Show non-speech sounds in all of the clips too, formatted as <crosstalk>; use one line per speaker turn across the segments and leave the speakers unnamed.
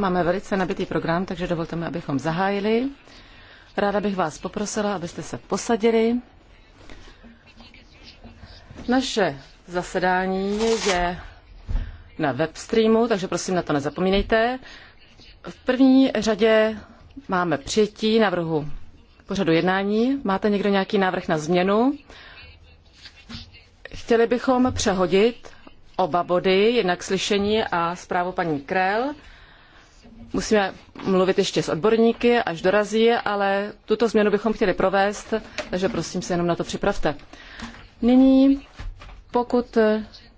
Máme velice nabitý program, takže dovolte mi, abychom zahájili. Ráda bych vás poprosila, abyste se posadili. Naše zasedání je na webstreamu, takže prosím na to nezapomínejte. V první řadě máme přijetí návrhu pořadu jednání. Máte někdo nějaký návrh na změnu? Chtěli bychom přehodit oba body, jednak slyšení a zprávu paní Krell. Musíme mluvit ještě s odborníky, až dorazí, ale tuto změnu bychom chtěli provést, takže prosím se jenom na to připravte. Nyní, pokud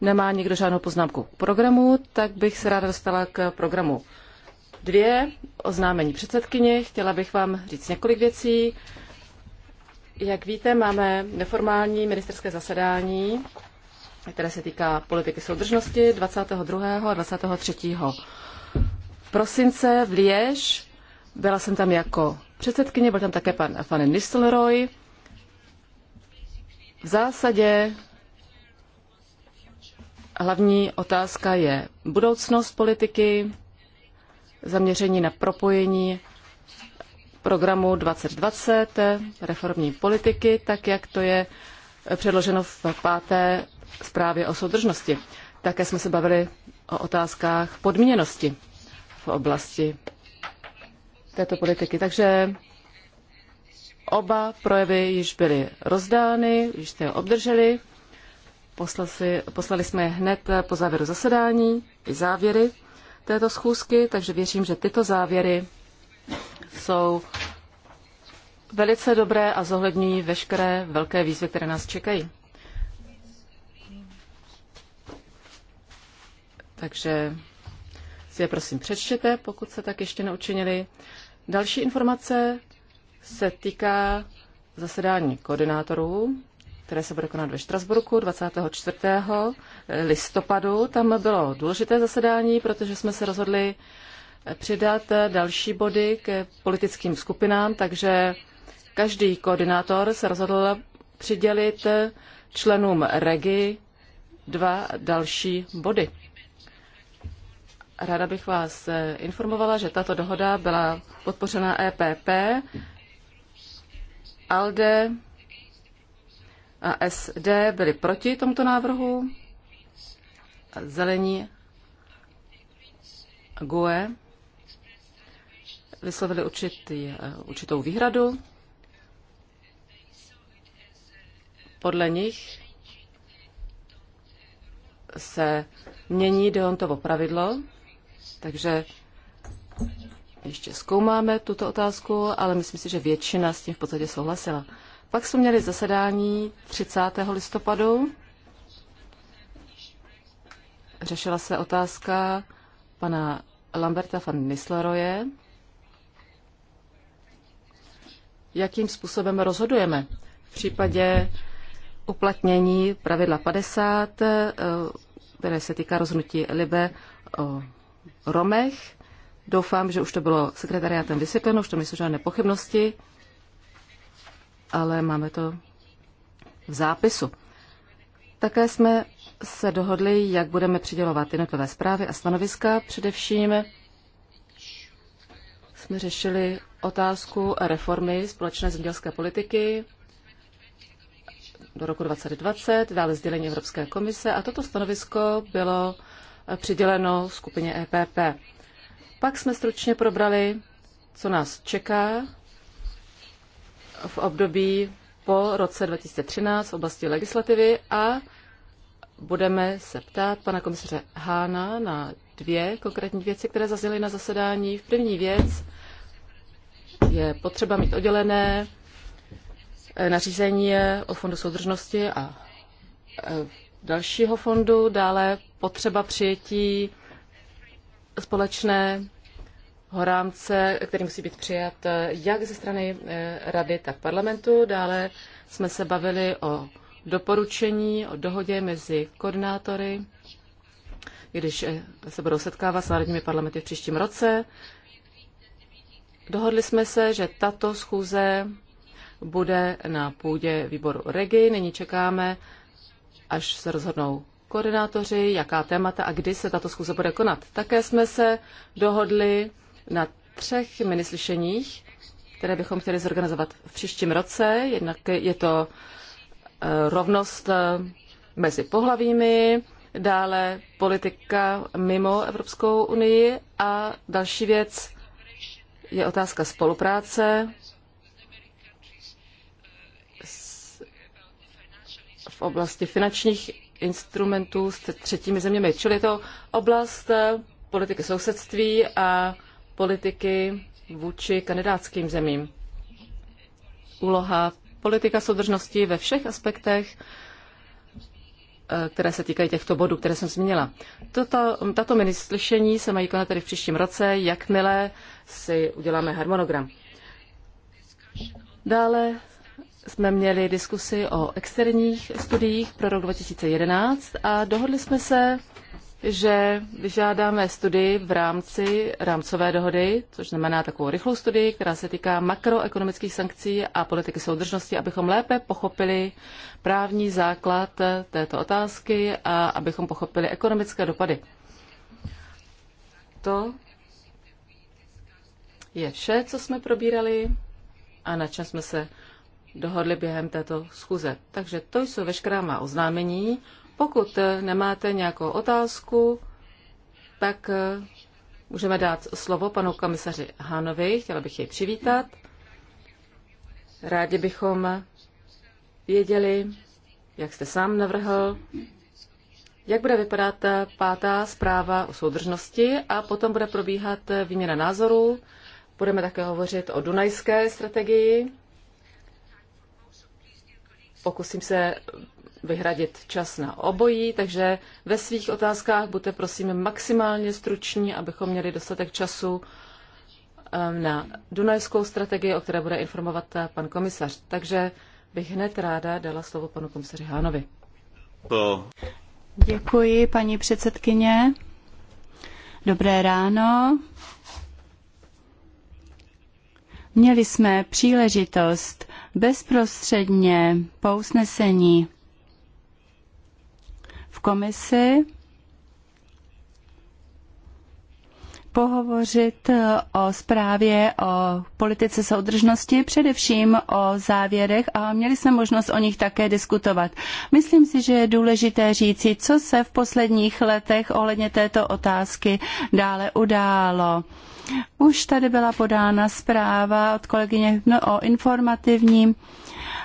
nemá nikdo žádnou poznámku k programu, tak bych se ráda dostala k programu dvě oznámení předsedkyně. Chtěla bych vám říct několik věcí. Jak víte, máme neformální ministerské zasedání, které se týká politiky soudržnosti 22. a 23 prosince v Liež. Byla jsem tam jako předsedkyně, byl tam také pan Van Nistelrooy. V zásadě hlavní otázka je budoucnost politiky, zaměření na propojení programu 2020, reformní politiky, tak jak to je předloženo v páté zprávě o soudržnosti. Také jsme se bavili o otázkách podmíněnosti v oblasti této politiky. Takže oba projevy již byly rozdány, již jste je obdrželi. Poslali, poslali jsme je hned po závěru zasedání i závěry této schůzky, takže věřím, že tyto závěry jsou velice dobré a zohledňují veškeré velké výzvy, které nás čekají. Takže si je prosím přečtěte, pokud se tak ještě neučinili. Další informace se týká zasedání koordinátorů, které se bude konat ve Štrasburku 24. listopadu. Tam bylo důležité zasedání, protože jsme se rozhodli přidat další body k politickým skupinám, takže každý koordinátor se rozhodl přidělit členům REGI dva další body. Ráda bych vás eh, informovala, že tato dohoda byla podpořena EPP, ALDE a SD byli proti tomuto návrhu, a zelení a GUE vyslovili určitý, eh, určitou výhradu. Podle nich se mění Deontovo pravidlo, takže ještě zkoumáme tuto otázku, ale myslím si, že většina s tím v podstatě souhlasila. Pak jsme měli zasedání 30. listopadu. Řešila se otázka pana Lamberta van Nisleroje, jakým způsobem rozhodujeme v případě uplatnění pravidla 50, eh, které se týká rozhodnutí Libe o Romech. Doufám, že už to bylo sekretariátem vysvětleno, už to nejsou žádné pochybnosti, ale máme to v zápisu. Také jsme se dohodli, jak budeme přidělovat jednotlivé zprávy a stanoviska. Především jsme řešili otázku reformy společné zemědělské politiky do roku 2020, dále sdělení Evropské komise a toto stanovisko bylo přiděleno skupině EPP. Pak jsme stručně probrali, co nás čeká v období po roce 2013 v oblasti legislativy a budeme se ptát pana komisaře Hána na dvě konkrétní věci, které zazněly na zasedání. V první věc je potřeba mít oddělené eh, nařízení eh, o fondu soudržnosti a eh, dalšího fondu, dále potřeba přijetí společné horámce, který musí být přijat eh, jak ze strany eh, rady, tak parlamentu. Dále jsme se bavili o doporučení, o dohodě mezi koordinátory, když eh, se budou setkávat s národními parlamenty v příštím roce. Dohodli jsme se, že tato schůze bude na půdě výboru Regi. Nyní čekáme až se rozhodnou koordinátoři, jaká témata a kdy se tato schůze bude konat. Také jsme se dohodli na třech minislyšeních, které bychom chtěli zorganizovat v příštím roce. Jednak je to eh, rovnost eh, mezi pohlavími, dále politika mimo Evropskou unii a další věc je otázka spolupráce v oblasti finančních instrumentů s třetími zeměmi. Čili je to oblast eh, politiky sousedství a politiky vůči kandidátským zemím. Úloha politika soudržnosti ve všech aspektech, eh, které se týkají těchto bodů, které jsem zmínila. Toto, tato minislyšení se mají konat tedy v příštím roce, jakmile si uděláme harmonogram. Dále jsme měli diskusi o externích studiích pro rok 2011 a dohodli jsme se, že vyžádáme studii v rámci rámcové dohody, což znamená takovou rychlou studii, která se týká makroekonomických sankcí a politiky soudržnosti, abychom lépe pochopili právní základ této otázky a abychom pochopili ekonomické dopady. To je vše, co jsme probírali a na čem jsme se dohodli během této schůze. Takže to jsou veškerá má oznámení. Pokud nemáte nějakou otázku, tak eh, můžeme dát slovo panu komisaři Hánovi. Chtěla bych jej přivítat. Rádi bychom věděli, jak jste sám navrhl, jak bude vypadat pátá zpráva o soudržnosti a potom bude probíhat výměna názorů. Budeme také hovořit o dunajské strategii pokusím se vyhradit čas na obojí, takže ve svých otázkách buďte prosím maximálně struční, abychom měli dostatek času ehm, na Dunajskou strategii, o které bude informovat pan komisař. Takže bych hned ráda dala slovo panu komisaři Hánovi.
To.
Děkuji, paní předsedkyně. Dobré ráno. Měli jsme příležitost bezprostředně po usnesení v komisi pohovořit eh, o zprávě o politice soudržnosti, především o závěrech a měli jsme možnost o nich také diskutovat. Myslím si, že je důležité říci, co se v posledních letech ohledně této otázky dále událo. Už tady byla podána zpráva od kolegyně no, o informativním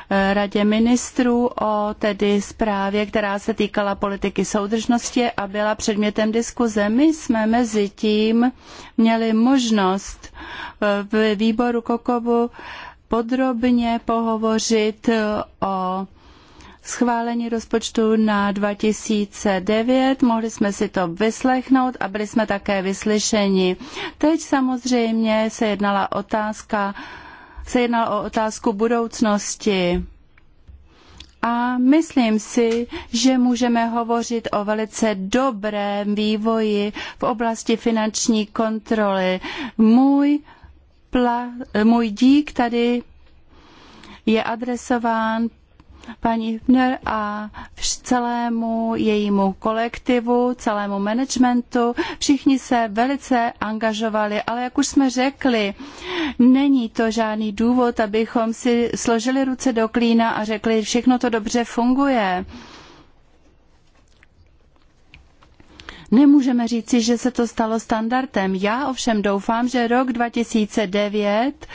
radě ministrů o tedy zprávě, která se týkala politiky soudržnosti a byla předmětem diskuze. My jsme mezi tím měli možnost eh, v výboru Kokovu podrobně pohovořit eh, o schválení rozpočtu na 2009. Mohli jsme si to vyslechnout a byli jsme také vyslyšeni. Teď samozřejmě se jednala otázka se jedná o otázku budoucnosti. A myslím si, že můžeme hovořit o velice dobrém vývoji v oblasti finanční kontroly. Můj, pla, můj dík tady je adresován paní Hübner a celému jejímu kolektivu, celému managementu. Všichni se velice angažovali, ale jak už jsme řekli, není to žádný důvod, abychom si složili ruce do klína a řekli, všechno to dobře funguje. Nemůžeme říci, že se to stalo standardem. Já ovšem doufám, že rok 2009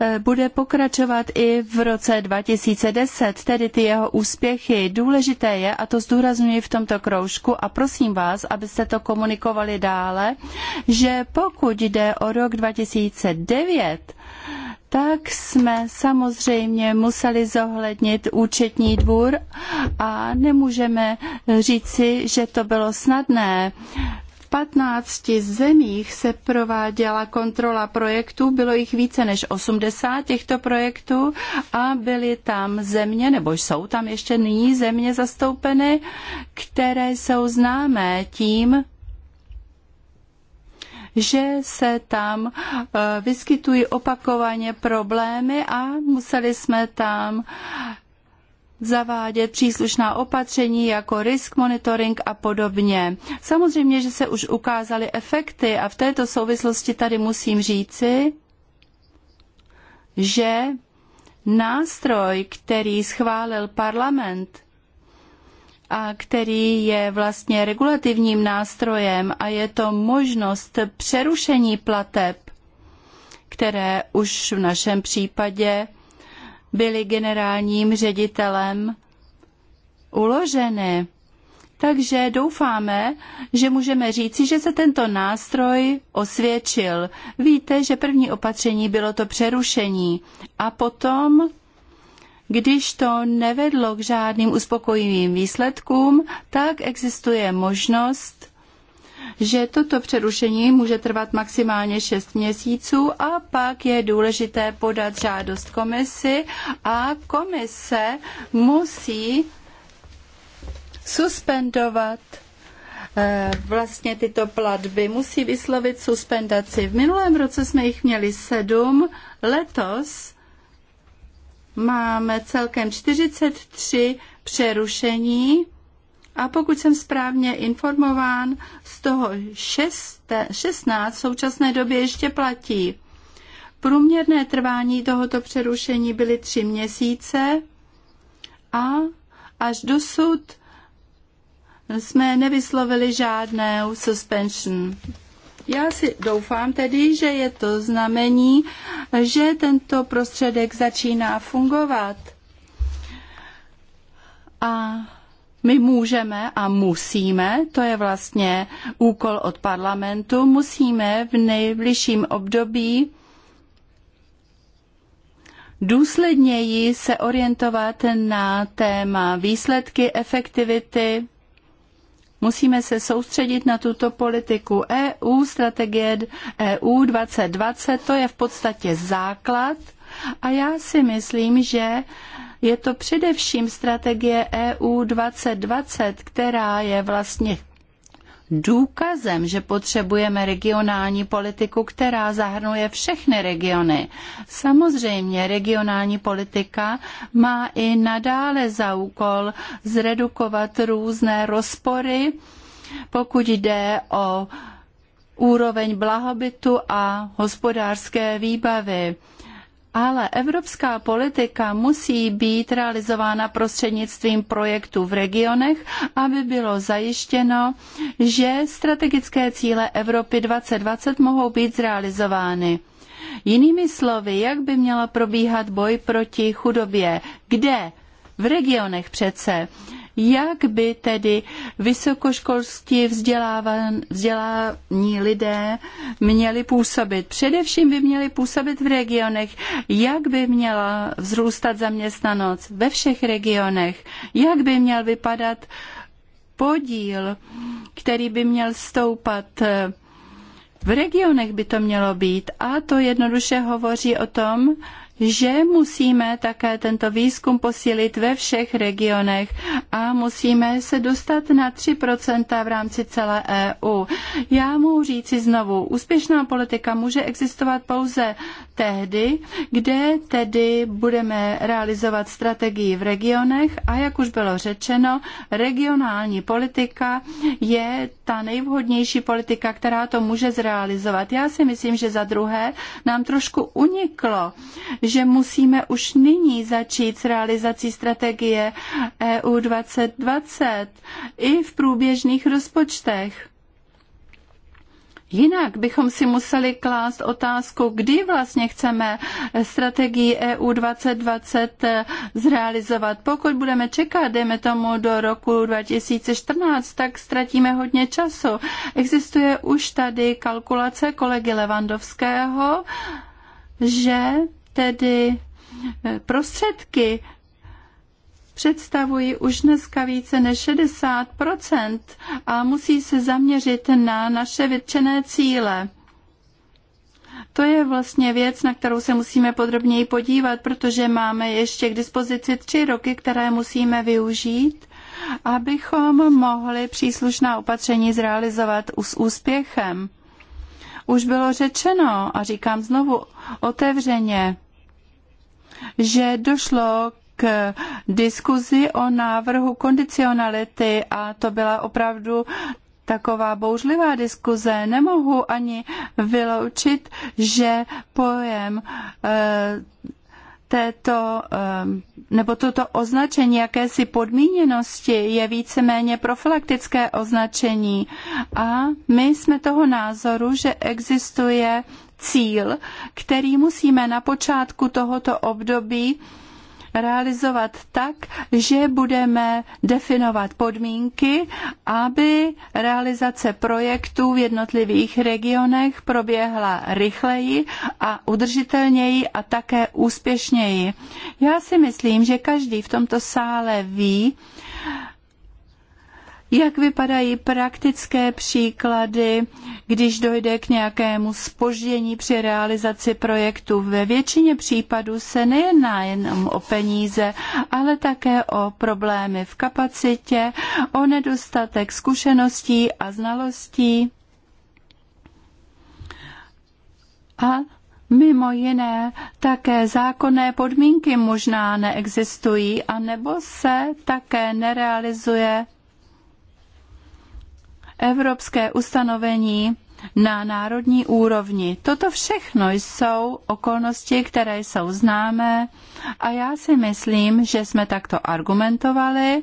E, bude pokračovat i v roce 2010, tedy ty jeho úspěchy. Důležité je, a to zdůrazňuji v tomto kroužku a prosím vás, abyste to komunikovali dále, že pokud jde o rok 2009, tak jsme samozřejmě museli zohlednit účetní dvůr a nemůžeme říci, že to bylo snadné. 15 zemích se prováděla kontrola projektů, bylo jich více než 80 těchto projektů a byly tam země, nebo jsou tam ještě nyní země zastoupeny, které jsou známé tím, že se tam eh, vyskytují opakovaně problémy a museli jsme tam zavádět příslušná opatření jako risk monitoring a podobně. Samozřejmě, že se už ukázaly efekty a v této souvislosti tady musím říci, že nástroj, který schválil parlament a který je vlastně regulativním nástrojem a je to možnost přerušení plateb, které už v našem případě byly generálním ředitelem uloženy. Takže doufáme, že můžeme říci, že se tento nástroj osvědčil. Víte, že první opatření bylo to přerušení a potom když to nevedlo k žádným uspokojivým výsledkům, tak existuje možnost že toto přerušení může trvat maximálně 6 měsíců a pak je důležité podat žádost komisi a komise musí suspendovat eh, vlastně tyto platby musí vyslovit suspendaci. V minulém roce jsme jich měli sedm, letos máme celkem 43 přerušení a pokud jsem správně informován, z toho 16 v současné době ještě platí. Průměrné trvání tohoto přerušení byly tři měsíce a až dosud jsme nevyslovili žádné suspension. Já si doufám tedy, že je to znamení, že tento prostředek začíná fungovat. A my můžeme a musíme, to je vlastně úkol od parlamentu, musíme v nejbližším období důsledněji se orientovat na téma výsledky, efektivity. Musíme se soustředit na tuto politiku EU, strategie EU 2020, to je v podstatě základ a já si myslím, že je to především strategie EU 2020, která je vlastně důkazem, že potřebujeme regionální politiku, která zahrnuje všechny regiony. Samozřejmě regionální politika má i nadále za úkol zredukovat různé rozpory, pokud jde o úroveň blahobytu a hospodářské výbavy. Ale evropská politika musí být realizována prostřednictvím projektů v regionech, aby bylo zajištěno, že strategické cíle Evropy 2020 mohou být zrealizovány. Jinými slovy, jak by měla probíhat boj proti chudobě? Kde? v regionech přece. Jak by tedy vysokoškolsky vzdělávaní lidé měli působit? Především by měli působit v regionech. Jak by měla vzrůstat zaměstnanost ve všech regionech? Jak by měl vypadat podíl, který by měl stoupat eh, v regionech by to mělo být a to jednoduše hovoří o tom, že musíme také tento výzkum posílit ve všech regionech a musíme se dostat na 3% v rámci celé EU. Já mohu říci znovu, úspěšná politika může existovat pouze tehdy, kde tedy budeme realizovat strategii v regionech a jak už bylo řečeno, regionální politika je ta nejvhodnější politika, která to může zrealizovat. Já si myslím, že za druhé nám trošku uniklo, že musíme už nyní začít s realizací strategie EU 2020 i v průběžných rozpočtech. Jinak bychom si museli klást otázku, kdy vlastně chceme strategii EU 2020 zrealizovat. Pokud budeme čekat, dejme tomu do roku 2014, tak ztratíme hodně času. Existuje už tady kalkulace kolegy Levandovského, že tedy eh, prostředky představují už dneska více než 60 a musí se zaměřit na naše vytčené cíle. To je vlastně věc, na kterou se musíme podrobněji podívat, protože máme ještě k dispozici tři roky, které musíme využít, abychom mohli příslušná opatření zrealizovat s úspěchem. Už bylo řečeno, a říkám znovu, otevřeně, že došlo k diskuzi o návrhu kondicionality a to byla opravdu taková bouřlivá diskuze. Nemohu ani vyloučit, že pojem eh, této, eh, nebo toto označení jakési podmíněnosti je víceméně profilaktické označení. A my jsme toho názoru, že existuje cíl, který musíme na počátku tohoto období realizovat tak, že budeme definovat podmínky, aby realizace projektů v jednotlivých regionech proběhla rychleji a udržitelněji a také úspěšněji. Já si myslím, že každý v tomto sále ví, jak vypadají praktické příklady, když dojde k nějakému spoždění při realizaci projektu? Ve většině případů se nejedná jenom o peníze, ale také o problémy v kapacitě, o nedostatek zkušeností a znalostí. A Mimo jiné, také zákonné podmínky možná neexistují, anebo se také nerealizuje evropské ustanovení na národní úrovni. Toto všechno jsou okolnosti, které jsou známé a já si myslím, že jsme takto argumentovali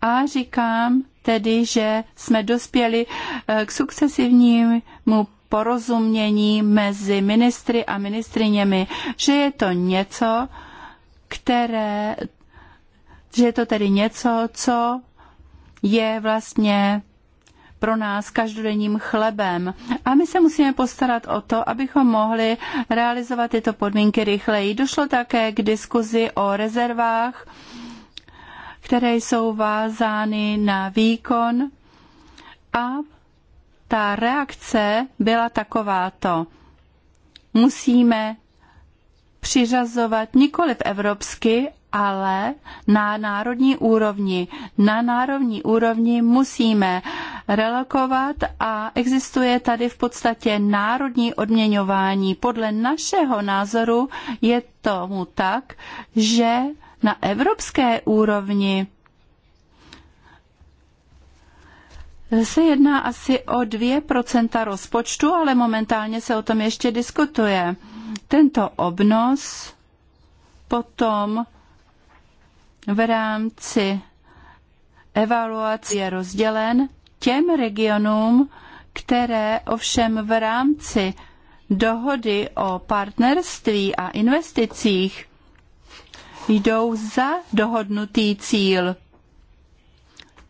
a říkám tedy, že jsme dospěli eh, k sukcesivnímu porozumění mezi ministry a ministriněmi, že je to něco, které, že je to tedy něco, co je vlastně pro nás každodenním chlebem. A my se musíme postarat o to, abychom mohli realizovat tyto podmínky rychleji. Došlo také k diskuzi o rezervách, které jsou vázány na výkon a ta reakce byla takováto. Musíme přiřazovat v evropsky, ale na národní úrovni. Na národní úrovni musíme relokovat a existuje tady v podstatě národní odměňování. Podle našeho názoru je tomu tak, že na evropské úrovni se jedná asi o 2% rozpočtu, ale momentálně se o tom ještě diskutuje. Tento obnos potom v rámci evaluace je rozdělen těm regionům, které ovšem v rámci dohody o partnerství a investicích jdou za dohodnutý cíl.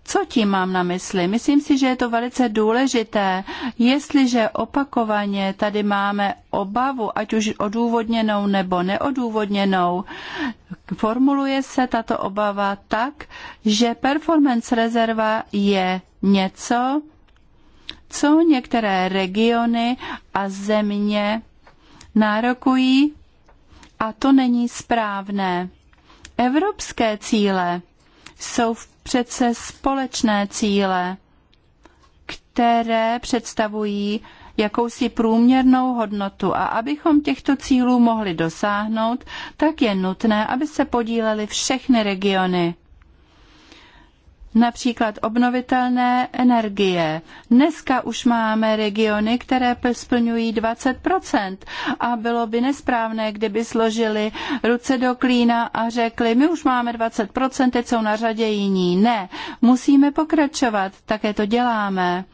Co tím mám na mysli? Myslím si, že je to velice důležité. Jestliže opakovaně tady máme obavu, ať už odůvodněnou nebo neodůvodněnou, formuluje se tato obava tak, že performance rezerva je něco, co některé regiony a země nárokují a to není správné. Evropské cíle jsou přece společné cíle, které představují jakousi průměrnou hodnotu a abychom těchto cílů mohli dosáhnout, tak je nutné, aby se podílely všechny regiony například obnovitelné energie. Dneska už máme regiony, které splňují 20% a bylo by nesprávné, kdyby složili ruce do klína a řekli, my už máme 20%, teď jsou na řadě jiní. Ne, musíme pokračovat, také to děláme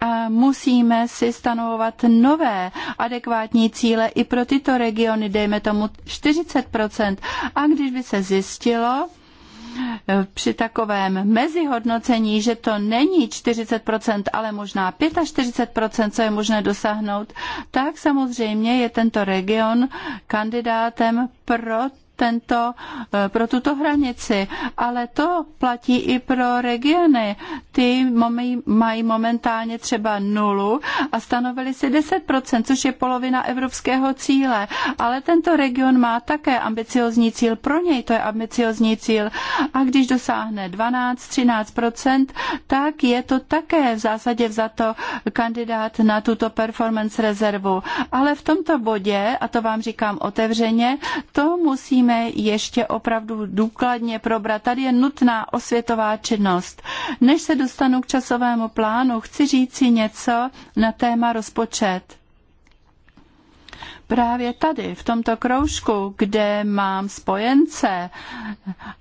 a musíme si stanovovat nové adekvátní cíle i pro tyto regiony, dejme tomu 40%. A když by se zjistilo, při takovém mezihodnocení, že to není 40%, ale možná 45%, co je možné dosáhnout, tak samozřejmě je tento region kandidátem pro tento, eh, pro tuto hranici, ale to platí i pro regiony. Ty mají momentálně třeba nulu a stanovili si 10%, což je polovina evropského cíle, ale tento region má také ambiciozní cíl, pro něj to je ambiciozní cíl a když dosáhne 12-13%, tak je to také v zásadě vzato kandidát na tuto performance rezervu. Ale v tomto bodě, a to vám říkám otevřeně, to musíme musíme ještě opravdu důkladně probrat. Tady je nutná osvětová činnost. Než se dostanu k časovému plánu, chci říci něco na téma rozpočet. Právě tady, v tomto kroužku, kde mám spojence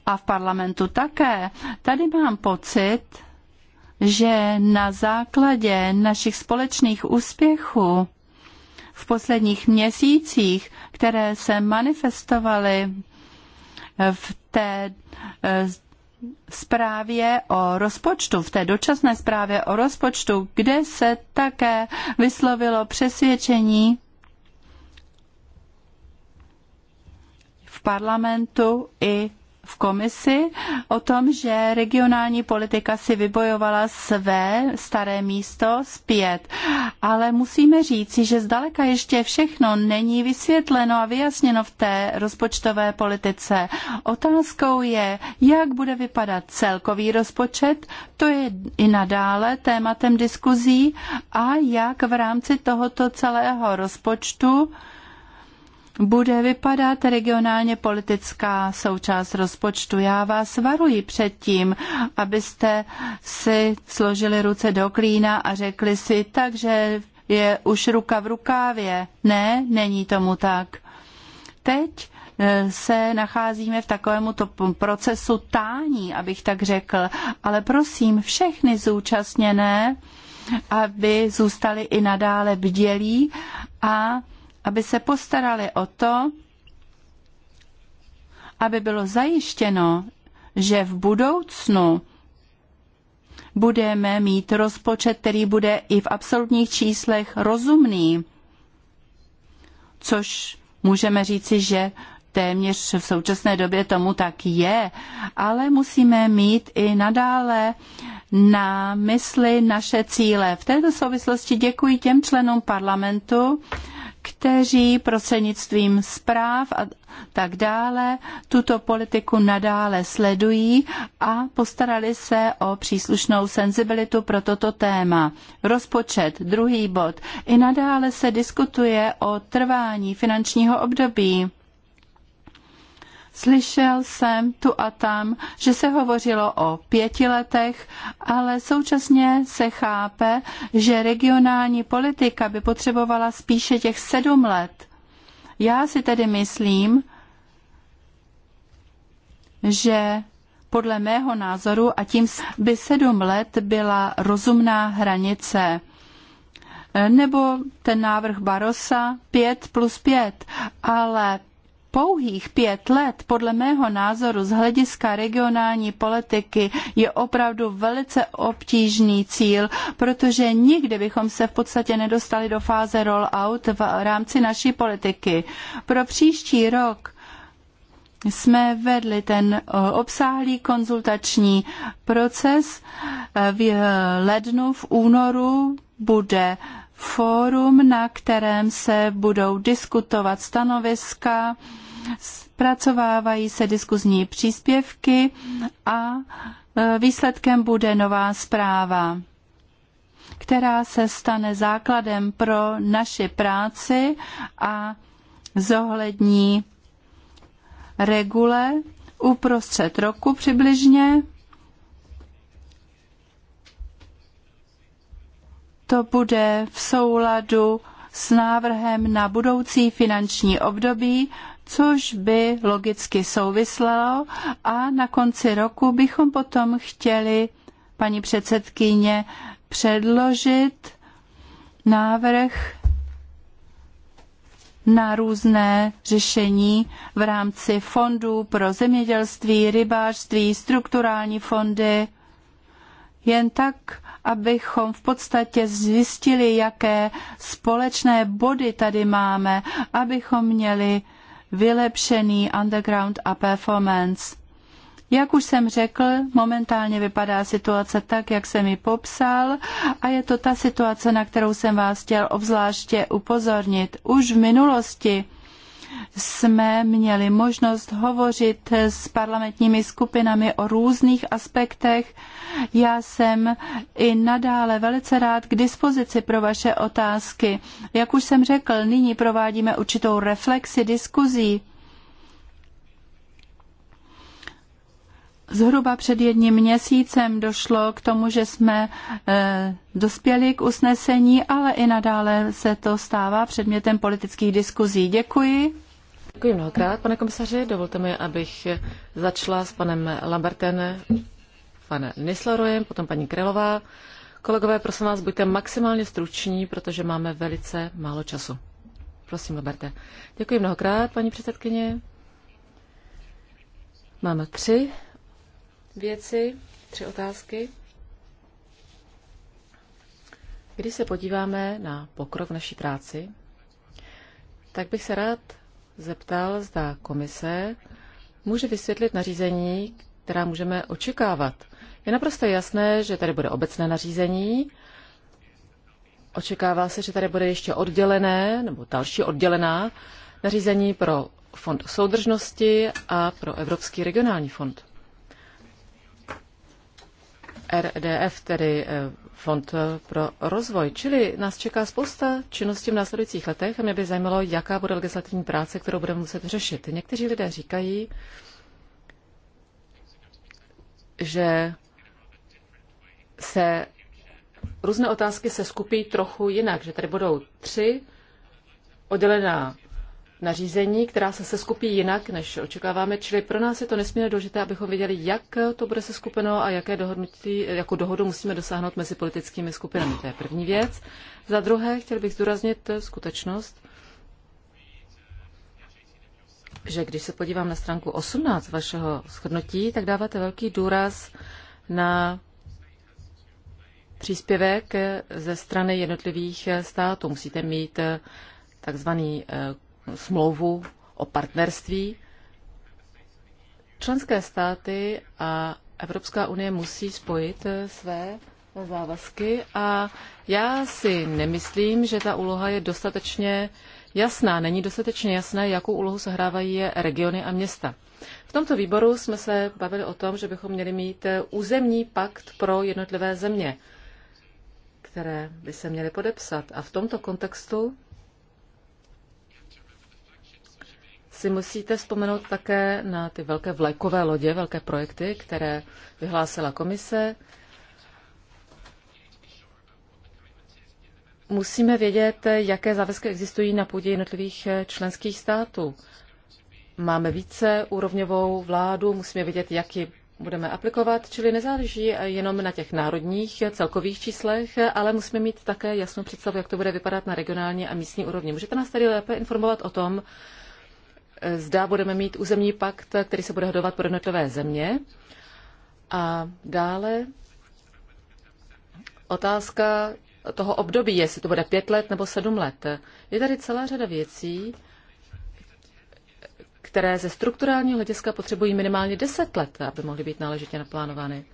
a v parlamentu také, tady mám pocit, že na základě našich společných úspěchů v posledních měsících, které se manifestovaly eh, v té eh, zprávě o rozpočtu, v té dočasné zprávě o rozpočtu, kde se také vyslovilo přesvědčení v parlamentu i v komisi o tom, že regionální politika si vybojovala své staré místo zpět. Ale musíme říci, že zdaleka ještě všechno není vysvětleno a vyjasněno v té rozpočtové politice. Otázkou je, jak bude vypadat celkový rozpočet, to je i nadále tématem diskuzí a jak v rámci tohoto celého rozpočtu bude vypadat regionálně politická součást rozpočtu. Já vás varuji před tím, abyste si složili ruce do klína a řekli si, takže je už ruka v rukávě. Ne, není tomu tak. Teď e, se nacházíme v takovému procesu tání, abych tak řekl. Ale prosím všechny zúčastněné, aby zůstali i nadále bdělí a aby se postarali o to, aby bylo zajištěno, že v budoucnu budeme mít rozpočet, který bude i v absolutních číslech rozumný, což můžeme říci, že téměř v současné době tomu tak je, ale musíme mít i nadále na mysli naše cíle. V této souvislosti děkuji těm členům parlamentu, kteří prostřednictvím zpráv a tak dále tuto politiku nadále sledují a postarali se o příslušnou senzibilitu pro toto téma. Rozpočet, druhý bod. I nadále se diskutuje o trvání finančního období Slyšel jsem tu a tam, že se hovořilo o pěti letech, ale současně se chápe, že regionální politika by potřebovala spíše těch sedm let. Já si tedy myslím, že podle mého názoru a tím by sedm let byla rozumná hranice. Nebo ten návrh Barosa 5 plus 5, ale pouhých pět let podle mého názoru z hlediska regionální politiky je opravdu velice obtížný cíl, protože nikdy bychom se v podstatě nedostali do fáze roll-out v rámci naší politiky. Pro příští rok jsme vedli ten eh, obsáhlý konzultační proces eh, v lednu, v únoru bude fórum, na kterém se budou diskutovat stanoviska, zpracovávají se diskuzní příspěvky a e, výsledkem bude nová zpráva která se stane základem pro naši práci a zohlední regule uprostřed roku přibližně to bude v souladu s návrhem na budoucí finanční období, což by logicky souvislelo a na konci roku bychom potom chtěli, paní předsedkyně, předložit návrh na různé řešení v rámci fondů pro zemědělství, rybářství, strukturální fondy. Jen tak abychom v podstatě zjistili, jaké společné body tady máme, abychom měli vylepšený underground a performance. Jak už jsem řekl, momentálně vypadá situace tak, jak jsem ji popsal a je to ta situace, na kterou jsem vás chtěl obzvláště upozornit. Už v minulosti jsme měli možnost hovořit s parlamentními skupinami o různých aspektech. Já jsem i nadále velice rád k dispozici pro vaše otázky. Jak už jsem řekl, nyní provádíme určitou reflexi diskuzí Zhruba před jedním měsícem došlo k tomu, že jsme e, dospěli k usnesení, ale i nadále se to stává předmětem politických diskuzí. Děkuji. Děkuji mnohokrát, pane komisaři. Dovolte mi, abych
začala s panem Lambertem, panem Nislerojem, potom paní Krelová. Kolegové, prosím vás, buďte maximálně struční, protože máme velice málo času. Prosím, Lamberte. Děkuji mnohokrát, paní předsedkyně. Máme tři věci, tři otázky. Když se podíváme na pokrok v naší práci, tak bych se rád zeptal, zda komise může vysvětlit nařízení, která můžeme očekávat. Je naprosto jasné, že tady bude obecné nařízení. Očekává se, že tady bude ještě oddělené nebo další oddělená nařízení pro fond soudržnosti a pro Evropský regionální fond. RDF, tedy eh, Fond eh, pro rozvoj. Čili nás čeká spousta činností v následujících letech a mě by zajímalo, jaká bude legislativní práce, kterou budeme muset řešit. Někteří lidé říkají, že se různé otázky se skupí trochu jinak, že tady budou tři oddělená nařízení, která se seskupí jinak, než očekáváme. Čili pro nás je to nesmírně důležité, abychom věděli, jak to bude seskupeno a jaké dohodnutí, jakou dohodu musíme dosáhnout mezi politickými skupinami. To je první věc. Za druhé, chtěl bych zdůraznit skutečnost, že když se podívám na stránku 18 vašeho shodnotí, tak dáváte velký důraz na příspěvek ze strany jednotlivých států. Musíte mít eh, takzvaný eh, smlouvu o partnerství, členské státy a Evropská unie musí spojit své závazky a já si nemyslím, že ta úloha je dostatečně jasná. Není dostatečně jasné, jakou úlohu sehrávají regiony a města. V tomto výboru jsme se bavili o tom, že bychom měli mít územní pakt pro jednotlivé země, které by se měly podepsat. A v tomto kontextu si musíte vzpomenout také na ty velké vlajkové lodě, velké projekty, které vyhlásila komise. Musíme vědět, jaké závazky existují na půdě jednotlivých eh, členských států. Máme více úrovňovou vládu, musíme vědět, jak ji budeme aplikovat, čili nezáleží jenom na těch národních eh, celkových číslech, eh, ale musíme mít také jasnou představu, jak to bude vypadat na regionální a místní úrovni. Můžete nás tady lépe informovat o tom, zda budeme mít územní pakt, který se bude hodovat pro jednotlivé země. A dále otázka toho období, jestli to bude pět let nebo sedm let. Je tady celá řada věcí, které ze strukturálního hlediska potřebují minimálně deset let, aby mohly být náležitě naplánovány.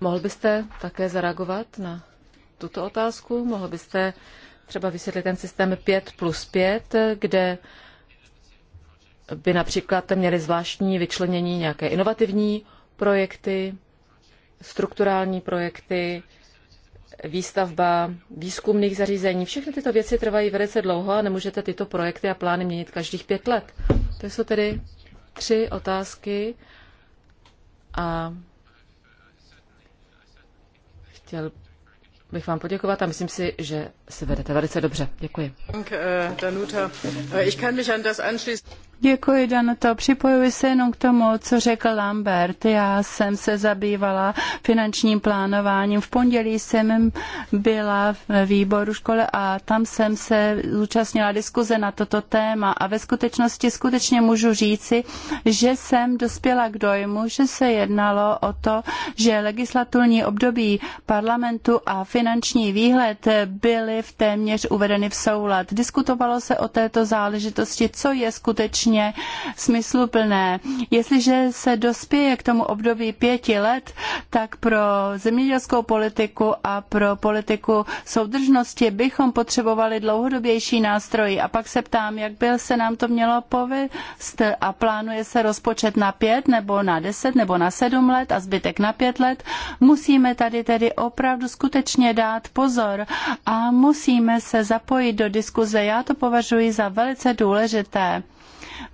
Mohl byste také zareagovat na tuto otázku? Mohl byste třeba vysvětlit ten systém 5 plus 5, kde by například měly zvláštní vyčlenění nějaké inovativní projekty, strukturální projekty, výstavba výzkumných zařízení. Všechny tyto věci trvají velice dlouho a nemůžete tyto projekty a plány měnit každých pět let. To jsou tedy tři otázky a chtěl bych vám poděkovat a myslím si, že se vedete velice dobře. Děkuji. Eh, eh,
Děkuji, Danuto. Připojuji se jenom k tomu, co řekl Lambert. Já jsem se zabývala finančním plánováním. V pondělí jsem byla v výboru škole a tam jsem se zúčastnila diskuze na toto téma a ve skutečnosti skutečně můžu říci, že jsem dospěla k dojmu, že se jednalo o to, že legislaturní období parlamentu a finanční výhled byly v téměř uvedeny v soulad. Diskutovalo se o této záležitosti, co je skutečně skutečně smysluplné. Jestliže se dospěje k tomu období pěti let, tak pro zemědělskou politiku a pro politiku soudržnosti bychom potřebovali dlouhodobější nástroj. A pak se ptám, jak by se nám to mělo povést a plánuje se rozpočet na pět nebo na deset nebo na sedm let a zbytek na pět let. Musíme tady tedy opravdu skutečně dát pozor a musíme se zapojit do diskuze. Já to považuji za velice důležité.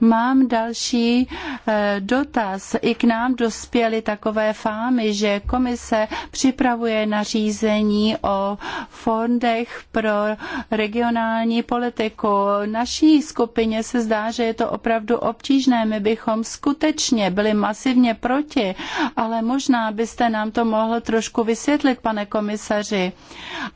Mám další eh, dotaz. I k nám dospěly takové fámy, že komise připravuje nařízení o fondech pro regionální politiku. Naší skupině se zdá, že je to opravdu obtížné. My bychom skutečně byli masivně proti, ale možná byste nám to mohl trošku vysvětlit, pane komisaři.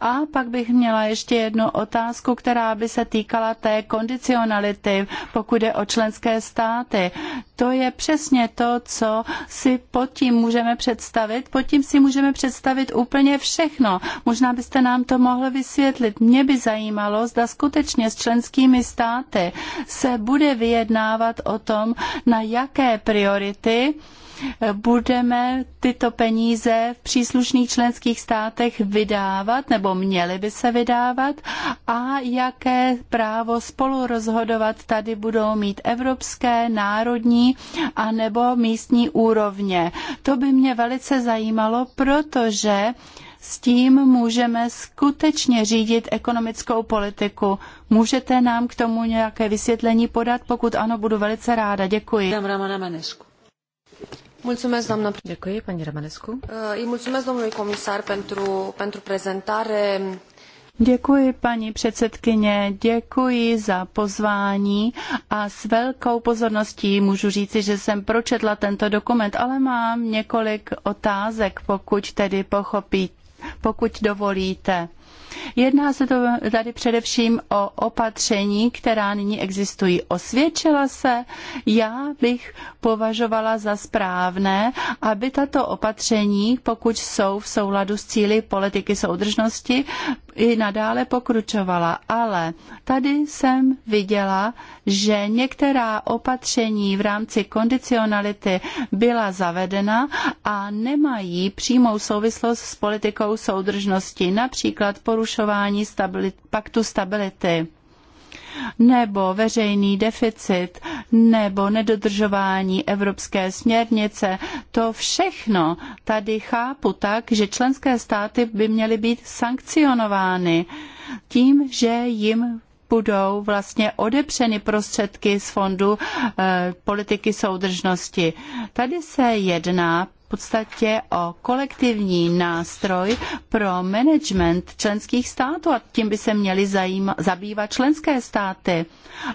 A pak bych měla ještě jednu otázku, která by se týkala té kondicionality, pokud je o členské státy. To je přesně to, co si pod tím můžeme představit. Pod tím si můžeme představit úplně všechno. Možná byste nám to mohli vysvětlit. Mě by zajímalo, zda skutečně s členskými státy se bude vyjednávat o tom, na jaké priority budeme tyto peníze v příslušných členských státech vydávat nebo měly by se vydávat a jaké právo spolurozhodovat tady budou mít evropské, národní a nebo místní úrovně. To by mě velice zajímalo, protože s tím můžeme skutečně řídit ekonomickou politiku. Můžete nám k tomu nějaké vysvětlení podat? Pokud ano, budu velice ráda. Děkuji. Dám Ramana Manesku. Mulțumesc, doamnă. Děkuji, paní Romanescu. Uh, îi mulțumesc domnului comisar pentru,
pentru prezentare.
Děkuji, paní předsedkyně, děkuji za pozvání a s velkou pozorností můžu říci, že jsem pročetla tento dokument, ale mám několik otázek, pokud tedy pochopíte, pokud dovolíte. Jedná se to tady především o opatření, která nyní existují. Osvědčila se, já bych považovala za správné, aby tato opatření, pokud jsou v souladu s cíly politiky soudržnosti, i nadále pokručovala, ale tady jsem viděla, že některá opatření v rámci kondicionality byla zavedena a nemají přímou souvislost s politikou soudržnosti, například porušování stabilit, paktu stability nebo veřejný deficit, nebo nedodržování evropské směrnice. To všechno tady chápu tak, že členské státy by měly být sankcionovány tím, že jim budou vlastně odepřeny prostředky z fondu eh, politiky soudržnosti. Tady se jedná podstatě o kolektivní nástroj pro management členských států a tím by se měly zabývat členské státy.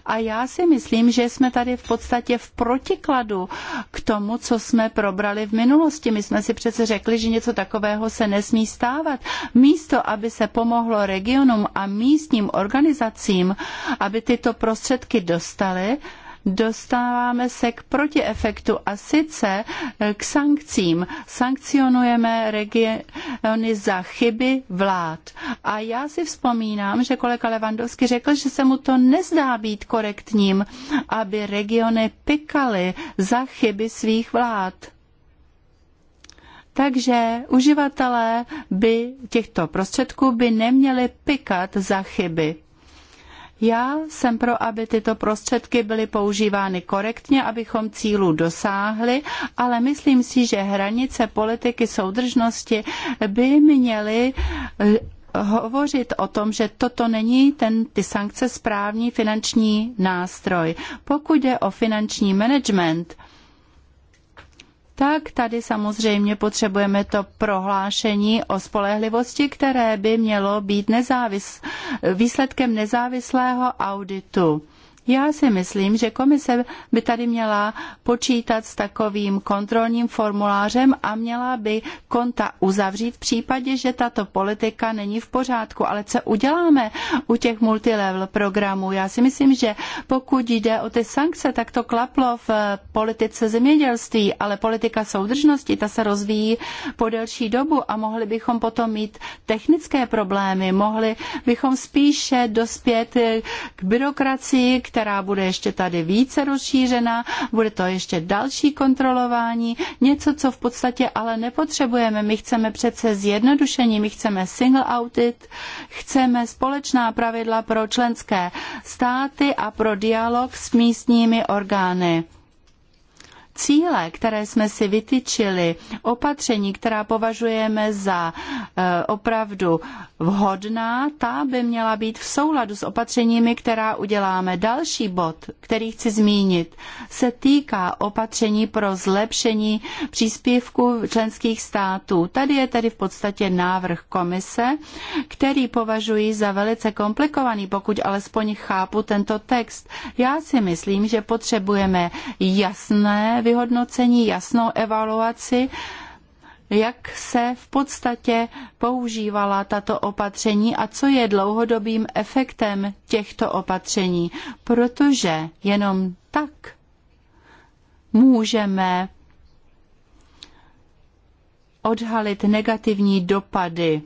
A já si myslím, že jsme tady v podstatě v protikladu k tomu, co jsme probrali v minulosti. My jsme si přece řekli, že něco takového se nesmí stávat. Místo, aby se pomohlo regionům a místním organizacím, aby tyto prostředky dostaly, dostáváme se k protiefektu a sice eh, k sankcím. Sankcionujeme regiony za chyby vlád. A já si vzpomínám, že kolega Levandovský řekl, že se mu to nezdá být korektním, aby regiony pikaly za chyby svých vlád. Takže uživatelé by těchto prostředků by neměli pikat za chyby. Já jsem pro, aby tyto prostředky byly používány korektně, abychom cílů dosáhli, ale myslím si, že hranice politiky soudržnosti by měly eh, hovořit o tom, že toto není ten, ty sankce správný finanční nástroj. Pokud je o finanční management, tak tady samozřejmě potřebujeme to prohlášení o spolehlivosti, které by mělo být nezávis, výsledkem nezávislého auditu. Já si myslím, že komise by tady měla počítat s takovým kontrolním formulářem a měla by konta uzavřít v případě, že tato politika není v pořádku. Ale co uděláme u těch multilevel programů? Já si myslím, že pokud jde o ty sankce, tak to klaplo v politice zemědělství, ale politika soudržnosti, ta se rozvíjí po delší dobu a mohli bychom potom mít technické problémy, mohli bychom spíše dospět k byrokracii, která která bude ještě tady více rozšířena, bude to ještě další kontrolování, něco, co v podstatě ale nepotřebujeme. My chceme přece zjednodušení, my chceme single audit, chceme společná pravidla pro členské státy a pro dialog s místními orgány cíle, které jsme si vytyčili, opatření, která považujeme za eh, opravdu vhodná, ta by měla být v souladu s opatřeními, která uděláme. Další bod, který chci zmínit, se týká opatření pro zlepšení příspěvku členských států. Tady je tedy v podstatě návrh komise, který považuji za velice komplikovaný, pokud alespoň chápu tento text. Já si myslím, že potřebujeme jasné vyhodnocení, jasnou evaluaci, jak se v podstatě používala tato opatření a co je dlouhodobým efektem těchto opatření, protože jenom tak můžeme odhalit negativní dopady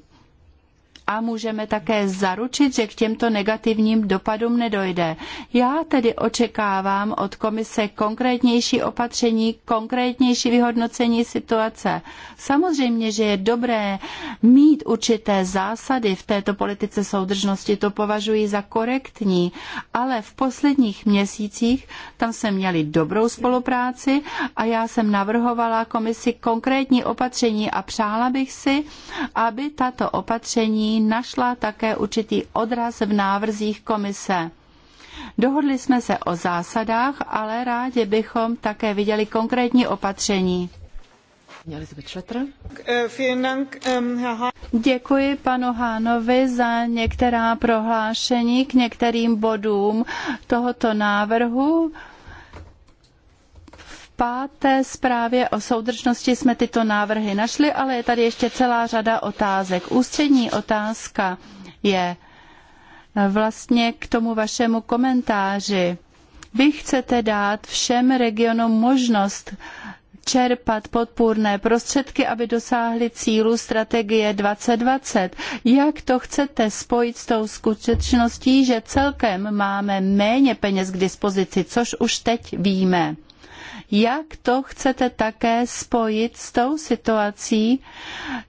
a můžeme také zaručit, že k těmto negativním dopadům nedojde. Já tedy očekávám od komise konkrétnější opatření, konkrétnější vyhodnocení situace. Samozřejmě, že je dobré mít určité zásady v této politice soudržnosti, to považuji za korektní, ale v posledních měsících tam jsme měli dobrou spolupráci a já jsem navrhovala komisi konkrétní opatření a přála bych si, aby tato opatření našla také určitý odraz v návrzích komise. Dohodli jsme se o zásadách, ale rádi bychom také viděli konkrétní opatření. Děkuji panu Hánovi za některá prohlášení k některým bodům tohoto návrhu páté zprávě o soudržnosti jsme tyto návrhy našli, ale je tady ještě celá řada otázek. Ústřední otázka je eh, vlastně k tomu vašemu komentáři. Vy chcete dát všem regionům možnost čerpat podpůrné prostředky, aby dosáhli cílu strategie 2020. Jak to chcete spojit s tou skutečností, že celkem máme méně peněz k dispozici, což už teď víme? Jak to chcete také spojit s tou situací,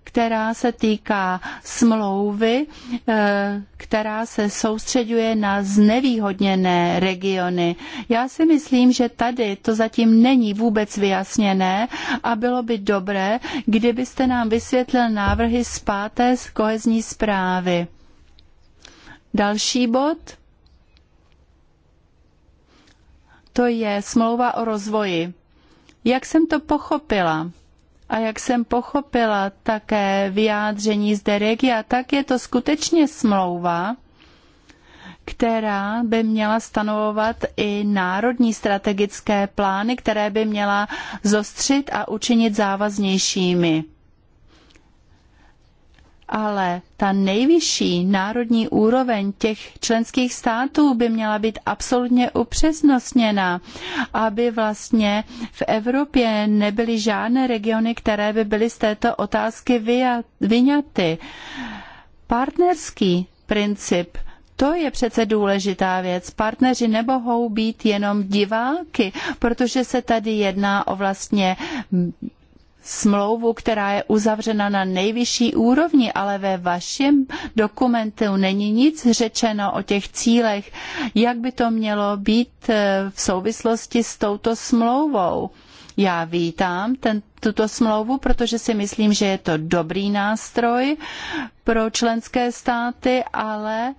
která se týká smlouvy, eh, která se soustředuje na znevýhodněné regiony? Já si myslím, že tady to zatím není vůbec vyjasněné a bylo by dobré, kdybyste nám vysvětlil návrhy z páté z kohezní zprávy. Další bod to je smlouva o rozvoji. Jak jsem to pochopila? A jak jsem pochopila také vyjádření zde regia, tak je to skutečně smlouva, která by měla stanovovat i národní strategické plány, které by měla zostřit a učinit závaznějšími ale ta nejvyšší národní úroveň těch členských států by měla být absolutně upřesnostněna, aby vlastně v Evropě nebyly žádné regiony, které by byly z této otázky vyňaty. Partnerský princip to je přece důležitá věc. Partneři nemohou být jenom diváky, protože se tady jedná o vlastně smlouvu, která je uzavřena na nejvyšší úrovni, ale ve vašem dokumentu není nic řečeno o těch cílech, jak by to mělo být eh, v souvislosti s touto smlouvou. Já vítám ten, tuto smlouvu, protože si myslím, že je to dobrý nástroj pro členské státy, ale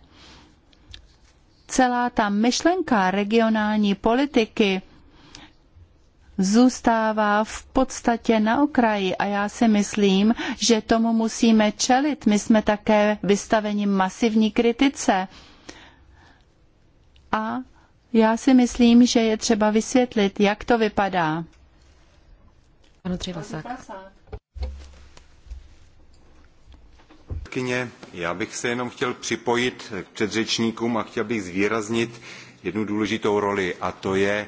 celá ta myšlenka regionální politiky, zůstává v podstatě na okraji a já si myslím, že tomu musíme čelit. My jsme také vystaveni masivní kritice. A já si myslím, že je třeba vysvětlit, jak to vypadá. Ano,
Já bych se jenom chtěl připojit k předřečníkům a chtěl bych zvýraznit jednu důležitou roli a to je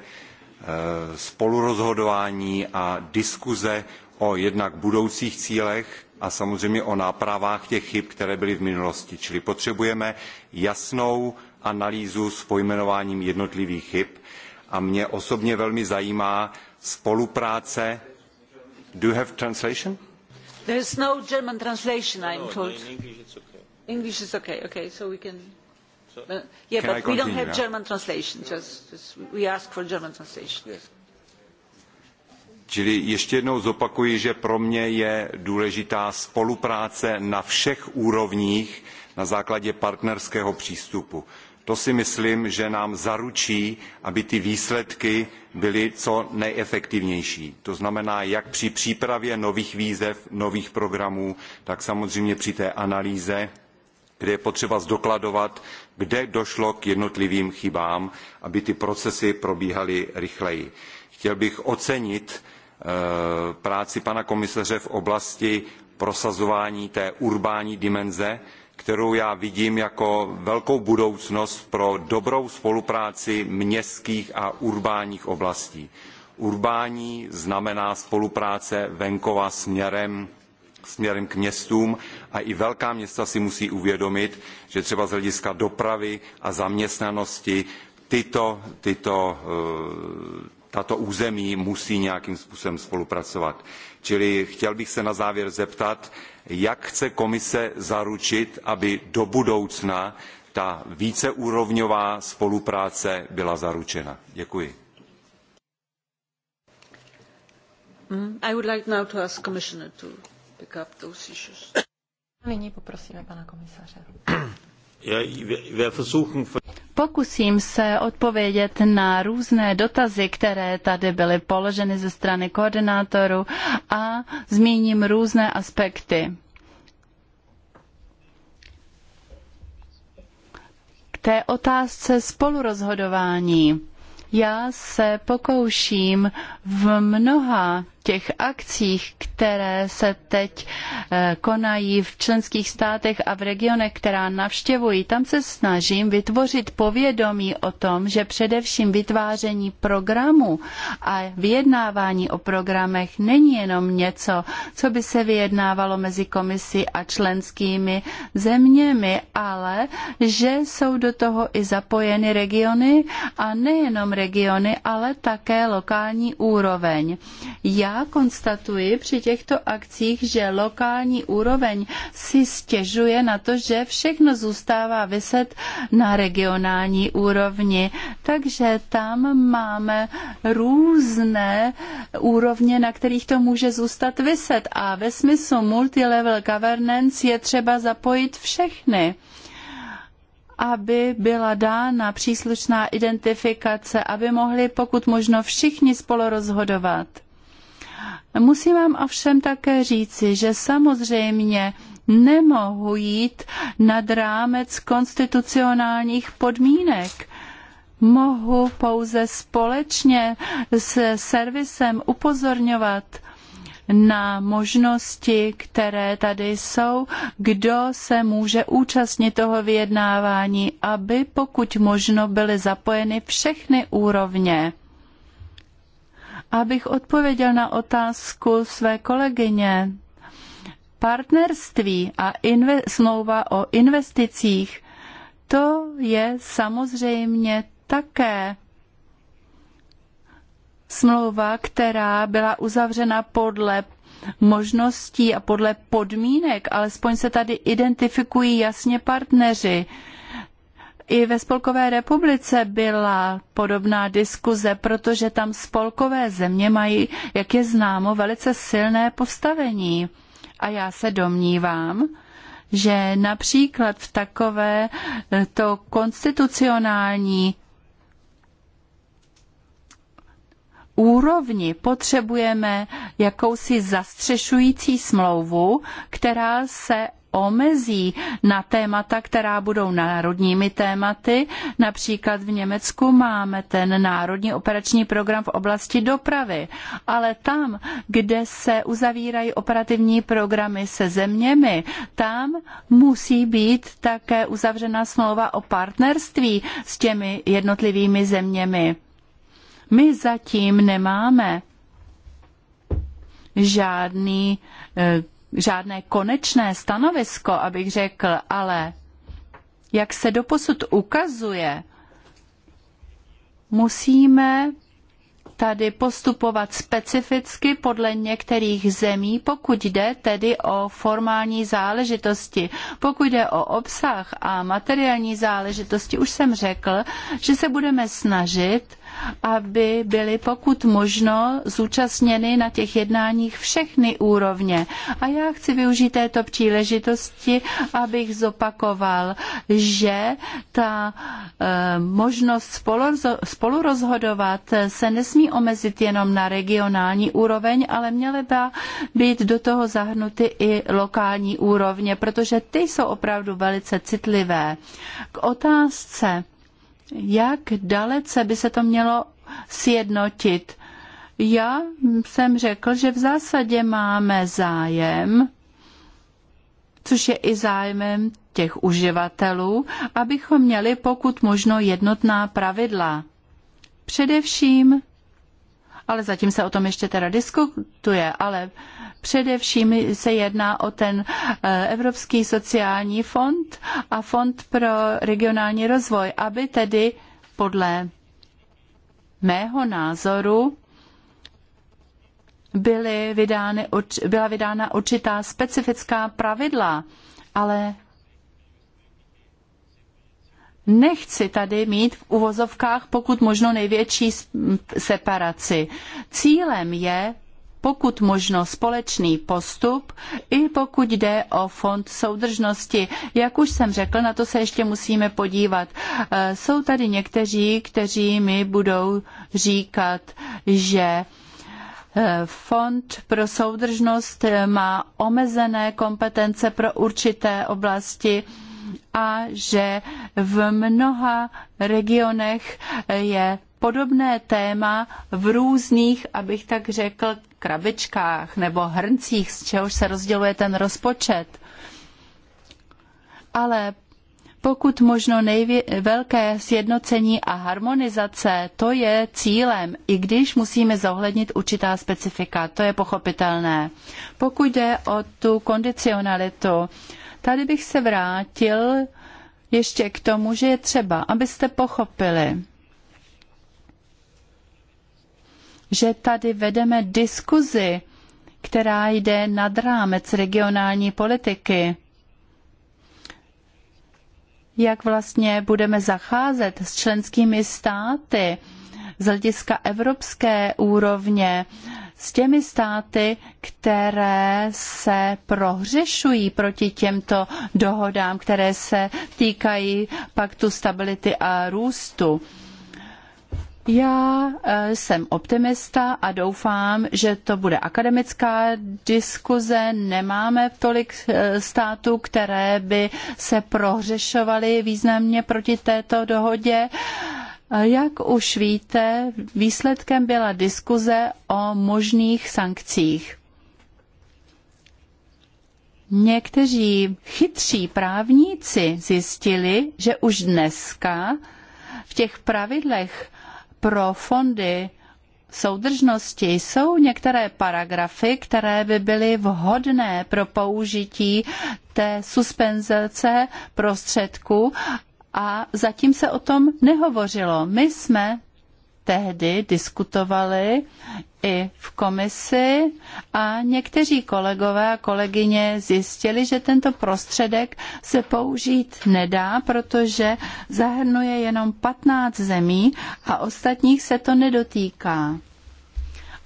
Eh, spolurozhodování a diskuze o jednak budoucích cílech a samozřejmě o nápravách těch chyb, které byly v minulosti. Čili potřebujeme jasnou analýzu s pojmenováním jednotlivých chyb a mě osobně velmi zajímá spolupráce. Do you have translation?
There is no German translation, I am no, no, told. No, in
English it's okay.
English is okay, okay, so we can yeah, but we don't have now? German translation. Just, just we ask for German translation. Yes.
Čili ještě jednou zopakuji, že pro mě je důležitá spolupráce na všech úrovních na základě partnerského přístupu. To si myslím, že nám zaručí, aby ty výsledky byly co nejefektivnější. To znamená, jak při přípravě nových výzev, nových programů, tak samozřejmě při té analýze kde je potřeba zdokladovat, kde došlo k jednotlivým chybám, aby ty procesy probíhaly rychleji. Chtěl bych ocenit eh, práci pana komisaře v oblasti prosazování té urbání dimenze, kterou já vidím jako velkou budoucnost pro dobrou spolupráci městských a urbánních oblastí. Urbání znamená spolupráce venkova směrem, směrem k městům a i velká města si musí uvědomit, že třeba z hlediska dopravy a zaměstnanosti tyto, tyto, eh, tato území musí nějakým způsobem spolupracovat. Čili chtěl bych se na závěr zeptat, jak chce komise zaručit, aby do budoucna ta víceúrovňová spolupráce byla zaručena. Děkuji.
Mm, I would like now to ask Commissioner to pick up those issues.
Nyní poprosíme pana komisaře. Pokusím se odpovědět na různé dotazy, které tady byly položeny ze strany koordinátoru a zmíním různé aspekty. K té otázce spolurozhodování. Já se pokouším v mnoha těch akcích, které se teď eh, konají v členských státech a v regionech, která navštěvují, tam se snažím vytvořit povědomí o tom, že především vytváření programu a vyjednávání o programech není jenom něco, co by se vyjednávalo mezi komisí a členskými zeměmi, ale že jsou do toho i zapojeny regiony a nejenom regiony, ale také lokální úroveň. Já konstatuji při těchto akcích, že lokální úroveň si stěžuje na to, že všechno zůstává vyset na regionální úrovni. Takže tam máme různé úrovně, na kterých to může zůstat vyset. A ve smyslu multilevel governance je třeba zapojit všechny aby byla dána příslušná identifikace, aby mohli pokud možno všichni spolu rozhodovat. Musím vám ovšem také říci, že samozřejmě nemohu jít nad rámec konstitucionálních podmínek mohu pouze společně s servisem upozorňovat na možnosti, které tady jsou, kdo se může účastnit toho vyjednávání, aby pokud možno byly zapojeny všechny úrovně abych odpověděl na otázku své kolegyně. Partnerství a inve- smlouva o investicích, to je samozřejmě také smlouva, která byla uzavřena podle možností a podle podmínek, alespoň se tady identifikují jasně partneři i ve Spolkové republice byla podobná diskuze, protože tam spolkové země mají, jak je známo, velice silné postavení. A já se domnívám, že například v takové eh, to konstitucionální úrovni potřebujeme jakousi zastřešující smlouvu, která se omezí na témata, která budou národními tématy. Například v Německu máme ten národní operační program v oblasti dopravy, ale tam, kde se uzavírají operativní programy se zeměmi, tam musí být také uzavřena smlouva o partnerství s těmi jednotlivými zeměmi. My zatím nemáme žádný eh, žádné konečné stanovisko, abych řekl, ale jak se doposud ukazuje, musíme tady postupovat specificky podle některých zemí, pokud jde tedy o formální záležitosti. Pokud jde o obsah a materiální záležitosti, už jsem řekl, že se budeme snažit aby byly pokud možno zúčastněny na těch jednáních všechny úrovně. A já chci využít této příležitosti, abych zopakoval, že ta e, možnost spolurozhodovat se nesmí omezit jenom na regionální úroveň, ale měla by být do toho zahrnuty i lokální úrovně, protože ty jsou opravdu velice citlivé. K otázce jak dalece by se to mělo sjednotit. Já jsem řekl, že v zásadě máme zájem, což je i zájmem těch uživatelů, abychom měli pokud možno jednotná pravidla. Především, ale zatím se o tom ještě teda diskutuje, ale Především se jedná o ten eh, Evropský sociální fond a fond pro regionální rozvoj, aby tedy podle mého názoru byly vydány, byla vydána určitá specifická pravidla, ale nechci tady mít v uvozovkách pokud možno největší separaci. Cílem je pokud možno společný postup, i pokud jde o fond soudržnosti. Jak už jsem řekl, na to se ještě musíme podívat. E, jsou tady někteří, kteří mi budou říkat, že e, Fond pro soudržnost e, má omezené kompetence pro určité oblasti a že v mnoha regionech je podobné téma v různých, abych tak řekl, krabičkách nebo hrncích, z čehož se rozděluje ten rozpočet. Ale pokud možno nejvě- velké sjednocení a harmonizace, to je cílem, i když musíme zohlednit určitá specifika, to je pochopitelné. Pokud jde o tu kondicionalitu, tady bych se vrátil ještě k tomu, že je třeba, abyste pochopili, že tady vedeme diskuzi, která jde nad rámec regionální politiky. Jak vlastně budeme zacházet s členskými státy z hlediska evropské úrovně, s těmi státy, které se prohřešují proti těmto dohodám, které se týkají paktu stability a růstu. Já eh, jsem optimista a doufám, že to bude akademická diskuze. Nemáme tolik eh, států, které by se prohřešovaly významně proti této dohodě. Jak už víte, výsledkem byla diskuze o možných sankcích. Někteří chytří právníci zjistili, že už dneska v těch pravidlech pro fondy soudržnosti jsou některé paragrafy, které by byly vhodné pro použití té suspenzace prostředků a zatím se o tom nehovořilo. My jsme tehdy diskutovali i v komisi a někteří kolegové a kolegyně zjistili, že tento prostředek se použít nedá, protože zahrnuje jenom 15 zemí a ostatních se to nedotýká.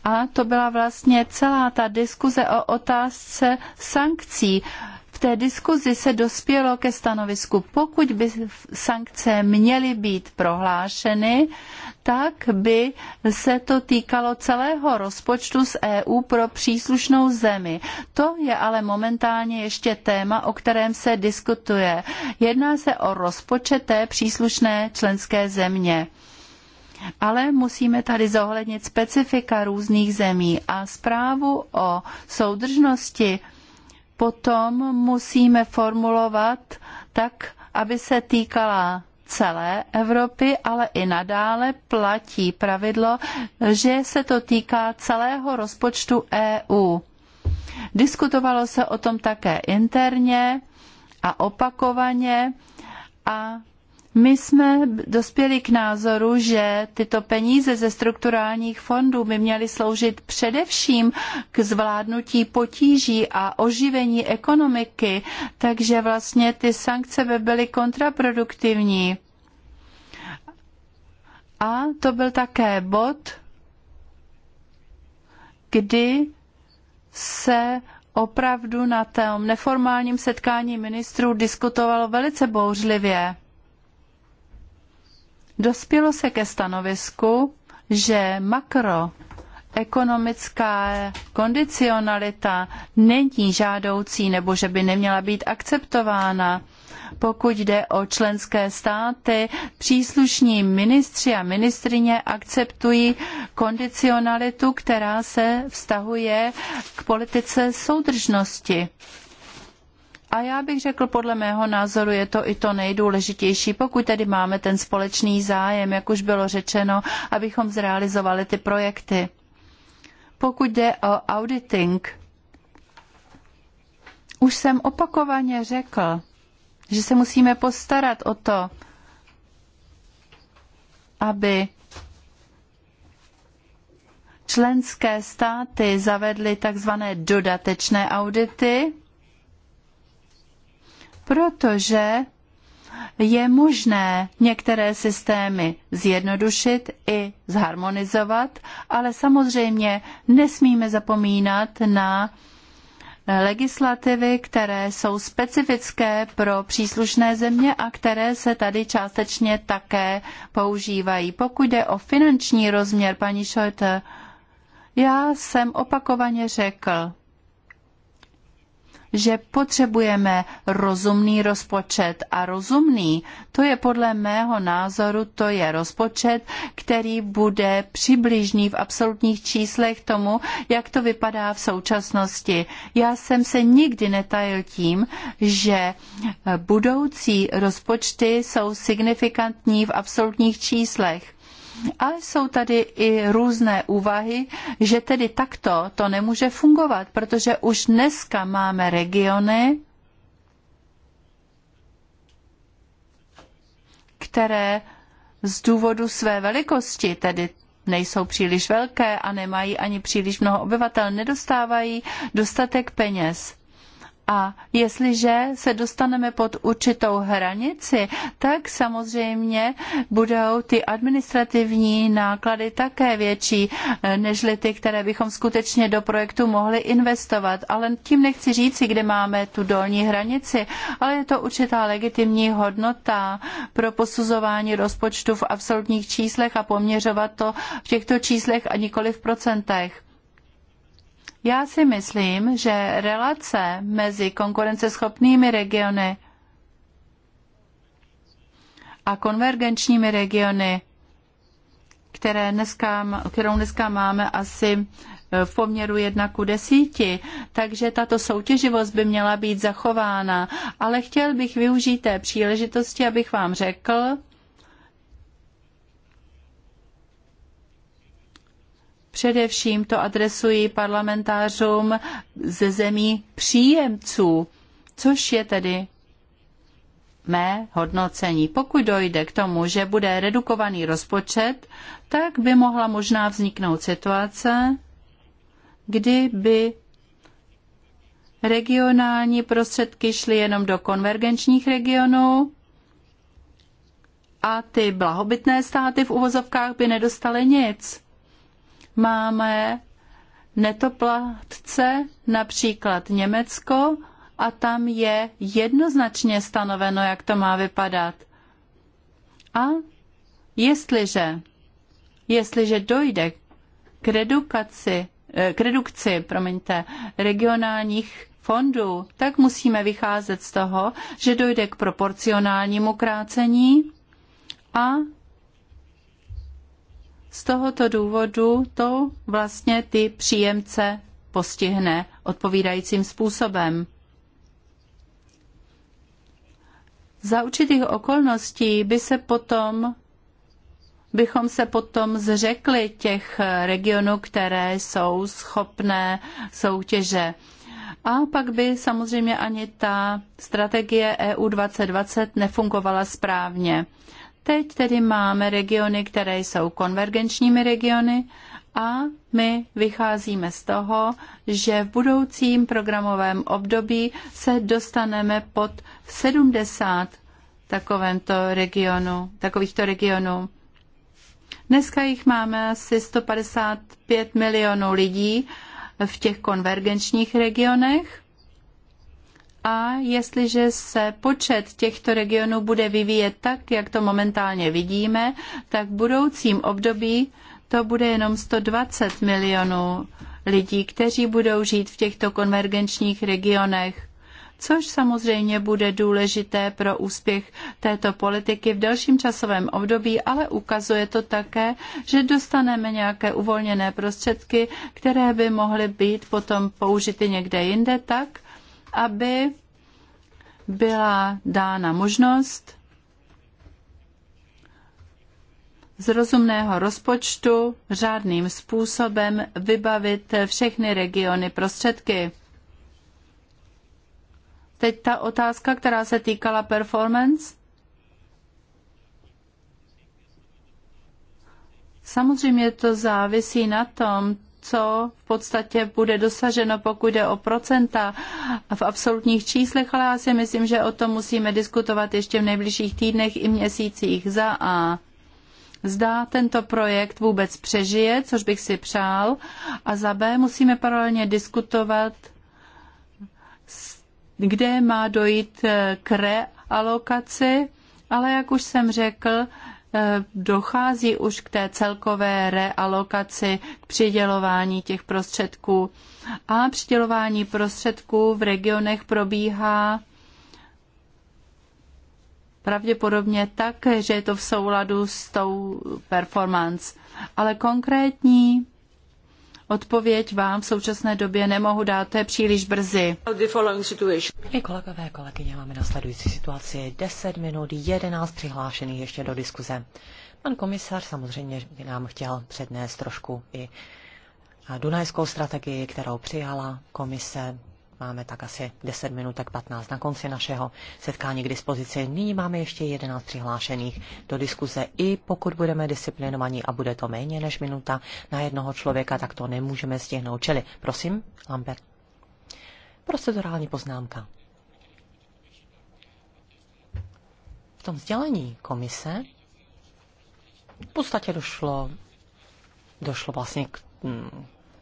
A to byla vlastně celá ta diskuze o otázce sankcí té diskuzi se dospělo ke stanovisku, pokud by sankce měly být prohlášeny, tak by se to týkalo celého rozpočtu z EU pro příslušnou zemi. To je ale momentálně ještě téma, o kterém se diskutuje. Jedná se o rozpočet té příslušné členské země. Ale musíme tady zohlednit specifika různých zemí a zprávu o soudržnosti potom musíme formulovat tak, aby se týkala celé Evropy, ale i nadále platí pravidlo, že se to týká celého rozpočtu EU. Diskutovalo se o tom také interně a opakovaně a my jsme dospěli k názoru, že tyto peníze ze strukturálních fondů by měly sloužit především k zvládnutí potíží a oživení ekonomiky, takže vlastně ty sankce by byly kontraproduktivní. A to byl také bod, kdy se opravdu na tom neformálním setkání ministrů diskutovalo velice bouřlivě. Dospělo se ke stanovisku, že makro ekonomická kondicionalita není žádoucí nebo že by neměla být akceptována. Pokud jde o členské státy, příslušní ministři a ministrině akceptují kondicionalitu, která se vztahuje k politice soudržnosti. A já bych řekl, podle mého názoru je to i to nejdůležitější, pokud tedy máme ten společný zájem, jak už bylo řečeno, abychom zrealizovali ty projekty. Pokud jde o auditing, už jsem opakovaně řekl, že se musíme postarat o to, aby členské státy zavedly takzvané dodatečné audity, protože je možné některé systémy zjednodušit i zharmonizovat, ale samozřejmě nesmíme zapomínat na legislativy, které jsou specifické pro příslušné země a které se tady částečně také používají. Pokud jde o finanční rozměr, paní Šojte, já jsem opakovaně řekl, že potřebujeme rozumný rozpočet a rozumný, to je podle mého názoru, to je rozpočet, který bude přibližný v absolutních číslech tomu, jak to vypadá v současnosti. Já jsem se nikdy netajil tím, že budoucí rozpočty jsou signifikantní v absolutních číslech a jsou tady i různé úvahy, že tedy takto to nemůže fungovat, protože už dneska máme regiony, které z důvodu své velikosti, tedy nejsou příliš velké a nemají ani příliš mnoho obyvatel, nedostávají dostatek peněz. A jestliže se dostaneme pod určitou hranici, tak samozřejmě budou ty administrativní náklady také větší, eh, nežli ty, které bychom skutečně do projektu mohli investovat. Ale tím nechci říci, kde máme tu dolní hranici, ale je to určitá legitimní hodnota pro posuzování rozpočtu v absolutních číslech a poměřovat to v těchto číslech a nikoli v procentech. Já si myslím, že relace mezi konkurenceschopnými regiony a konvergenčními regiony, které dneska, kterou dneska máme asi e, v poměru 1 ku 10, takže tato soutěživost by měla být zachována. Ale chtěl bych využít té příležitosti, abych vám řekl, Především to adresuji parlamentářům ze zemí příjemců, což je tedy mé hodnocení. Pokud dojde k tomu, že bude redukovaný rozpočet, tak by mohla možná vzniknout situace, kdyby regionální prostředky šly jenom do konvergenčních regionů a ty blahobytné státy v uvozovkách by nedostaly nic máme netoplatce, například Německo, a tam je jednoznačně stanoveno, jak to má vypadat. A jestliže, jestliže dojde k redukaci, eh, k redukci promiňte, regionálních fondů, tak musíme vycházet z toho, že dojde k proporcionálnímu krácení a z tohoto důvodu to vlastně ty příjemce postihne odpovídajícím způsobem. Za určitých okolností by se potom bychom se potom zřekli těch regionů, které jsou schopné soutěže. A pak by samozřejmě ani ta strategie EU 2020 nefungovala správně. Teď tedy máme regiony, které jsou konvergenčními regiony a my vycházíme z toho, že v budoucím programovém období se dostaneme pod 70 takovémto regionu, takovýchto regionů. Dneska jich máme asi 155 milionů lidí v těch konvergenčních regionech a jestliže se počet těchto regionů bude vyvíjet tak, jak to momentálně vidíme, tak v budoucím období to bude jenom 120 milionů lidí, kteří budou žít v těchto konvergenčních regionech což samozřejmě bude důležité pro úspěch této politiky v dalším časovém období, ale ukazuje to také, že dostaneme nějaké uvolněné prostředky, které by mohly být potom použity někde jinde tak, aby byla dána možnost z rozumného rozpočtu řádným způsobem vybavit všechny regiony prostředky. Teď ta otázka, která se týkala performance. Samozřejmě to závisí na tom, co v podstatě bude dosaženo, pokud jde o procenta v absolutních číslech, ale já si myslím, že o tom musíme diskutovat ještě v nejbližších týdnech i měsících za a Zda tento projekt vůbec přežije, což bych si přál, a za B musíme paralelně diskutovat, kde má dojít k realokaci, ale jak už jsem řekl, Eh, dochází už k té celkové realokaci, k přidělování těch prostředků. A přidělování prostředků v regionech probíhá pravděpodobně tak, že je to v souladu s tou performance. Ale konkrétní Odpověď vám v současné době nemohu dát, to je příliš brzy.
My kolegové, kolegyně, máme následující situaci 10 minut, 11 přihlášených ještě do diskuze. Pan komisař samozřejmě by nám chtěl přednést trošku i Dunajskou strategii, kterou přijala komise Máme tak asi 10 tak 15 na konci našeho setkání k dispozici. Nyní máme ještě 11 přihlášených do diskuze. I pokud budeme disciplinovaní a bude to méně než minuta na jednoho člověka, tak to nemůžeme stihnout. Čili, prosím, Lambert. Procedurální poznámka. V tom sdělení komise v podstatě došlo, došlo vlastně k,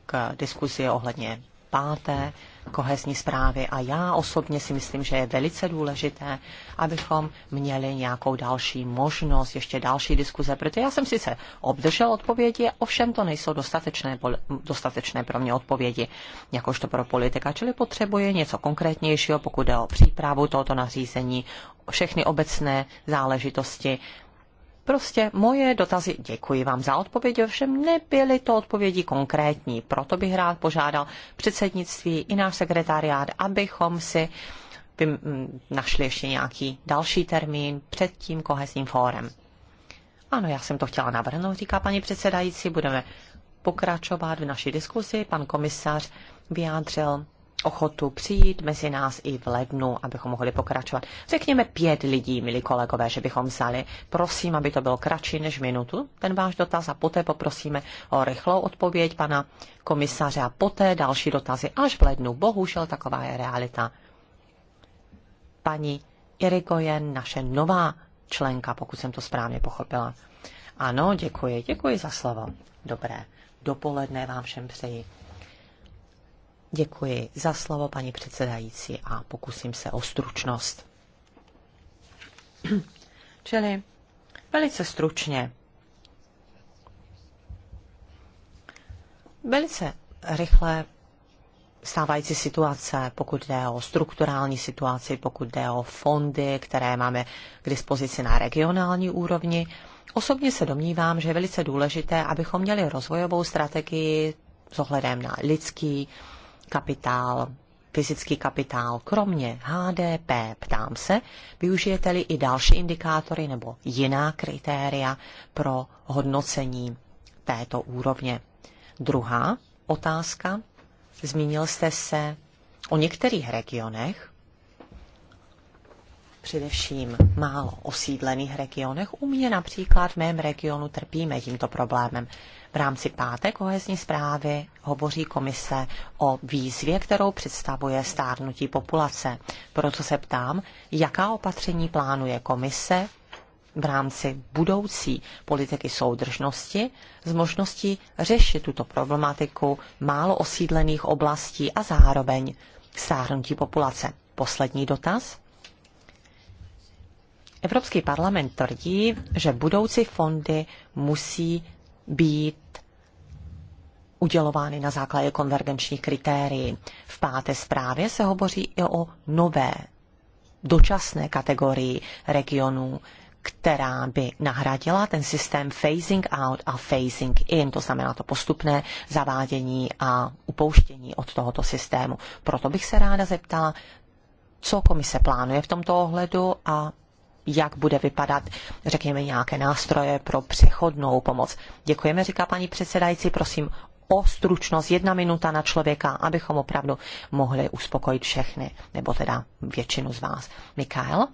k diskuzi ohledně páté kohezní zprávy. A já osobně si myslím, že je velice důležité, abychom měli nějakou další možnost, ještě další diskuze, protože já jsem sice obdržel odpovědi, ovšem to nejsou dostatečné, dostatečné pro mě odpovědi, jakožto pro politika, čili potřebuje něco konkrétnějšího, pokud jde o přípravu tohoto nařízení, všechny obecné záležitosti, Prostě moje dotazy, děkuji vám za odpovědi, ovšem nebyly to odpovědi konkrétní. Proto bych rád požádal předsednictví i náš sekretariát, abychom si našli ještě nějaký další termín před tím kohezním fórem. Ano, já jsem to chtěla navrhnout, říká paní předsedající. Budeme pokračovat v naší diskusi. Pan komisař vyjádřil ochotu přijít mezi nás i v lednu, abychom mohli pokračovat. Řekněme pět lidí, milí kolegové, že bychom vzali. Prosím, aby to bylo kratší než minutu, ten váš dotaz, a poté poprosíme o rychlou odpověď pana komisaře a poté další dotazy až v lednu. Bohužel taková je realita. Paní je naše nová členka, pokud jsem to správně pochopila. Ano, děkuji, děkuji za slovo. Dobré dopoledne vám všem přeji. Děkuji za slovo, paní předsedající, a pokusím se o stručnost. <clears throat> Čili velice stručně. Velice rychle stávající situace, pokud jde o strukturální situaci, pokud jde o fondy, které máme k dispozici na regionální úrovni. Osobně se domnívám, že je velice důležité, abychom měli rozvojovou strategii s ohledem na lidský kapitál, fyzický kapitál, kromě HDP, ptám se, využijete-li i další indikátory nebo jiná kritéria pro hodnocení této úrovně. Druhá otázka. Zmínil jste se o některých regionech, především málo osídlených regionech. U mě například v mém regionu trpíme tímto problémem. V rámci páté kohezní zprávy hovoří komise o výzvě, kterou představuje stárnutí populace. Proto se ptám, jaká opatření plánuje komise v rámci budoucí politiky soudržnosti z možností řešit tuto problematiku málo osídlených oblastí a zároveň stárnutí populace. Poslední dotaz. Evropský parlament tvrdí, že budoucí fondy musí být udělovány na základě konvergenčních kritérií. V páté zprávě se hovoří i o nové dočasné kategorii regionů, která by nahradila ten systém phasing out a phasing in, to znamená to postupné zavádění a upouštění od tohoto systému. Proto bych se ráda zeptala, co komise plánuje v tomto ohledu a jak bude vypadat, řekněme, nějaké nástroje pro přechodnou pomoc. Děkujeme, říká paní předsedající, prosím o stručnost, jedna minuta na člověka, abychom opravdu mohli uspokojit všechny, nebo teda většinu z vás. Mikael,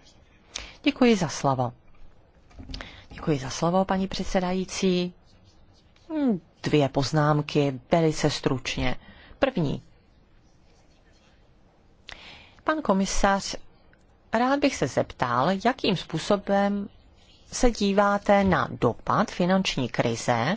děkuji za slovo. Děkuji za slovo, paní předsedající. Hm, dvě poznámky, velice stručně. První. Pan komisař rád bych se zeptal, jakým způsobem se díváte na dopad finanční krize,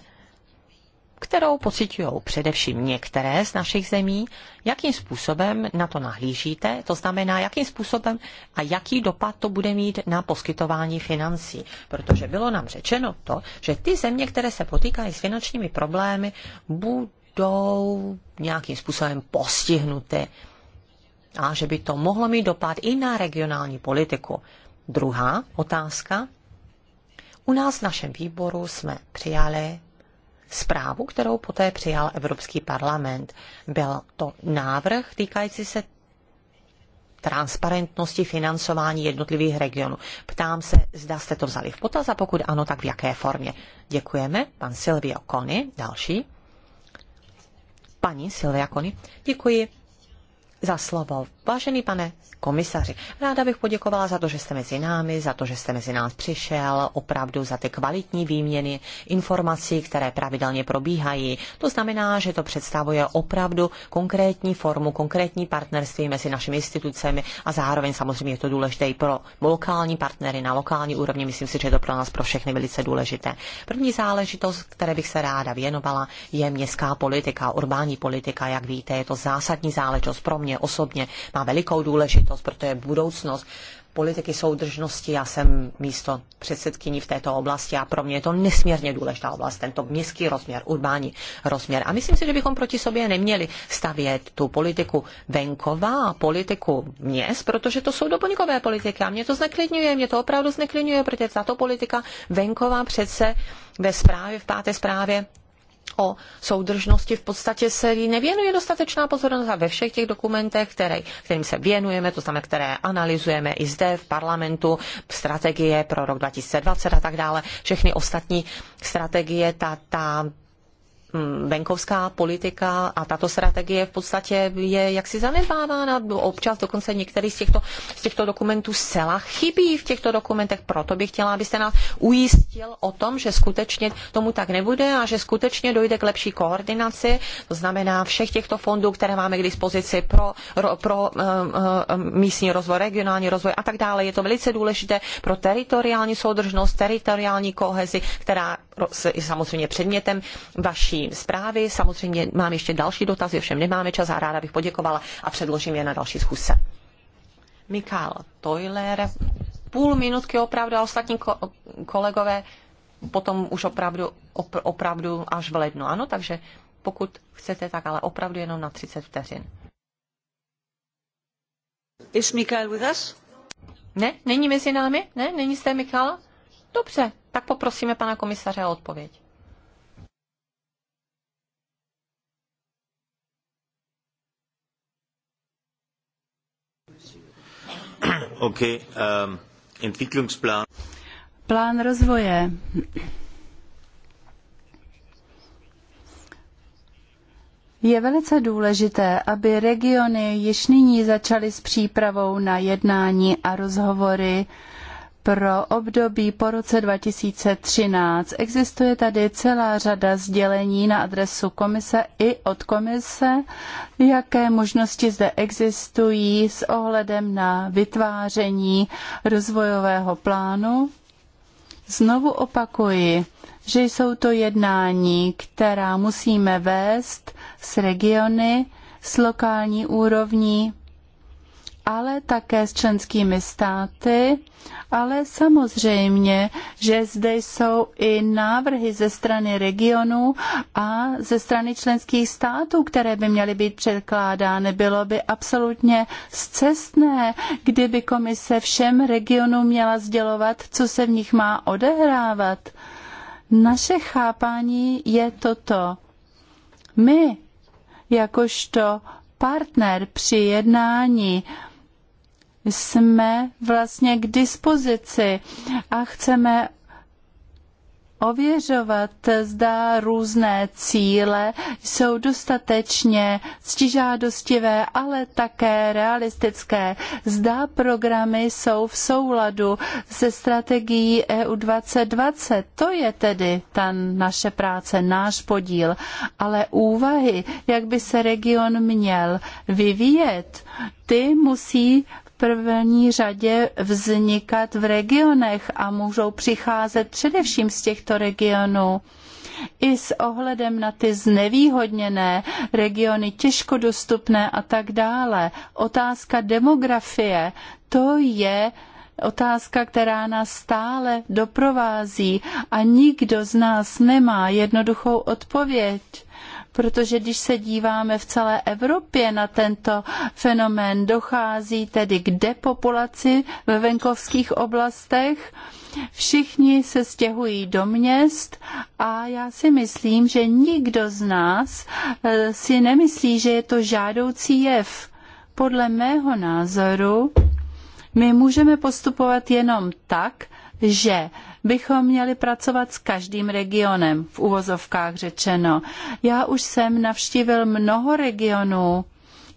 kterou pocitují především některé z našich zemí, jakým způsobem na to nahlížíte, to znamená, jakým způsobem a jaký dopad to bude mít na poskytování financí. Protože bylo nám řečeno to, že ty země, které se potýkají s finančními problémy, budou nějakým způsobem postihnuty a že by to mohlo mít dopad i na regionální politiku. Druhá otázka. U nás v našem výboru jsme přijali zprávu, kterou poté přijal Evropský parlament. Byl to návrh týkající se transparentnosti financování jednotlivých regionů. Ptám se, zda jste to vzali v potaz a pokud ano, tak v jaké formě. Děkujeme. Pan Silvio Kony, další. Paní Silvia Kony, děkuji za slovo. Vážený pane komisaři, ráda bych poděkovala za to, že jste mezi námi, za to, že jste mezi nás přišel, opravdu za ty kvalitní výměny informací, které pravidelně probíhají. To znamená, že to představuje opravdu konkrétní formu, konkrétní partnerství mezi našimi institucemi a zároveň samozřejmě je to důležité i pro lokální partnery na lokální úrovni. Myslím si, že je to pro nás pro všechny velice důležité. První záležitost, které bych se ráda věnovala, je městská politika, urbání politika. Jak víte, je to zásadní záležitost pro mě mě osobně má velikou důležitost, protože budoucnost politiky soudržnosti. Já jsem místo předsedkyní v této oblasti a pro mě je to nesmírně důležitá oblast, tento městský rozměr, urbání rozměr. A myslím si, že bychom proti sobě neměli stavět tu politiku venkova a politiku měst, protože to jsou doplňkové politiky a mě to zneklidňuje, mě to opravdu zneklidňuje, protože tato politika venková přece ve zprávě, v páté zprávě o soudržnosti v podstatě se jí nevěnuje dostatečná pozornost a ve všech těch dokumentech, které, kterým se věnujeme, to znamená, které analyzujeme i zde v parlamentu, strategie pro rok 2020 a tak dále, všechny ostatní strategie, ta, ta Mm, venkovská politika a tato strategie v podstatě je jaksi zanedbávána. Občas dokonce některý z těchto, z těchto dokumentů zcela chybí v těchto dokumentech. Proto bych chtěla, abyste nás ujistil o tom, že skutečně tomu tak nebude a že skutečně dojde k lepší koordinaci, to znamená všech těchto fondů, které máme k dispozici pro, ro, pro uh, místní rozvoj, regionální rozvoj a tak dále. Je to velice důležité pro teritoriální soudržnost, teritoriální kohezi, která je samozřejmě předmětem vaší vaší zprávy. Samozřejmě mám ještě další dotazy, všem nemáme čas a ráda bych poděkovala a předložím je na další schůzce. Mikál Toiler, půl minutky opravdu a ostatní kolegové potom už opravdu, opravdu až v lednu. Ano, takže pokud chcete, tak ale opravdu jenom na 30 vteřin. Is
Mikael with us?
Ne, není mezi námi? Ne, není jste Mikael? Dobře, tak poprosíme pana komisaře o odpověď.
<clears throat> okay, um, Entwicklungsplan.
Plán rozvoje. Je velice důležité, aby regiony již nyní začaly s přípravou na jednání a rozhovory pro období po roce 2013. Existuje tady celá řada sdělení na adresu komise i od komise, jaké možnosti zde existují s ohledem na vytváření rozvojového plánu. Znovu opakuji, že jsou to jednání, která musíme vést s regiony, s lokální úrovní, ale také s členskými státy, ale samozřejmě, že zde jsou i návrhy ze strany regionu a ze strany členských států, které by měly být předkládány. Bylo by absolutně zcestné, kdyby komise všem regionům měla sdělovat, co se v nich má odehrávat. Naše chápání je toto. My, jakožto partner při jednání jsme vlastně k dispozici a chceme ověřovat, zda různé cíle jsou dostatečně ctižádostivé, ale také realistické. Zda programy jsou v souladu se strategií EU 2020. To je tedy ta naše práce, náš podíl. Ale úvahy, jak by se region měl vyvíjet, ty musí první řadě vznikat v regionech a můžou přicházet především z těchto regionů. I s ohledem na ty znevýhodněné regiony, těžko dostupné a tak dále. Otázka demografie, to je otázka, která nás stále doprovází a nikdo z nás nemá jednoduchou odpověď protože když se díváme v celé Evropě na tento fenomén, dochází tedy k depopulaci ve venkovských oblastech, všichni se stěhují do měst a já si myslím, že nikdo z nás eh, si nemyslí, že je to žádoucí jev. Podle mého názoru my můžeme postupovat jenom tak, že bychom měli pracovat s každým regionem, v uvozovkách řečeno. Já už jsem navštívil mnoho regionů,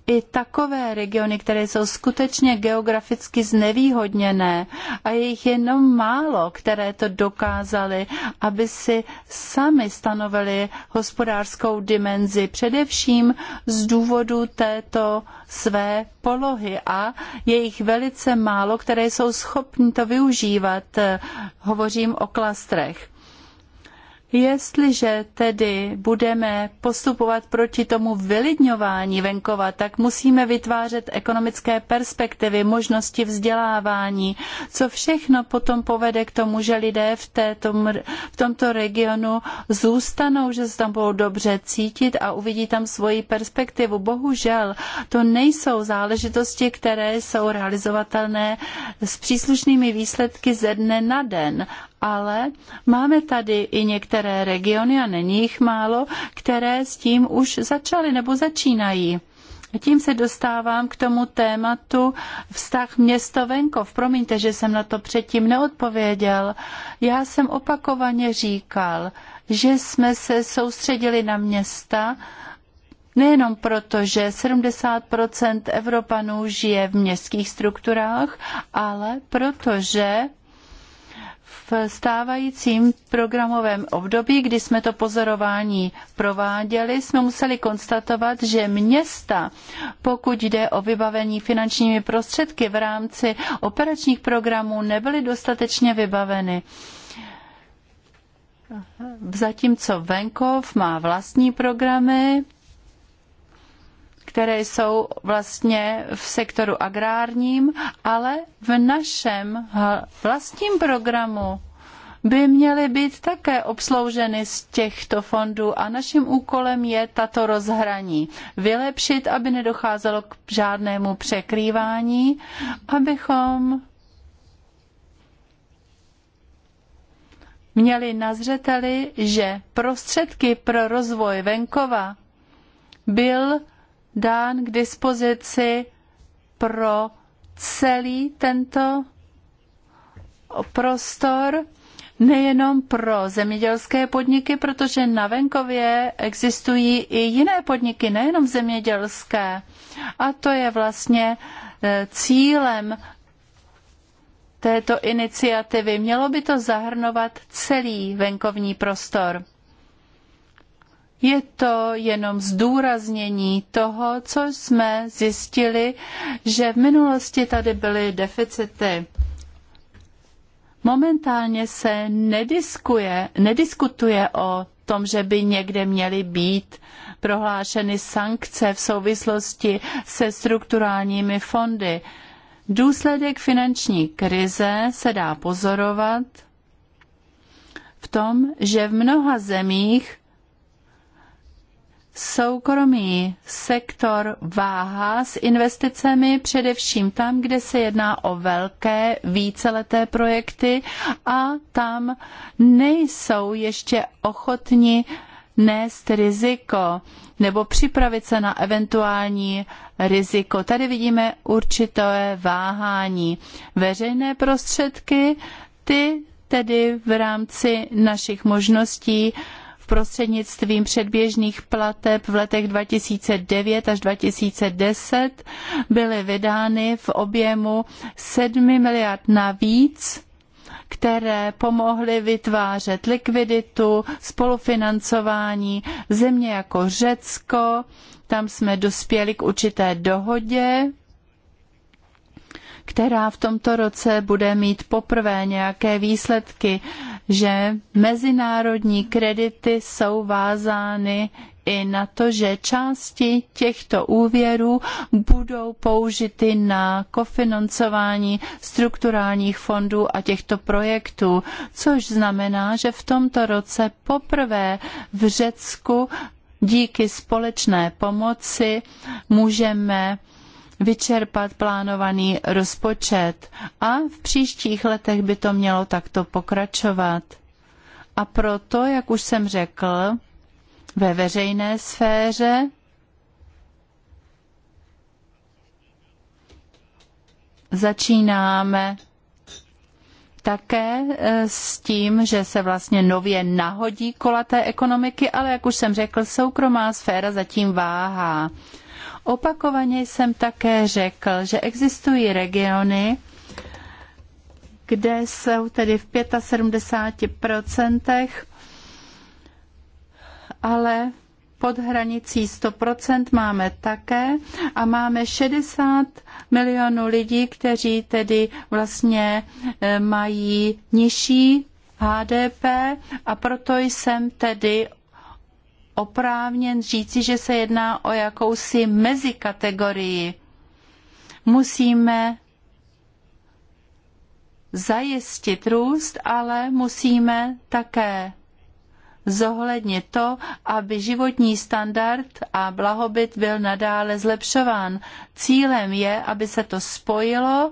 i takové regiony, které jsou skutečně geograficky znevýhodněné a je jich jenom málo, které to dokázaly, aby si sami stanovili hospodářskou dimenzi, především z důvodu této své polohy a je jich velice málo, které jsou schopni to využívat. Hovořím o klastrech. Jestliže tedy budeme postupovat proti tomu vylidňování venkova, tak musíme vytvářet ekonomické perspektivy, možnosti vzdělávání, co všechno potom povede k tomu, že lidé v, této, v tomto regionu zůstanou, že se tam budou dobře cítit a uvidí tam svoji perspektivu. Bohužel to nejsou záležitosti, které jsou realizovatelné s příslušnými výsledky ze dne na den ale máme tady i některé regiony, a není jich málo, které s tím už začaly nebo začínají. Tím se dostávám k tomu tématu vztah město-venkov. Promiňte, že jsem na to předtím neodpověděl. Já jsem opakovaně říkal, že jsme se soustředili na města, Nejenom proto, že 70 Evropanů žije v městských strukturách, ale protože v stávajícím programovém období, kdy jsme to pozorování prováděli, jsme museli konstatovat, že města, pokud jde o vybavení finančními prostředky v rámci operačních programů, nebyly dostatečně vybaveny. Zatímco venkov má vlastní programy, které jsou vlastně v sektoru agrárním, ale v našem vlastním programu by měly být také obslouženy z těchto fondů a naším úkolem je tato rozhraní vylepšit, aby nedocházelo k žádnému překrývání, abychom měli na zřeteli, že prostředky pro rozvoj venkova byl dán k dispozici pro celý tento prostor, nejenom pro zemědělské podniky, protože na venkově existují i jiné podniky, nejenom zemědělské. A to je vlastně eh, cílem této iniciativy. Mělo by to zahrnovat celý venkovní prostor. Je to jenom zdůraznění toho, co jsme zjistili, že v minulosti tady byly deficity. Momentálně se nediskuje, nediskutuje o tom, že by někde měly být prohlášeny sankce v souvislosti se strukturálními fondy. Důsledek finanční krize se dá pozorovat v tom, že v mnoha zemích Soukromý sektor váhá s investicemi především tam, kde se jedná o velké víceleté projekty a tam nejsou ještě ochotni nést riziko nebo připravit se na eventuální riziko. Tady vidíme určité váhání. Veřejné prostředky, ty tedy v rámci našich možností prostřednictvím předběžných plateb v letech 2009 až 2010 byly vydány v objemu 7 miliard navíc které pomohly vytvářet likviditu, spolufinancování země jako Řecko. Tam jsme dospěli k určité dohodě, která v tomto roce bude mít poprvé nějaké výsledky že mezinárodní kredity jsou vázány i na to, že části těchto úvěrů budou použity na kofinancování strukturálních fondů a těchto projektů, což znamená, že v tomto roce poprvé v Řecku díky společné pomoci můžeme vyčerpat plánovaný rozpočet a v příštích letech by to mělo takto pokračovat. A proto, jak už jsem řekl, ve veřejné sféře začínáme také eh, s tím, že se vlastně nově nahodí kola té ekonomiky, ale jak už jsem řekl, soukromá sféra zatím váhá. Opakovaně jsem také řekl, že existují regiony, kde jsou tedy v 75%, ale pod hranicí 100% máme také a máme 60 milionů lidí, kteří tedy vlastně eh, mají nižší HDP a proto jsem tedy oprávněn říci, že se jedná o jakousi mezikategorii. Musíme zajistit růst, ale musíme také zohlednit to, aby životní standard a blahobyt byl nadále zlepšován. Cílem je, aby se to spojilo.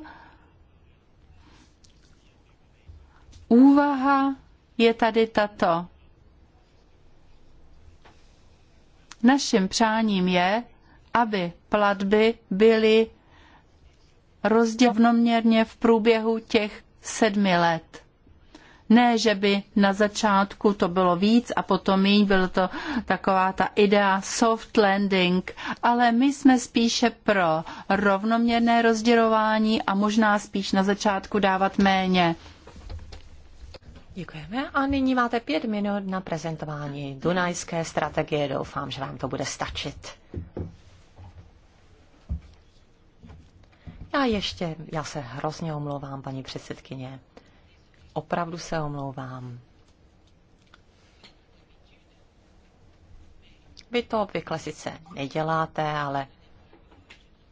Úvaha je tady tato. Naším přáním je, aby platby byly rozdělnoměrně v průběhu těch sedmi let. Ne, že by na začátku to bylo víc a potom jí bylo to taková ta idea soft landing, ale my jsme spíše pro rovnoměrné rozdělování a možná spíš na začátku dávat méně.
Děkujeme. A nyní máte pět minut na prezentování Dunajské strategie. Doufám, že vám to bude stačit. Já ještě, já se hrozně omlouvám, paní předsedkyně. Opravdu se omlouvám. Vy to obvykle sice neděláte, ale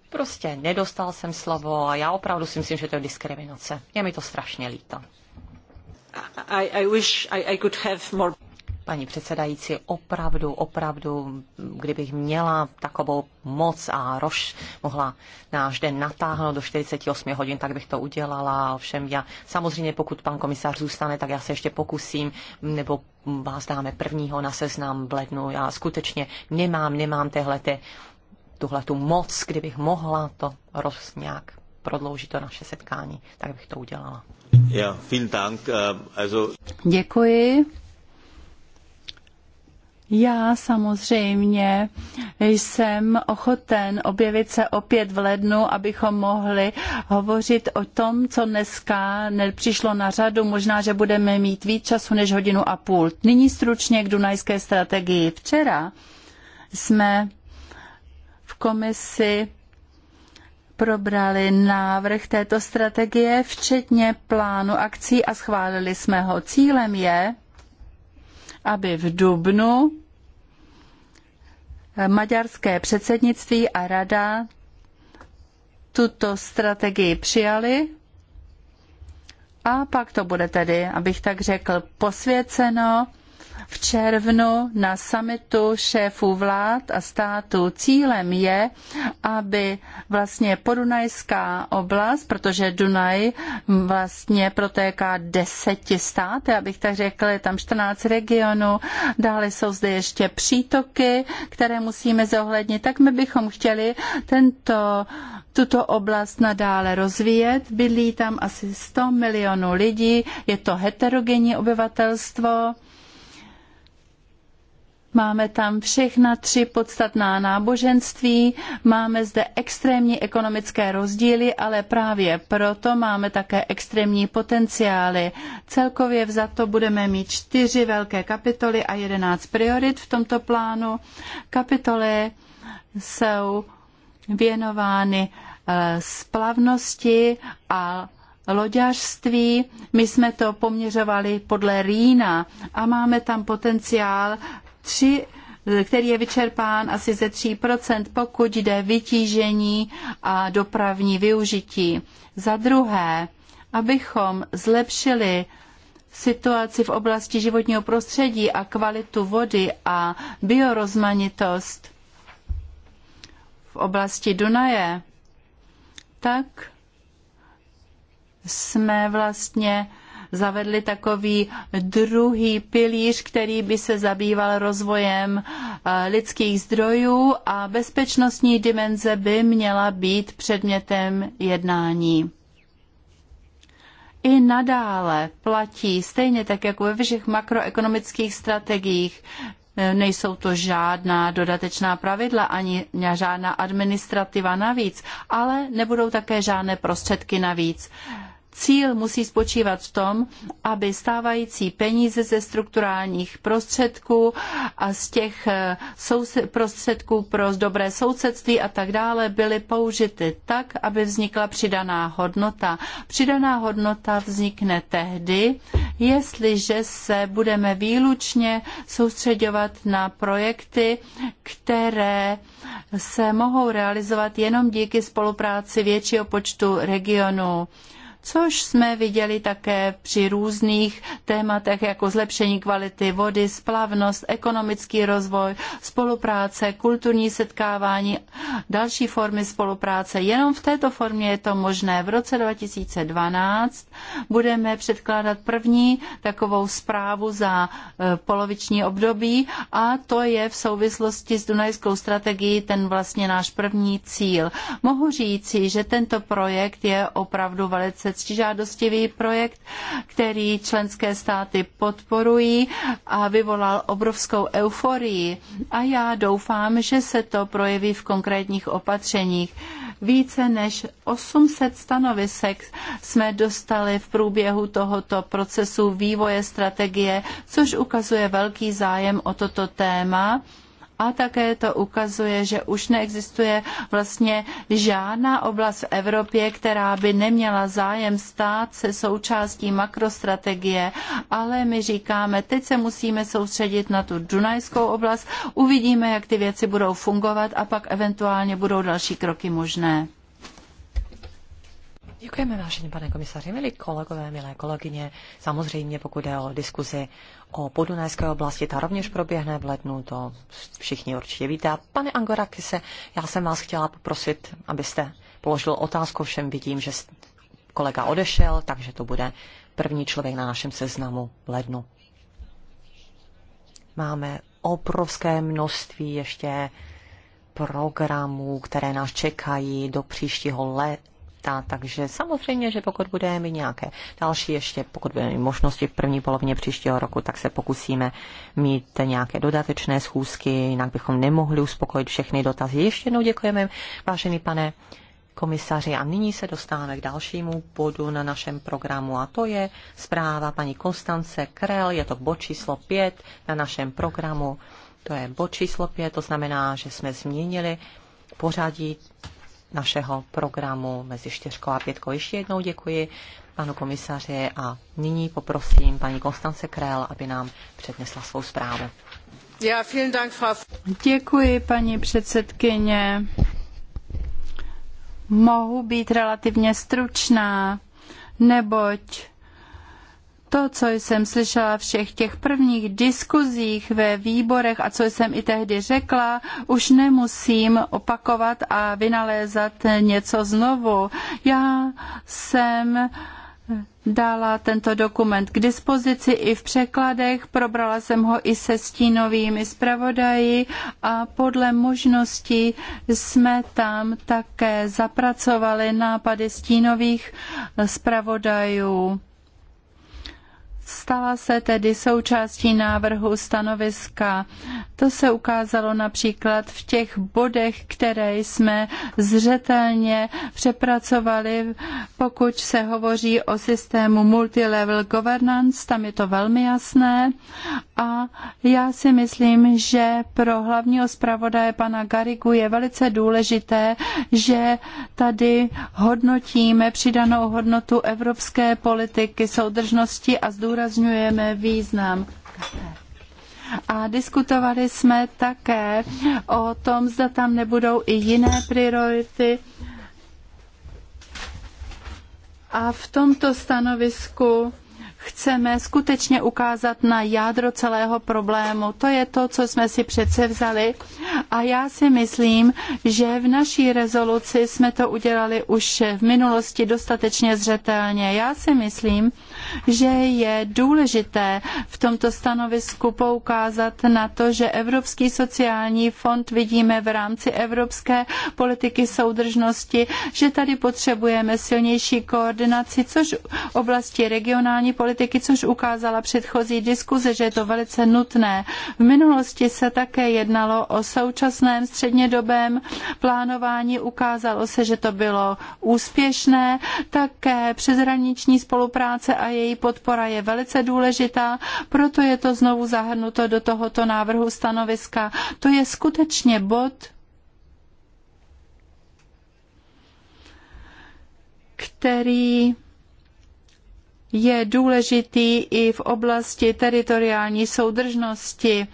prostě nedostal jsem slovo a já opravdu si myslím, že to je diskriminace. Je mi to strašně líto paní předsedající, opravdu, opravdu, kdybych měla takovou moc a roš mohla náš den natáhnout do 48 hodin, tak bych to udělala. Ovšem já samozřejmě, pokud pan komisař zůstane, tak já se ještě pokusím, nebo vás dáme prvního na seznam v lednu. Já skutečně nemám, nemám tuhle tu moc, kdybych mohla to roz nějak prodlouží to naše setkání, tak bych to udělala.
Ja, vielen Dank. Eh, also...
Děkuji. Já samozřejmě jsem ochoten objevit se opět v lednu, abychom mohli hovořit o tom, co dneska nepřišlo na řadu. Možná, že budeme mít víc času než hodinu a půl. Nyní stručně k Dunajské strategii. Včera jsme v komisi probrali návrh této strategie, včetně plánu akcí a schválili jsme ho. Cílem je, aby v dubnu maďarské předsednictví a rada tuto strategii přijali a pak to bude tedy, abych tak řekl, posvěceno v červnu na summitu šéfů vlád a států. Cílem je, aby vlastně podunajská oblast, protože Dunaj vlastně protéká deseti státy, abych tak řekl, je tam 14 regionů, dále jsou zde ještě přítoky, které musíme zohlednit, tak my bychom chtěli tento tuto oblast nadále rozvíjet. Bydlí tam asi 100 milionů lidí, je to heterogenní obyvatelstvo Máme tam všechna tři podstatná náboženství, máme zde extrémní ekonomické rozdíly, ale právě proto máme také extrémní potenciály. Celkově vzato budeme mít čtyři velké kapitoly a jedenáct priorit v tomto plánu. Kapitoly jsou věnovány eh, splavnosti a loďařství. My jsme to poměřovali podle Rýna a máme tam potenciál tři, který je vyčerpán asi ze 3%, pokud jde vytížení a dopravní využití. Za druhé, abychom zlepšili situaci v oblasti životního prostředí a kvalitu vody a biorozmanitost v oblasti Dunaje, tak jsme vlastně zavedli takový druhý pilíř, který by se zabýval rozvojem eh, lidských zdrojů a bezpečnostní dimenze by měla být předmětem jednání i nadále platí, stejně tak jako ve všech makroekonomických strategiích, eh, nejsou to žádná dodatečná pravidla ani žádná administrativa navíc, ale nebudou také žádné prostředky navíc. Cíl musí spočívat v tom, aby stávající peníze ze strukturálních prostředků a z těch eh, prostředků pro dobré sousedství a tak dále byly použity tak, aby vznikla přidaná hodnota. Přidaná hodnota vznikne tehdy, jestliže se budeme výlučně soustředovat na projekty, které se mohou realizovat jenom díky spolupráci většího počtu regionů což jsme viděli také při různých tématech jako zlepšení kvality vody, splavnost, ekonomický rozvoj, spolupráce, kulturní setkávání, další formy spolupráce. Jenom v této formě je to možné. V roce 2012 budeme předkládat první takovou zprávu za e, poloviční období a to je v souvislosti s Dunajskou strategií ten vlastně náš první cíl. Mohu říci, že tento projekt je opravdu velice 20 žádostivý projekt, který členské státy podporují a vyvolal obrovskou euforii. A já doufám, že se to projeví v konkrétních opatřeních. Více než 800 stanovisek jsme dostali v průběhu tohoto procesu vývoje strategie, což ukazuje velký zájem o toto téma a také to ukazuje, že už neexistuje vlastně žádná oblast v Evropě, která by neměla zájem stát se součástí makrostrategie, ale my říkáme, teď se musíme soustředit na tu Dunajskou oblast, uvidíme, jak ty věci budou fungovat a pak eventuálně budou další kroky možné.
Děkujeme, vážení pane komisaři, milí kolegové, milé kolegyně. Samozřejmě, pokud je o diskuzi o podunajské oblasti, ta rovněž proběhne v lednu, to všichni určitě víte. A pane Angorakise, já jsem vás chtěla poprosit, abyste položil otázku, všem vidím, že kolega odešel, takže to bude první člověk na našem seznamu v lednu. Máme obrovské množství ještě programů, které nás čekají do příštího let, ta, takže samozřejmě, že pokud budeme mít nějaké další ještě, pokud budeme mít možnosti v první polovině příštího roku, tak se pokusíme mít nějaké dodatečné schůzky, jinak bychom nemohli uspokojit všechny dotazy. Ještě jednou děkujeme, vážený pane komisaři. A nyní se dostáváme k dalšímu bodu na našem programu a to je zpráva paní Konstance Krel, je to bod číslo 5 na našem programu. To je bod číslo 5, to znamená, že jsme změnili pořadí našeho programu mezi čtyřkou a pětkou. Ještě jednou děkuji panu komisaři a nyní poprosím paní Konstance Krell, aby nám přednesla svou zprávu.
Děkuji, paní předsedkyně. Mohu být relativně stručná, neboť to, co jsem slyšela v všech těch prvních diskuzích ve výborech a co jsem i tehdy řekla, už nemusím opakovat a vynalézat něco znovu. Já jsem dala tento dokument k dispozici i v překladech, probrala jsem ho i se stínovými zpravodaji a podle možností jsme tam také zapracovali nápady stínových zpravodajů Stala se tedy součástí návrhu stanoviska. To se ukázalo například v těch bodech, které jsme zřetelně přepracovali. Pokud se hovoří o systému multilevel governance, tam je to velmi jasné. A já si myslím, že pro hlavního zpravodaje pana Garigu je velice důležité, že tady hodnotíme přidanou hodnotu evropské politiky soudržnosti a zdůrazňujeme, zdůrazňujeme význam kafe. A diskutovali jsme také o tom, zda tam nebudou i jiné priority. A v tomto stanovisku chceme skutečně ukázat na jádro celého problému. To je to, co jsme si přece vzali a já si myslím, že v naší rezoluci jsme to udělali už v minulosti dostatečně zřetelně. Já si myslím, že je důležité v tomto stanovisku poukázat na to, že Evropský sociální fond vidíme v rámci evropské politiky soudržnosti, že tady potřebujeme silnější koordinaci, což oblasti regionální politiky politiky, což ukázala předchozí diskuze, že je to velice nutné. V minulosti se také jednalo o současném střednědobém plánování. Ukázalo se, že to bylo úspěšné. Také přeshraniční spolupráce a její podpora je velice důležitá, proto je to znovu zahrnuto do tohoto návrhu stanoviska. To je skutečně bod, který je důležitý i v oblasti teritoriální soudržnosti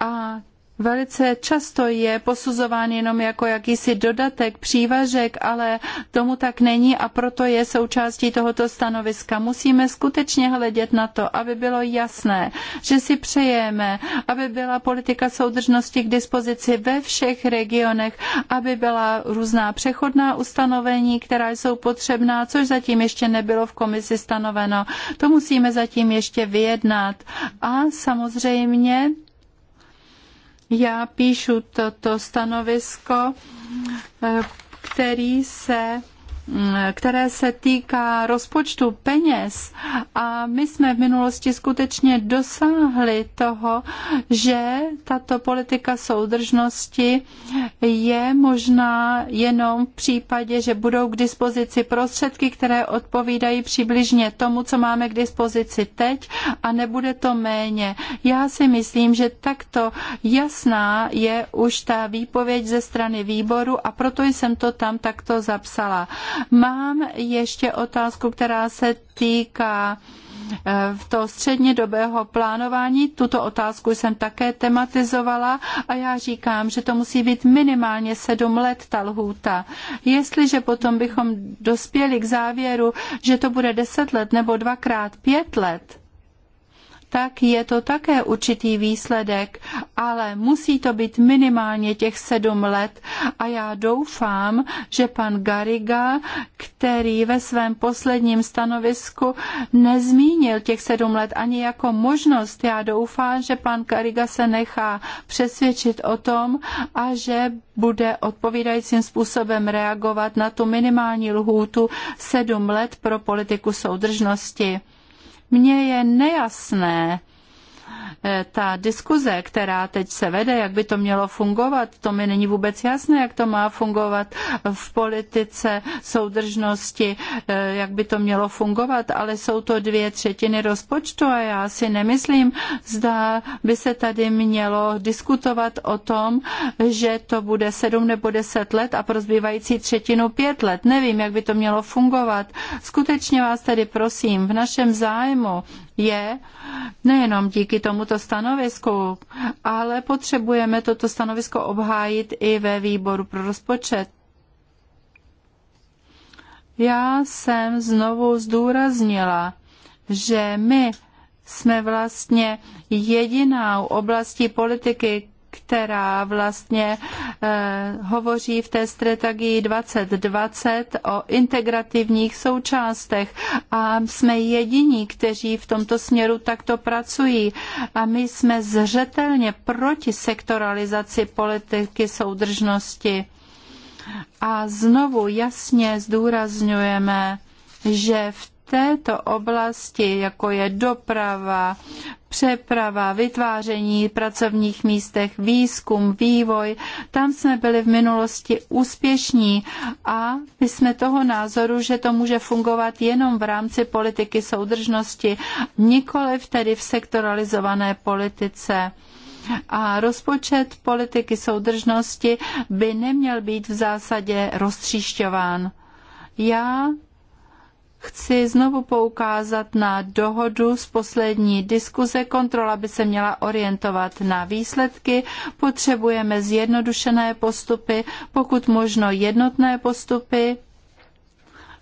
a velice často je posuzován jenom jako jakýsi dodatek, přívažek, ale tomu tak není a proto je součástí tohoto stanoviska. Musíme skutečně hledět na to, aby bylo jasné, že si přejeme, aby byla politika soudržnosti k dispozici ve všech regionech, aby byla různá přechodná ustanovení, která jsou potřebná, což zatím ještě nebylo v komisi stanoveno. To musíme zatím ještě vyjednat. A samozřejmě já píšu toto stanovisko, eh, který se které se týká rozpočtu peněz a my jsme v minulosti skutečně dosáhli toho, že tato politika soudržnosti je možná jenom v případě, že budou k dispozici prostředky, které odpovídají přibližně tomu, co máme k dispozici teď a nebude to méně. Já si myslím, že takto jasná je už ta výpověď ze strany výboru a proto jsem to tam takto zapsala. Mám ještě otázku, která se týká eh, v středně střednědobého plánování. Tuto otázku jsem také tematizovala a já říkám, že to musí být minimálně sedm let ta lhůta. Jestliže potom bychom dospěli k závěru, že to bude deset let nebo dvakrát pět let, tak je to také určitý výsledek, ale musí to být minimálně těch sedm let a já doufám, že pan Gariga, který ve svém posledním stanovisku nezmínil těch sedm let ani jako možnost, já doufám, že pan Gariga se nechá přesvědčit o tom a že bude odpovídajícím způsobem reagovat na tu minimální lhůtu sedm let pro politiku soudržnosti. Mně je nejasné, Eh, ta diskuze, která teď se vede, jak by to mělo fungovat, to mi není vůbec jasné, jak to má fungovat v politice, soudržnosti, eh, jak by to mělo fungovat, ale jsou to dvě třetiny rozpočtu a já si nemyslím, zda by se tady mělo diskutovat o tom, že to bude sedm nebo deset let a pro zbývající třetinu pět let. Nevím, jak by to mělo fungovat. Skutečně vás tedy prosím, v našem zájmu, je nejenom díky tomuto stanovisku, ale potřebujeme toto stanovisko obhájit i ve výboru pro rozpočet. Já jsem znovu zdůraznila, že my jsme vlastně jedinou oblastí politiky, která vlastně eh, hovoří v té strategii 2020 o integrativních součástech a jsme jediní, kteří v tomto směru takto pracují a my jsme zřetelně proti sektoralizaci politiky soudržnosti. A znovu jasně zdůrazňujeme, že v této oblasti, jako je doprava, přeprava, vytváření pracovních místech, výzkum, vývoj. Tam jsme byli v minulosti úspěšní a my jsme toho názoru, že to může fungovat jenom v rámci politiky soudržnosti, nikoliv tedy v sektoralizované politice a rozpočet politiky soudržnosti by neměl být v zásadě roztříšťován. Já chci znovu poukázat na dohodu z poslední diskuze. Kontrola by se měla orientovat na výsledky. Potřebujeme zjednodušené postupy, pokud možno jednotné postupy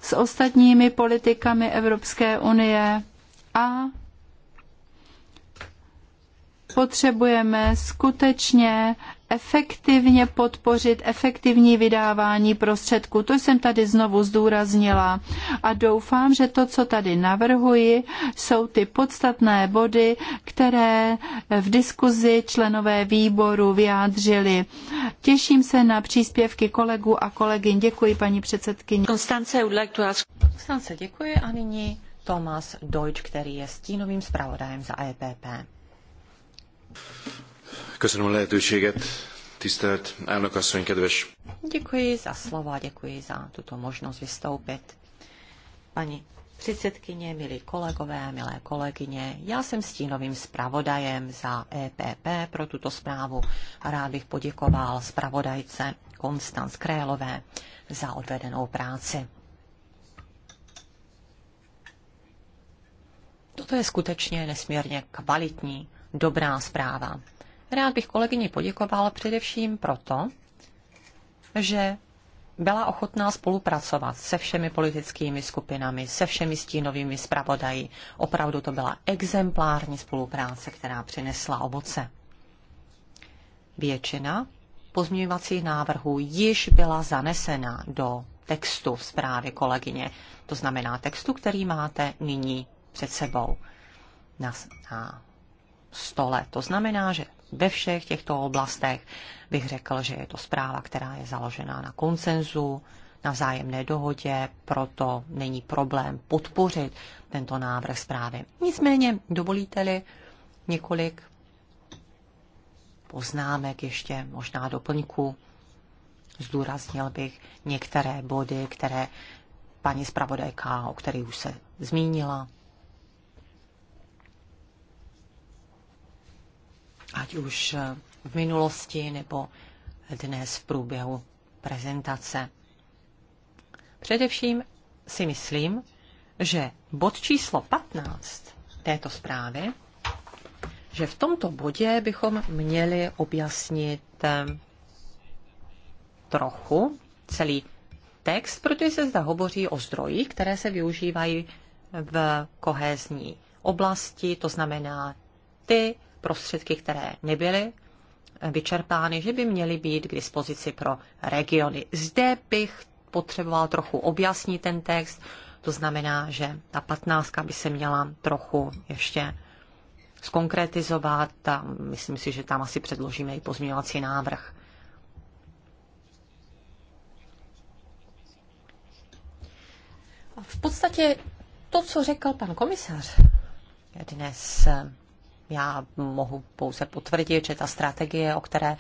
s ostatními politikami Evropské unie a potřebujeme skutečně efektivně podpořit efektivní vydávání prostředků. To jsem tady znovu zdůraznila a doufám, že to, co tady navrhuji, jsou ty podstatné body, které v diskuzi členové výboru vyjádřili. Těším se na příspěvky kolegů a kolegyň. Děkuji, paní předsedkyně. Konstance, like ask...
Konstance, děkuji a nyní Thomas Deutsch, který je stínovým zpravodajem za EPP.
Köszönöm a lehetőséget, tisztelt elnök kedves.
Děkuji za slova, děkuji za tuto možnost vystoupit. Paní předsedkyně, milí kolegové, milé kolegyně, já jsem stínovým zpravodajem za EPP pro tuto zprávu a rád bych poděkoval zpravodajce Konstanc Krélové za odvedenou práci. Toto je skutečně nesmírně kvalitní, dobrá zpráva. Rád bych kolegyni poděkoval především proto, že byla ochotná spolupracovat se všemi politickými skupinami, se všemi stínovými zpravodaji. Opravdu to byla exemplární spolupráce, která přinesla ovoce. Většina pozměňovacích návrhů již byla zanesena do textu zprávy kolegyně. To znamená textu, který máte nyní před sebou na, na stole. To znamená, že ve všech těchto oblastech bych řekl, že je to zpráva, která je založená na konsenzu, na vzájemné dohodě, proto není problém podpořit tento návrh zprávy. Nicméně, dovolíte-li několik poznámek ještě, možná doplňku, zdůraznil bych některé body, které paní zpravodajka, o kterých už se zmínila, ať už eh, v minulosti nebo dnes v průběhu prezentace. Především si myslím, že bod číslo 15 této zprávy, že v tomto bodě bychom měli objasnit eh, trochu celý text, protože se zda hovoří o zdrojích, které se využívají v kohezní oblasti, to znamená ty prostředky, které nebyly eh, vyčerpány, že by měly být k dispozici pro regiony. Zde bych potřeboval trochu objasnit ten text, to znamená, že ta patnáctka by se měla trochu ještě zkonkretizovat a myslím si, že tam asi předložíme i pozměňovací návrh. V podstatě to, co řekl pan komisař dnes eh, já mohu pouze potvrdit, že ta strategie, o které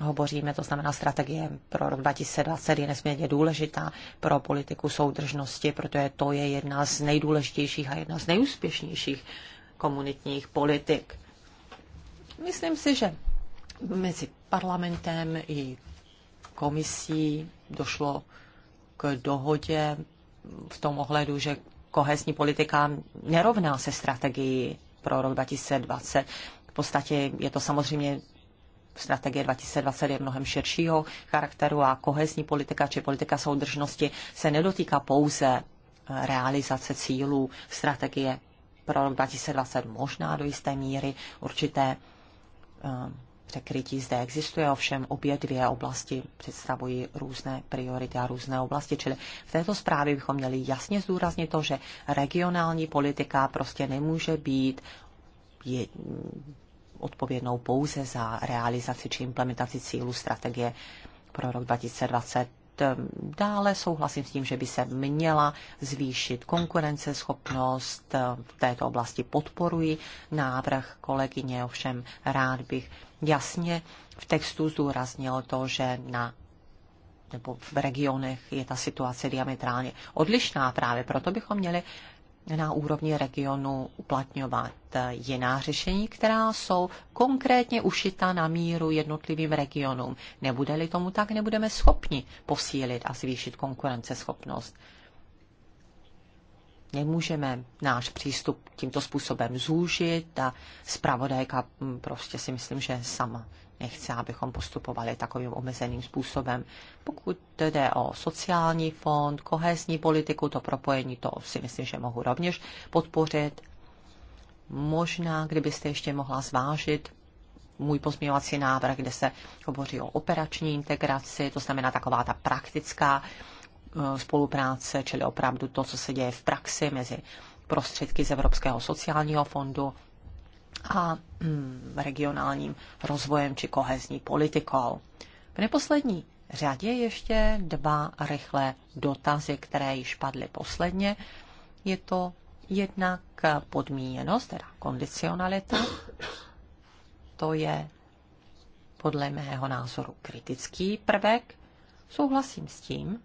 hovoříme, to znamená strategie pro rok 2020 je nesmírně důležitá pro politiku soudržnosti, protože to je jedna z nejdůležitějších a jedna z nejúspěšnějších komunitních politik. Myslím si, že mezi parlamentem i komisí došlo k dohodě v tom ohledu, že kohezní politika nerovná se strategii pro rok 2020. V podstatě je to samozřejmě strategie 2020 je mnohem širšího charakteru a kohezní politika či politika soudržnosti se nedotýká pouze eh, realizace cílů strategie pro rok 2020 možná do jisté míry určité eh, překrytí zde existuje, ovšem obě dvě oblasti představují různé priority a různé oblasti, čili v této zprávě bychom měli jasně zdůraznit to, že regionální politika prostě nemůže být je, odpovědnou pouze za realizaci či implementaci cílů strategie pro rok 2020. Dále souhlasím s tím, že by se měla zvýšit konkurenceschopnost eh, v této oblasti. Podporuji návrh kolegyně, ovšem rád bych jasně v textu zdůraznil to, že na nebo v regionech je ta situace diametrálně odlišná. Právě proto bychom měli na úrovni regionu uplatňovat eh, jiná řešení, která jsou konkrétně ušita na míru jednotlivým regionům. Nebude-li tomu tak, nebudeme schopni posílit a zvýšit konkurenceschopnost Nemůžeme náš přístup tímto způsobem zúžit a zpravodajka hm, prostě si myslím, že sama nechce, abychom postupovali takovým omezeným způsobem. Pokud jde o sociální fond, kohezní politiku, to propojení, to si myslím, že mohu rovněž podpořit. Možná, kdybyste ještě mohla zvážit můj pozměňovací návrh, kde se hovoří o operační integraci, to znamená taková ta praktická Eh, spolupráce, čili opravdu to, co se děje v praxi mezi prostředky z Evropského sociálního fondu a mm, regionálním rozvojem či kohezní politikou. V neposlední řadě ještě dva rychlé dotazy, které již padly posledně. Je to jednak podmíněnost, teda kondicionalita. To je podle mého názoru kritický prvek. Souhlasím s tím,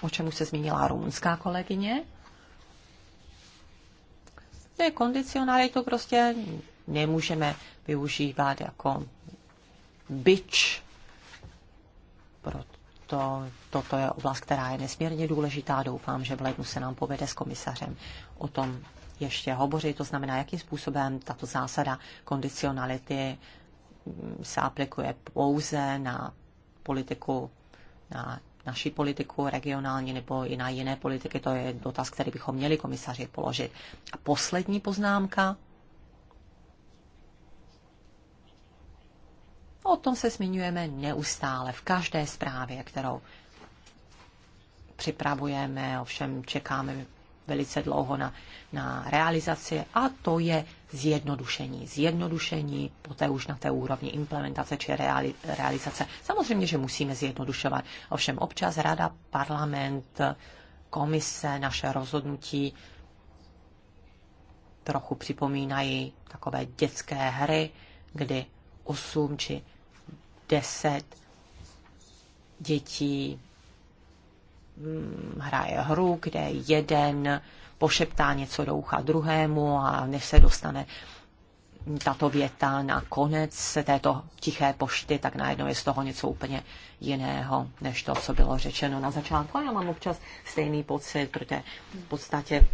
o čem už se zmínila rumunská kolegyně. Ne, to prostě nemůžeme využívat jako byč, proto toto je oblast, která je nesmírně důležitá. Doufám, že v lednu se nám povede s komisařem o tom ještě hovořit, to znamená, jakým způsobem tato zásada kondicionality se aplikuje pouze na politiku na naši politiku regionální nebo i na jiné politiky. To je dotaz, který bychom měli komisaři položit. A poslední poznámka. O tom se zmiňujeme neustále v každé zprávě, kterou připravujeme, ovšem čekáme velice dlouho na, na realizaci a to je zjednodušení. Zjednodušení poté už na té úrovni implementace či reali, realizace. Samozřejmě, že musíme zjednodušovat. Ovšem občas rada, parlament, komise, naše rozhodnutí trochu připomínají takové dětské hry, kdy 8 či 10 dětí Mm, hraje hru, kde jeden pošeptá něco do ucha druhému a než se dostane tato věta na konec této tiché pošty, tak najednou je z toho něco úplně jiného, než to, co bylo řečeno na začátku. A já mám občas stejný pocit, protože v podstatě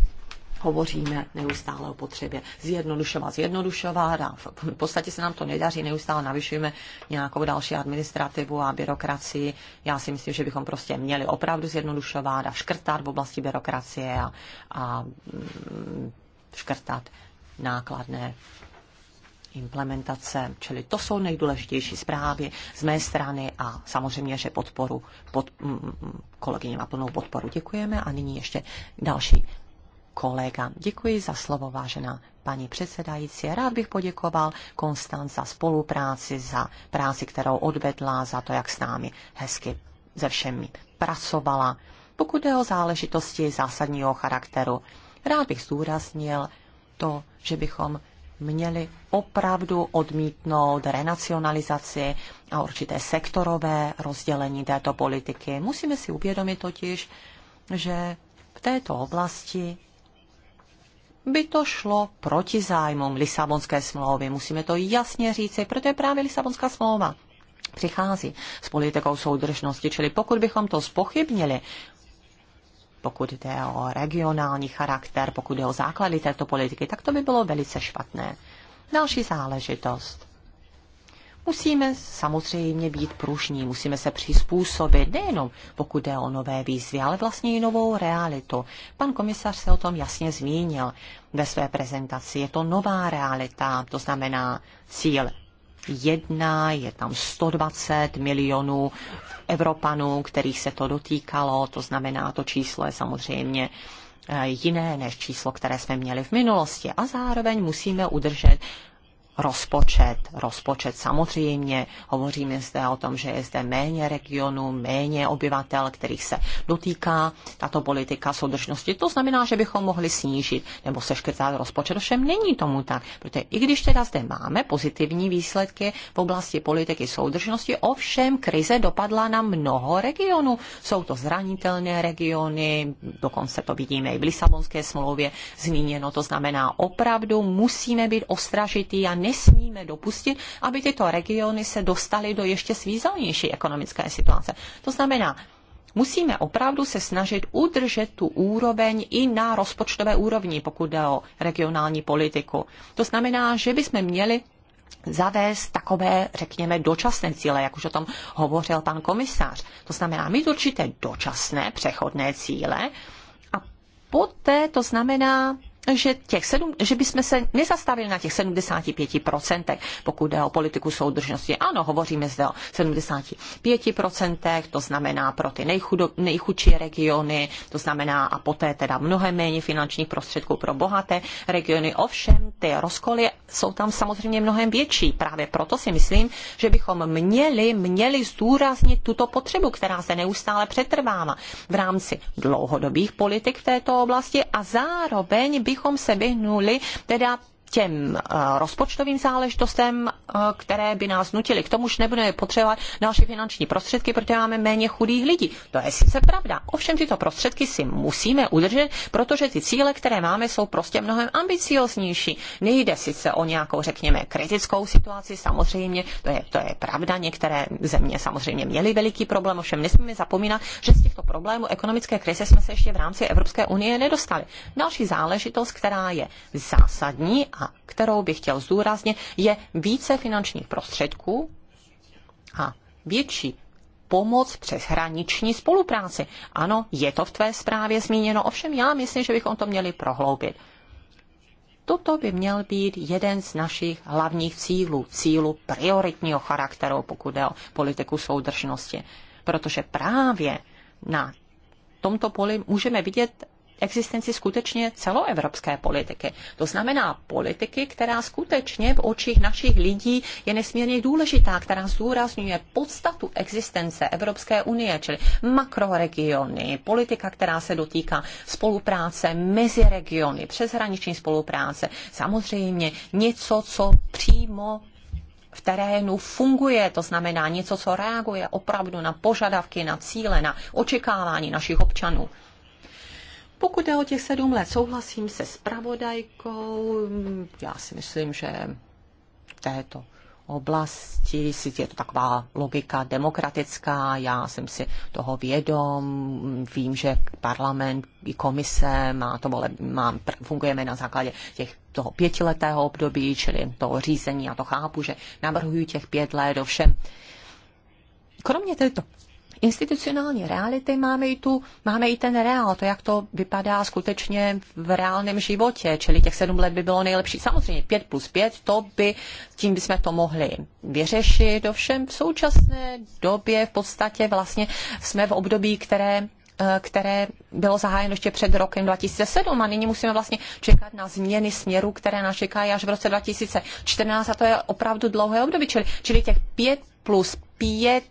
hovoříme neustále o potřebě zjednodušovat, zjednodušovat a v podstatě se nám to nedaří, neustále navyšujeme nějakou další administrativu a byrokracii. Já si myslím, že bychom prostě měli opravdu zjednodušovat a škrtat v oblasti byrokracie a, a mm, škrtat nákladné implementace, čili to jsou nejdůležitější zprávy z mé strany a samozřejmě, že podporu pod, mm, mm, kolegyně má plnou podporu. Děkujeme a nyní ještě další kolega. Děkuji za slovo, vážená paní předsedající. Rád bych poděkoval Konstant za spolupráci, za práci, kterou odvedla, za to, jak s námi hezky ze všemi pracovala. Pokud jde o záležitosti zásadního charakteru, rád bych zdůraznil to, že bychom měli opravdu odmítnout renacionalizaci a určité sektorové rozdělení této politiky. Musíme si uvědomit totiž, že v této oblasti by to šlo proti zájmům Lisabonské smlouvy. Musíme to jasně říci, protože právě Lisabonská smlouva přichází s politikou soudržnosti. Čili pokud bychom to spochybnili, pokud jde o regionální charakter, pokud jde o základy této politiky, tak to by bylo velice špatné. Další záležitost. Musíme samozřejmě být pružní, musíme se přizpůsobit, nejenom pokud jde o nové výzvy, ale vlastně i novou realitu. Pan komisař se o tom jasně zmínil ve své prezentaci. Je to nová realita, to znamená cíl jedna, je tam 120 milionů Evropanů, kterých se to dotýkalo, to znamená, to číslo je samozřejmě eh, jiné než číslo, které jsme měli v minulosti. A zároveň musíme udržet rozpočet. Rozpočet samozřejmě, hovoříme zde o tom, že je zde méně regionů, méně obyvatel, kterých se dotýká tato politika soudržnosti. To znamená, že bychom mohli snížit nebo seškrtat rozpočet. Ovšem není tomu tak, protože i když teda zde máme pozitivní výsledky v oblasti politiky soudržnosti, ovšem krize dopadla na mnoho regionů. Jsou to zranitelné regiony, dokonce to vidíme i v Lisabonské smlouvě zmíněno, to znamená opravdu musíme být ostražitý a nesmíme dopustit, aby tyto regiony se dostaly do ještě svízelnější ekonomické situace. To znamená, musíme opravdu se snažit udržet tu úroveň i na rozpočtové úrovni, pokud jde o regionální politiku. To znamená, že bychom měli zavést takové, řekněme, dočasné cíle, jak už o tom hovořil pan komisář. To znamená mít určité dočasné přechodné cíle a poté to znamená že, těch sedm, že bychom se nezastavili na těch 75%, pokud jde o politiku soudržnosti. Ano, hovoříme zde o 75%, to znamená pro ty nejchudo, nejchudší regiony, to znamená a poté teda mnohem méně finančních prostředků pro bohaté regiony. Ovšem, ty rozkoly jsou tam samozřejmě mnohem větší. Právě proto si myslím, že bychom měli, měli zdůraznit tuto potřebu, která se neustále přetrvává v rámci dlouhodobých politik v této oblasti a zároveň by abychom se vyhnuli teda těm eh, rozpočtovým záležitostem, eh, které by nás nutily k tomu, že nebudeme potřebovat další finanční prostředky, protože máme méně chudých lidí. To je sice pravda. Ovšem tyto prostředky si musíme udržet, protože ty cíle, které máme, jsou prostě mnohem ambicioznější. Nejde sice o nějakou, řekněme, kritickou situaci, samozřejmě, to je, to je pravda. Některé země samozřejmě měly veliký problém, ovšem nesmíme zapomínat, že z těchto problémů ekonomické krize jsme se ještě v rámci Evropské unie nedostali. Další záležitost, která je zásadní a kterou bych chtěl zdůraznit, je více finančních prostředků a větší pomoc přes hraniční spolupráci. Ano, je to v tvé zprávě zmíněno, ovšem já myslím, že bychom to měli prohloubit. Toto by měl být jeden z našich hlavních cílů, cílu prioritního charakteru, pokud jde o politiku soudržnosti. Protože právě na tomto poli můžeme vidět existenci skutečně celoevropské politiky. To znamená politiky, která skutečně v očích našich lidí je nesmírně důležitá, která zdůrazňuje podstatu existence Evropské unie, čili makroregiony, politika, která se dotýká spolupráce mezi regiony, přeshraniční spolupráce, samozřejmě něco, co přímo v terénu funguje, to znamená něco, co reaguje opravdu na požadavky, na cíle, na očekávání našich občanů. Pokud je o těch sedm let, souhlasím se spravodajkou. Já si myslím, že v této oblasti si je to taková logika demokratická, já jsem si toho vědom, vím, že parlament i komise má to vole, má, fungujeme na základě těch toho pětiletého období, čili toho řízení, já to chápu, že navrhuji těch pět let, do všem kromě této institucionální reality máme i, tu, máme i ten reál, to, jak to vypadá skutečně v reálném životě, čili těch sedm let by bylo nejlepší. Samozřejmě pět plus pět, to by, tím bychom to mohli vyřešit, ovšem v současné době v podstatě vlastně jsme v období, které eh, které bylo zahájeno ještě před rokem 2007 a nyní musíme vlastně čekat na změny směru, které nás čekají až v roce 2014 a to je opravdu dlouhé období, čili, čili těch pět plus pět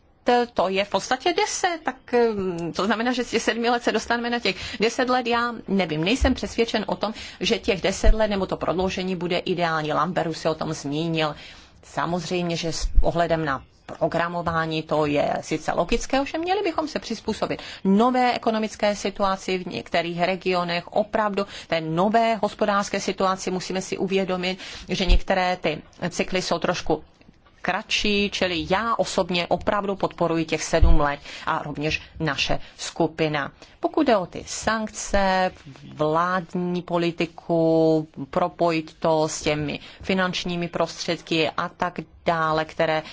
to je v podstatě 10, tak mm, to znamená, že z těch sedmi let se dostaneme na těch 10 let. Já nevím, nejsem přesvědčen o tom, že těch 10 let nebo to prodloužení bude ideální. Lamberu se o tom zmínil. Samozřejmě, že s ohledem na programování, to je sice logické, ovšem měli bychom se přizpůsobit nové ekonomické situaci v některých regionech, opravdu té nové hospodářské situaci musíme si uvědomit, že některé ty cykly jsou trošku kratší, čili já osobně opravdu podporuji těch sedm let a rovněž naše skupina. Pokud jde o ty sankce, vládní politiku, propojit to s těmi finančními prostředky a tak dále, které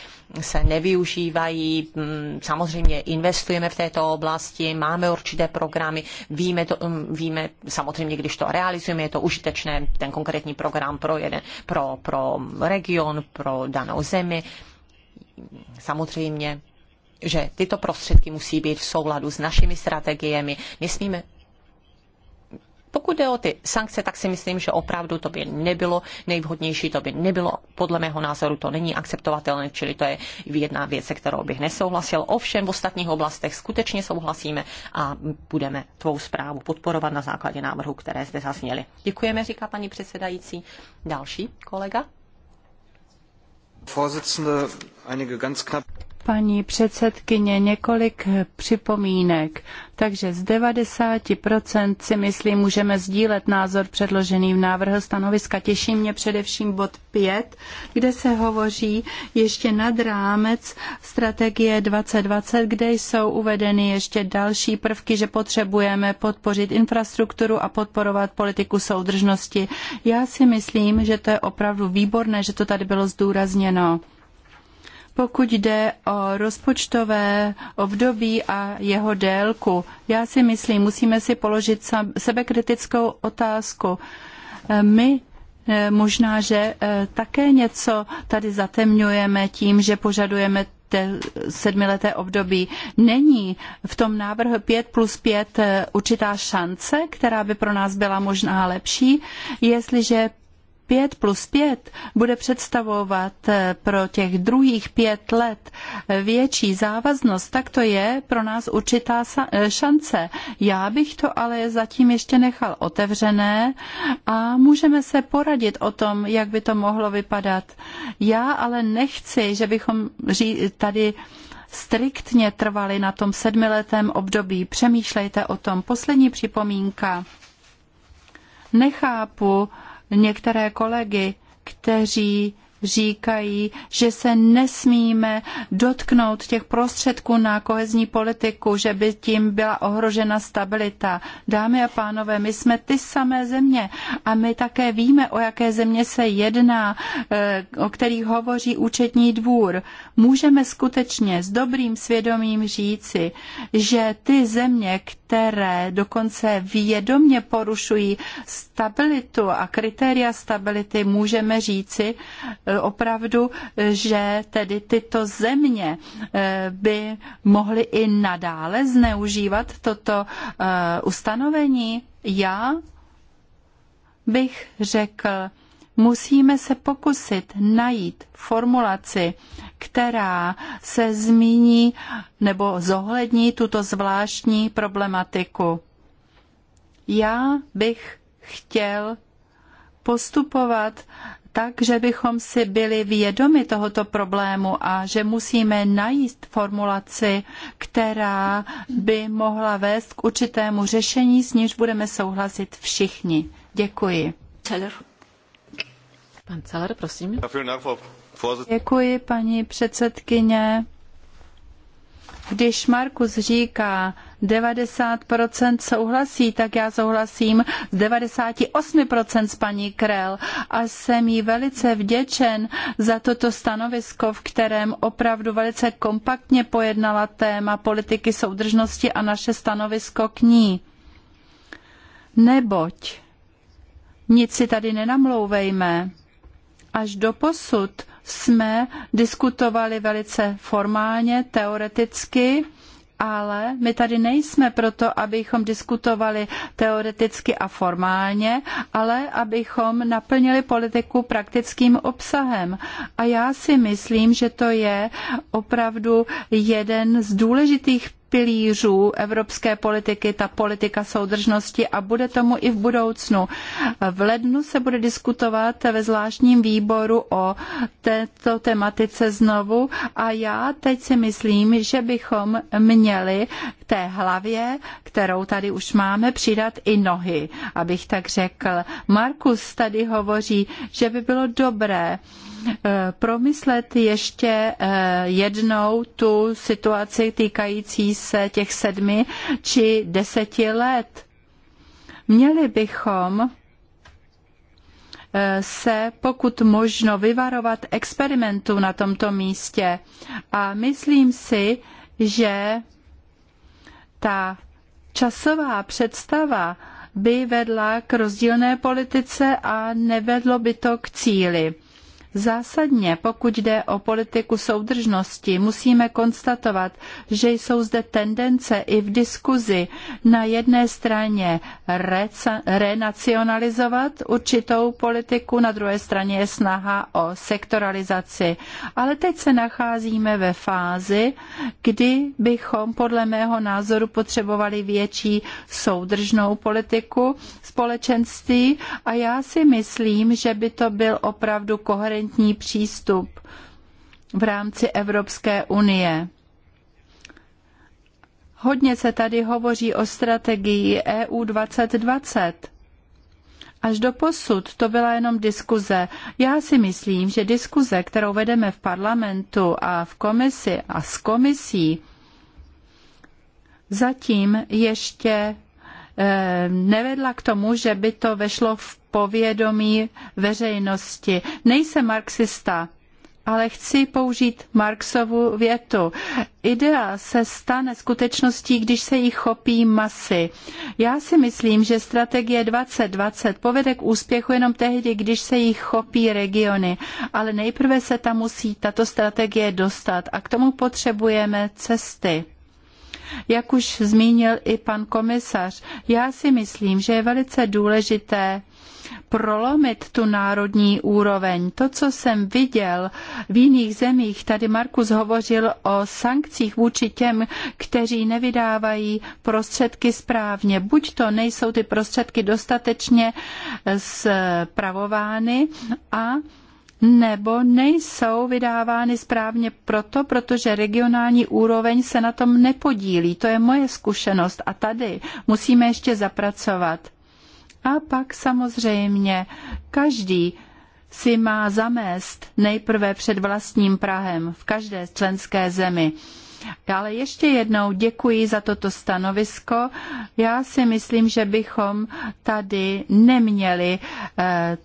se nevyužívají. Mm, samozřejmě investujeme v této oblasti, máme určité programy, víme, to, mm, víme samozřejmě, když to realizujeme, je to užitečné, ten konkrétní program pro, jeden, pro, pro region, pro danou zemi. Samozřejmě že tyto prostředky musí být v souladu s našimi strategiemi. Nesmíme pokud jde o ty sankce, tak si myslím, že opravdu to by nebylo nejvhodnější, to by nebylo, podle mého názoru, to není akceptovatelné, čili to je jedna věc, se kterou bych nesouhlasil. Ovšem v ostatních oblastech skutečně souhlasíme a budeme tvou zprávu podporovat na základě návrhu, které zde zazněly. Děkujeme, říká paní předsedající. Další
kolega paní předsedkyně, několik připomínek. Takže z 90% si myslím, můžeme sdílet názor předložený v návrhu stanoviska. Těší mě především bod 5, kde se hovoří ještě nad rámec strategie 2020, kde jsou uvedeny ještě další prvky, že potřebujeme podpořit infrastrukturu a podporovat politiku soudržnosti. Já si myslím, že to je opravdu výborné, že to tady bylo zdůrazněno pokud jde o rozpočtové období a jeho délku. Já si myslím, musíme si položit sebekritickou otázku. E, my e, možná, že e, také něco tady zatemňujeme tím, že požadujeme té sedmileté období. Není v tom návrhu 5 plus 5 určitá šance, která by pro nás byla možná lepší, jestliže 5 plus 5 bude představovat eh, pro těch druhých pět let eh, větší závaznost, tak to je pro nás určitá eh, šance. Já bych to ale zatím ještě nechal otevřené a můžeme se poradit o tom, jak by to mohlo vypadat. Já ale nechci, že bychom tady striktně trvali na tom sedmiletém období. Přemýšlejte o tom. Poslední připomínka. Nechápu, některé kolegy, kteří říkají, že se nesmíme dotknout těch prostředků na kohezní politiku, že by tím byla ohrožena stabilita. Dámy a pánové, my jsme ty samé země a my také víme, o jaké země se jedná, eh, o kterých hovoří účetní dvůr. Můžeme skutečně s dobrým svědomím říci, že ty země, které které dokonce vědomě porušují stabilitu a kritéria stability, můžeme říci eh, opravdu, že tedy tyto země eh, by mohly i nadále zneužívat toto eh, ustanovení. Já bych řekl, musíme se pokusit najít formulaci, která se zmíní nebo zohlední tuto zvláštní problematiku. Já bych chtěl postupovat tak, že bychom si byli vědomi tohoto problému a že musíme najít formulaci, která by mohla vést k určitému řešení, s nímž budeme souhlasit všichni. Děkuji. Pan
Celer, prosím.
Děkuji, paní předsedkyně. Když Markus říká, 90% souhlasí, tak já souhlasím s 98% s paní Krell a jsem jí velice vděčen za toto stanovisko, v kterém opravdu velice kompaktně pojednala téma politiky soudržnosti a naše stanovisko k ní. Neboť nic si tady nenamlouvejme. Až do posud jsme diskutovali velice formálně, teoreticky, ale my tady nejsme proto, abychom diskutovali teoreticky a formálně, ale abychom naplnili politiku praktickým obsahem. A já si myslím, že to je opravdu jeden z důležitých pilířů evropské politiky, ta politika soudržnosti a bude tomu i v budoucnu. V lednu se bude diskutovat ve zvláštním výboru o této tematice znovu a já teď si myslím, že bychom měli k té hlavě, kterou tady už máme, přidat i nohy, abych tak řekl. Markus tady hovoří, že by bylo dobré, Eh, promyslet ještě eh, jednou tu situaci týkající se těch sedmi či deseti let. Měli bychom eh, se pokud možno vyvarovat experimentů na tomto místě. A myslím si, že ta časová představa by vedla k rozdílné politice a nevedlo by to k cíli. Zásadně, pokud jde o politiku soudržnosti, musíme konstatovat, že jsou zde tendence i v diskuzi na jedné straně renacionalizovat určitou politiku, na druhé straně je snaha o sektoralizaci. Ale teď se nacházíme ve fázi, kdy bychom podle mého názoru potřebovali větší soudržnou politiku společenství a já si myslím, že by to byl opravdu koherentní transparentní přístup v rámci Evropské unie. Hodně se tady hovoří o strategii EU 2020. Až do posud to byla jenom diskuze. Já si myslím, že diskuze, kterou vedeme v parlamentu a v komisi a s komisí, zatím ještě eh, nevedla k tomu, že by to vešlo v povědomí veřejnosti. Nejsem marxista, ale chci použít Marxovu větu. Idea se stane skutečností, když se jí chopí masy. Já si myslím, že strategie 2020 povede k úspěchu jenom tehdy, když se jí chopí regiony. Ale nejprve se tam musí tato strategie dostat a k tomu potřebujeme cesty. Jak už zmínil i pan komisař, já si myslím, že je velice důležité prolomit tu národní úroveň. To, co jsem viděl v jiných zemích, tady Markus hovořil o sankcích vůči těm, kteří nevydávají prostředky správně. Buď to nejsou ty prostředky dostatečně spravovány a nebo nejsou vydávány správně proto, protože regionální úroveň se na tom nepodílí. To je moje zkušenost a tady musíme ještě zapracovat. A pak samozřejmě každý si má zamést nejprve před vlastním Prahem v každé členské zemi. Ale ještě jednou děkuji za toto stanovisko. Já si myslím, že bychom tady neměli eh,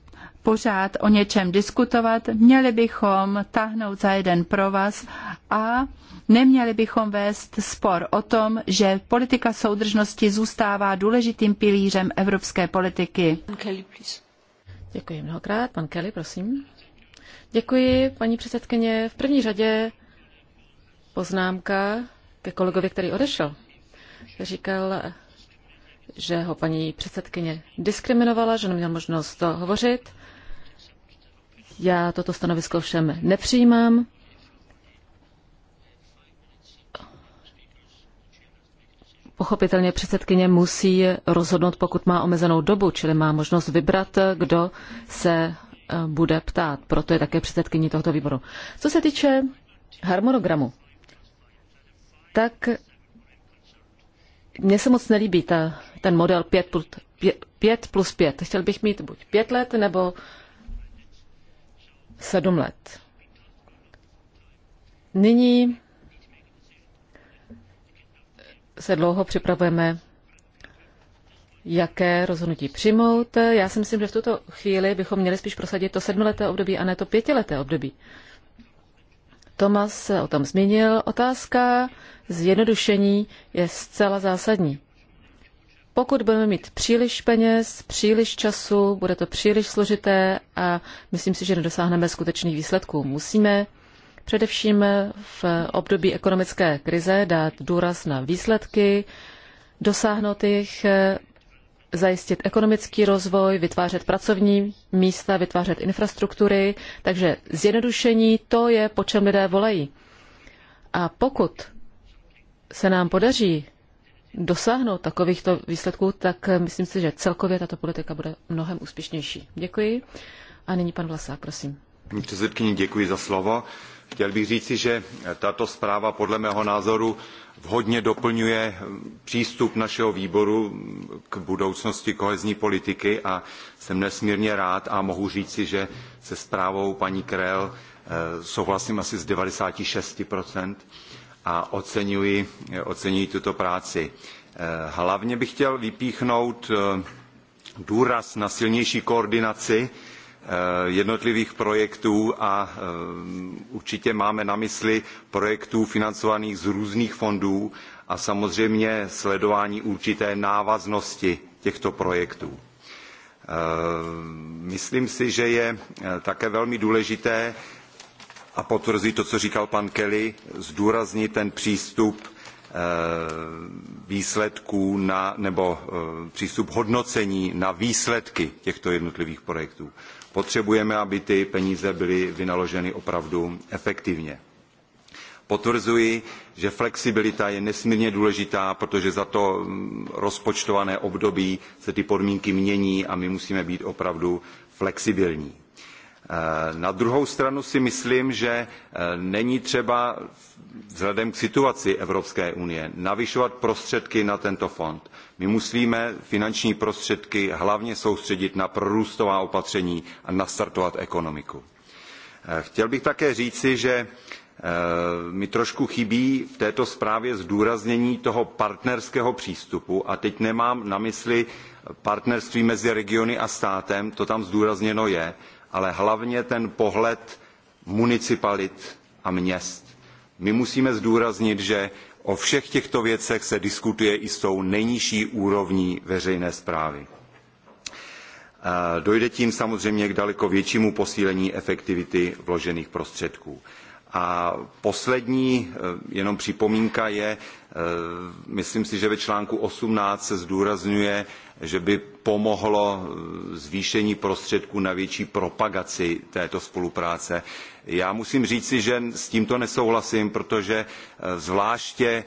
pořád o něčem diskutovat. Měli bychom tahnout za jeden provaz a Neměli bychom vést spor o tom, že politika soudržnosti zůstává důležitým pilířem evropské politiky. Kelly, Děkuji mnohokrát. Pan Kelly, prosím.
Děkuji, paní předsedkyně. V první řadě poznámka ke kolegovi, který odešel. Říkal, že ho paní předsedkyně diskriminovala, že neměl možnost to hovořit. Já toto stanovisko všem nepřijímám. Pochopitelně předsedkyně musí rozhodnout, pokud má omezenou dobu, čili má možnost vybrat, kdo se e, bude ptát. Proto je také předsedkyní tohoto výboru. Co se týče harmonogramu, tak mně se moc nelíbí ta, ten model 5 plus 5, 5 plus 5. Chtěl bych mít buď 5 let nebo 7 let. Nyní se dlouho připravujeme, jaké rozhodnutí přijmout. Já si myslím, že v tuto chvíli bychom měli spíš prosadit to sedmileté období a ne to pětileté období. Tomas se o tom zmínil. Otázka zjednodušení je zcela zásadní. Pokud budeme mít příliš peněz, příliš času, bude to příliš složité a myslím si, že nedosáhneme skutečných výsledků. Musíme především v období ekonomické krize dát důraz na výsledky, dosáhnout jich, zajistit ekonomický rozvoj, vytvářet pracovní místa, vytvářet infrastruktury. Takže zjednodušení to je, po čem lidé volají. A pokud se nám podaří dosáhnout takovýchto výsledků, tak myslím si, že celkově tato politika bude mnohem úspěšnější. Děkuji. A nyní pan Vlasák,
prosím. Předsedkyně, děkuji za slovo. Chtěl bych říci, že tato zpráva podle mého názoru vhodně doplňuje přístup našeho výboru k budoucnosti kohezní politiky a jsem nesmírně rád a mohu říci, že se zprávou paní Krell eh, souhlasím asi z 96% a oceňuji, oceňuji tuto práci. Eh, hlavně bych chtěl vypíchnout eh, důraz na silnější koordinaci Eh, jednotlivých projektů a eh, určitě máme na mysli projektů financovaných z různých fondů a samozřejmě sledování určité návaznosti těchto projektů. Eh, myslím si, že je také velmi důležité a potvrzí to, co říkal pan Kelly, zdůraznit ten přístup výsledků na, nebo přístup hodnocení na výsledky těchto jednotlivých projektů Potřebujeme, aby ty peníze byly vynaloženy opravdu efektivně. Potvrzuji, že flexibilita je nesmírně důležitá, protože za to mm, rozpočtované období se ty podmínky mění a my musíme být opravdu flexibilní Eh, na druhou stranu si myslím, že eh, není třeba vzhledem k situaci Evropské unie navyšovat prostředky na tento fond. My musíme finanční prostředky hlavně soustředit na prorůstová opatření a nastartovat ekonomiku. Eh, chtěl bych také říci, že mi trošku chybí v této zprávě zdůraznění toho partnerského přístupu a teď nemám na mysli partnerství mezi regiony a státem, to tam zdůrazněno je, ale hlavně ten pohled municipalit a měst. My musíme zdůraznit, že o všech těchto věcech se diskutuje i s tou nejnižší úrovní veřejné správy. E, dojde tím samozřejmě k daleko většímu posílení efektivity vložených prostředků. A poslední eh, jenom připomínka je, eh, myslím si, že ve článku 18 se zdůrazňuje, že by pomohlo eh, zvýšení prostředků na větší propagaci této spolupráce. Já musím říci, že s tímto nesouhlasím, protože zvláště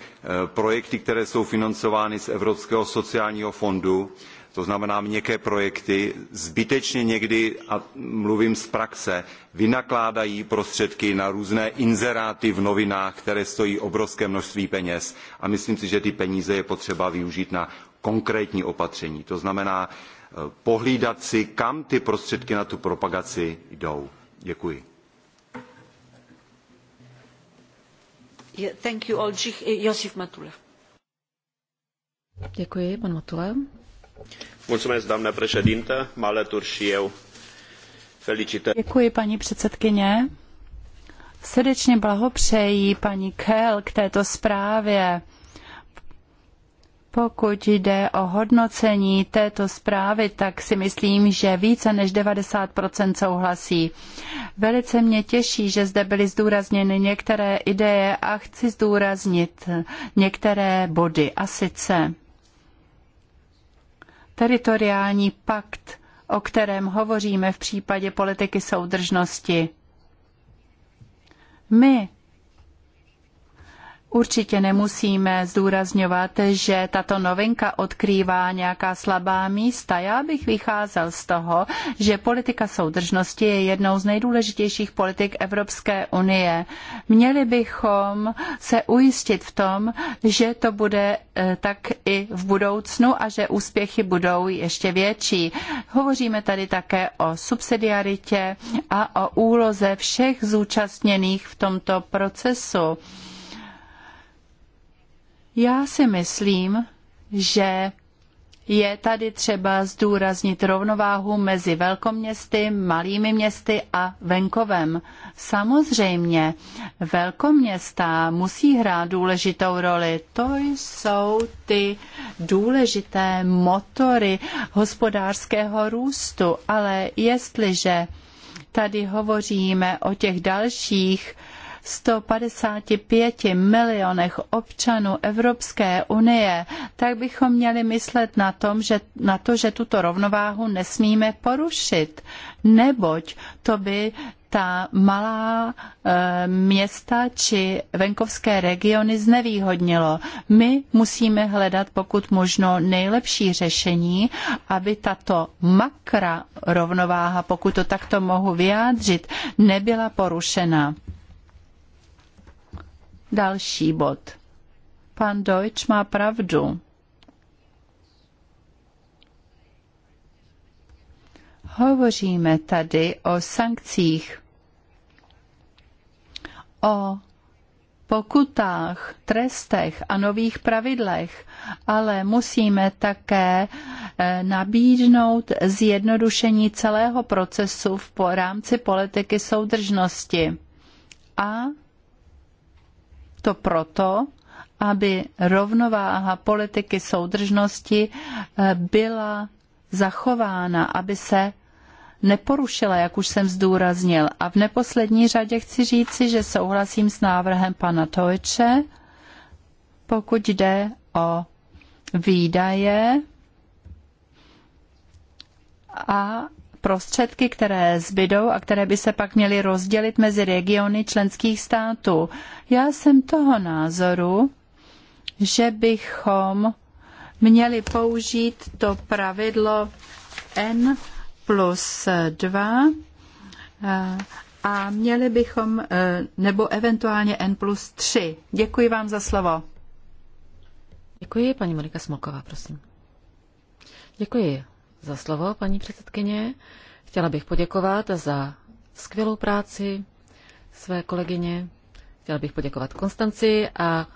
projekty, které jsou financovány z Evropského sociálního fondu, to znamená měkké projekty, zbytečně někdy, a mluvím z praxe, vynakládají prostředky na různé inzeráty v novinách, které stojí obrovské množství peněz. A myslím si, že ty peníze je potřeba využít na konkrétní opatření. To znamená eh, pohlídat si, kam ty prostředky na tu propagaci jdou. Děkuji.
Děkuji, pan Matula
doamnă președintă, mă alătur și eu. Felicitări.
Děkuji, paní předsedkyně. Srdečně blahopřeji paní Kel k této zprávě. Pokud jde o hodnocení této zprávy, tak si myslím, že více než 90 souhlasí. Velice mě těší, že zde byly zdůrazněny některé ideje a chci zdůraznit některé body. A sice teritoriální pakt, o kterém hovoříme v případě politiky soudržnosti. My Určitě nemusíme zdůrazňovat, že tato novinka odkrývá nějaká slabá místa. Já bych vycházel z toho, že politika soudržnosti je jednou z nejdůležitějších politik Evropské unie. Měli bychom se ujistit v tom, že to bude eh, tak i v budoucnu a že úspěchy budou ještě větší. Hovoříme tady také o subsidiaritě a o úloze všech zúčastněných v tomto procesu. Já si myslím, že je tady třeba zdůraznit rovnováhu mezi velkoměsty, malými městy a venkovem. Samozřejmě, velkoměsta musí hrát důležitou roli. To jsou ty důležité motory hospodářského růstu, ale jestliže tady hovoříme o těch dalších 155 milionech občanů Evropské unie, tak bychom měli myslet na, tom, že, na to, že tuto rovnováhu nesmíme porušit, neboť to by ta malá e, města či venkovské regiony znevýhodnilo. My musíme hledat pokud možno nejlepší řešení, aby tato makra rovnováha, pokud to takto mohu vyjádřit, nebyla porušena. Další bod. Pan Deutsch má pravdu. Hovoříme tady o sankcích, o pokutách, trestech a nových pravidlech, ale musíme také eh, nabídnout zjednodušení celého procesu v rámci politiky soudržnosti a to proto, aby rovnováha politiky soudržnosti eh, byla zachována, aby se neporušila, jak už jsem zdůraznil. A v neposlední řadě chci říci, že souhlasím s návrhem pana Tojče, pokud jde o výdaje a prostředky, které zbydou a které by se pak měly rozdělit mezi regiony členských států. Já jsem toho názoru, že bychom měli použít to pravidlo N plus 2 eh, a měli bychom, eh, nebo eventuálně N plus 3. Děkuji vám za slovo. Děkuji, paní Monika Smolková, prosím.
Děkuji za slovo, paní předsedkyně. Chtěla bych poděkovat za skvělou práci své kolegyně. Chtěla bych poděkovat Konstanci a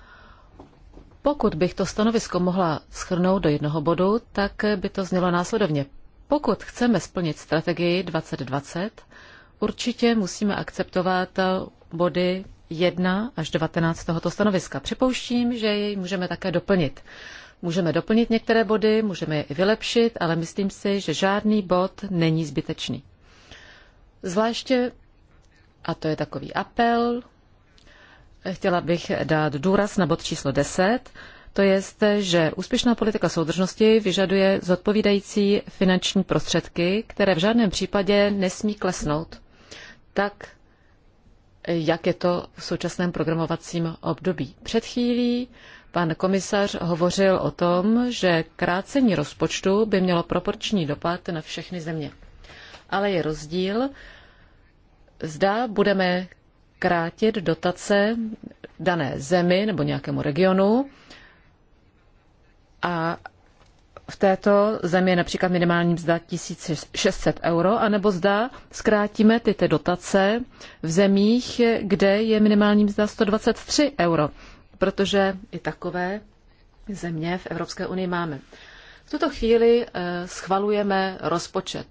pokud bych to stanovisko mohla schrnout do jednoho bodu, tak by to znělo následovně. Pokud chceme splnit strategii 2020, určitě musíme akceptovat body 1 až 19 tohoto stanoviska. Připouštím, že jej můžeme také doplnit. Můžeme doplnit některé body, můžeme je i vylepšit, ale myslím si, že žádný bod není zbytečný. Zvláště, a to je takový apel, chtěla bych dát důraz na bod číslo 10, to je, že úspěšná politika soudržnosti vyžaduje zodpovídající finanční prostředky, které v žádném případě nesmí klesnout, tak jak je to v současném programovacím období. Před chvílí Pan komisař hovořil o tom, že krácení rozpočtu by mělo proporční dopad na všechny země. Ale je rozdíl, zda budeme krátit dotace dané zemi nebo nějakému regionu a v této zemi je například minimální mzda 1600 euro, anebo zda zkrátíme tyto dotace v zemích, kde je minimální mzda 123 euro protože i takové země v Evropské unii máme. V tuto chvíli eh, schvalujeme rozpočet.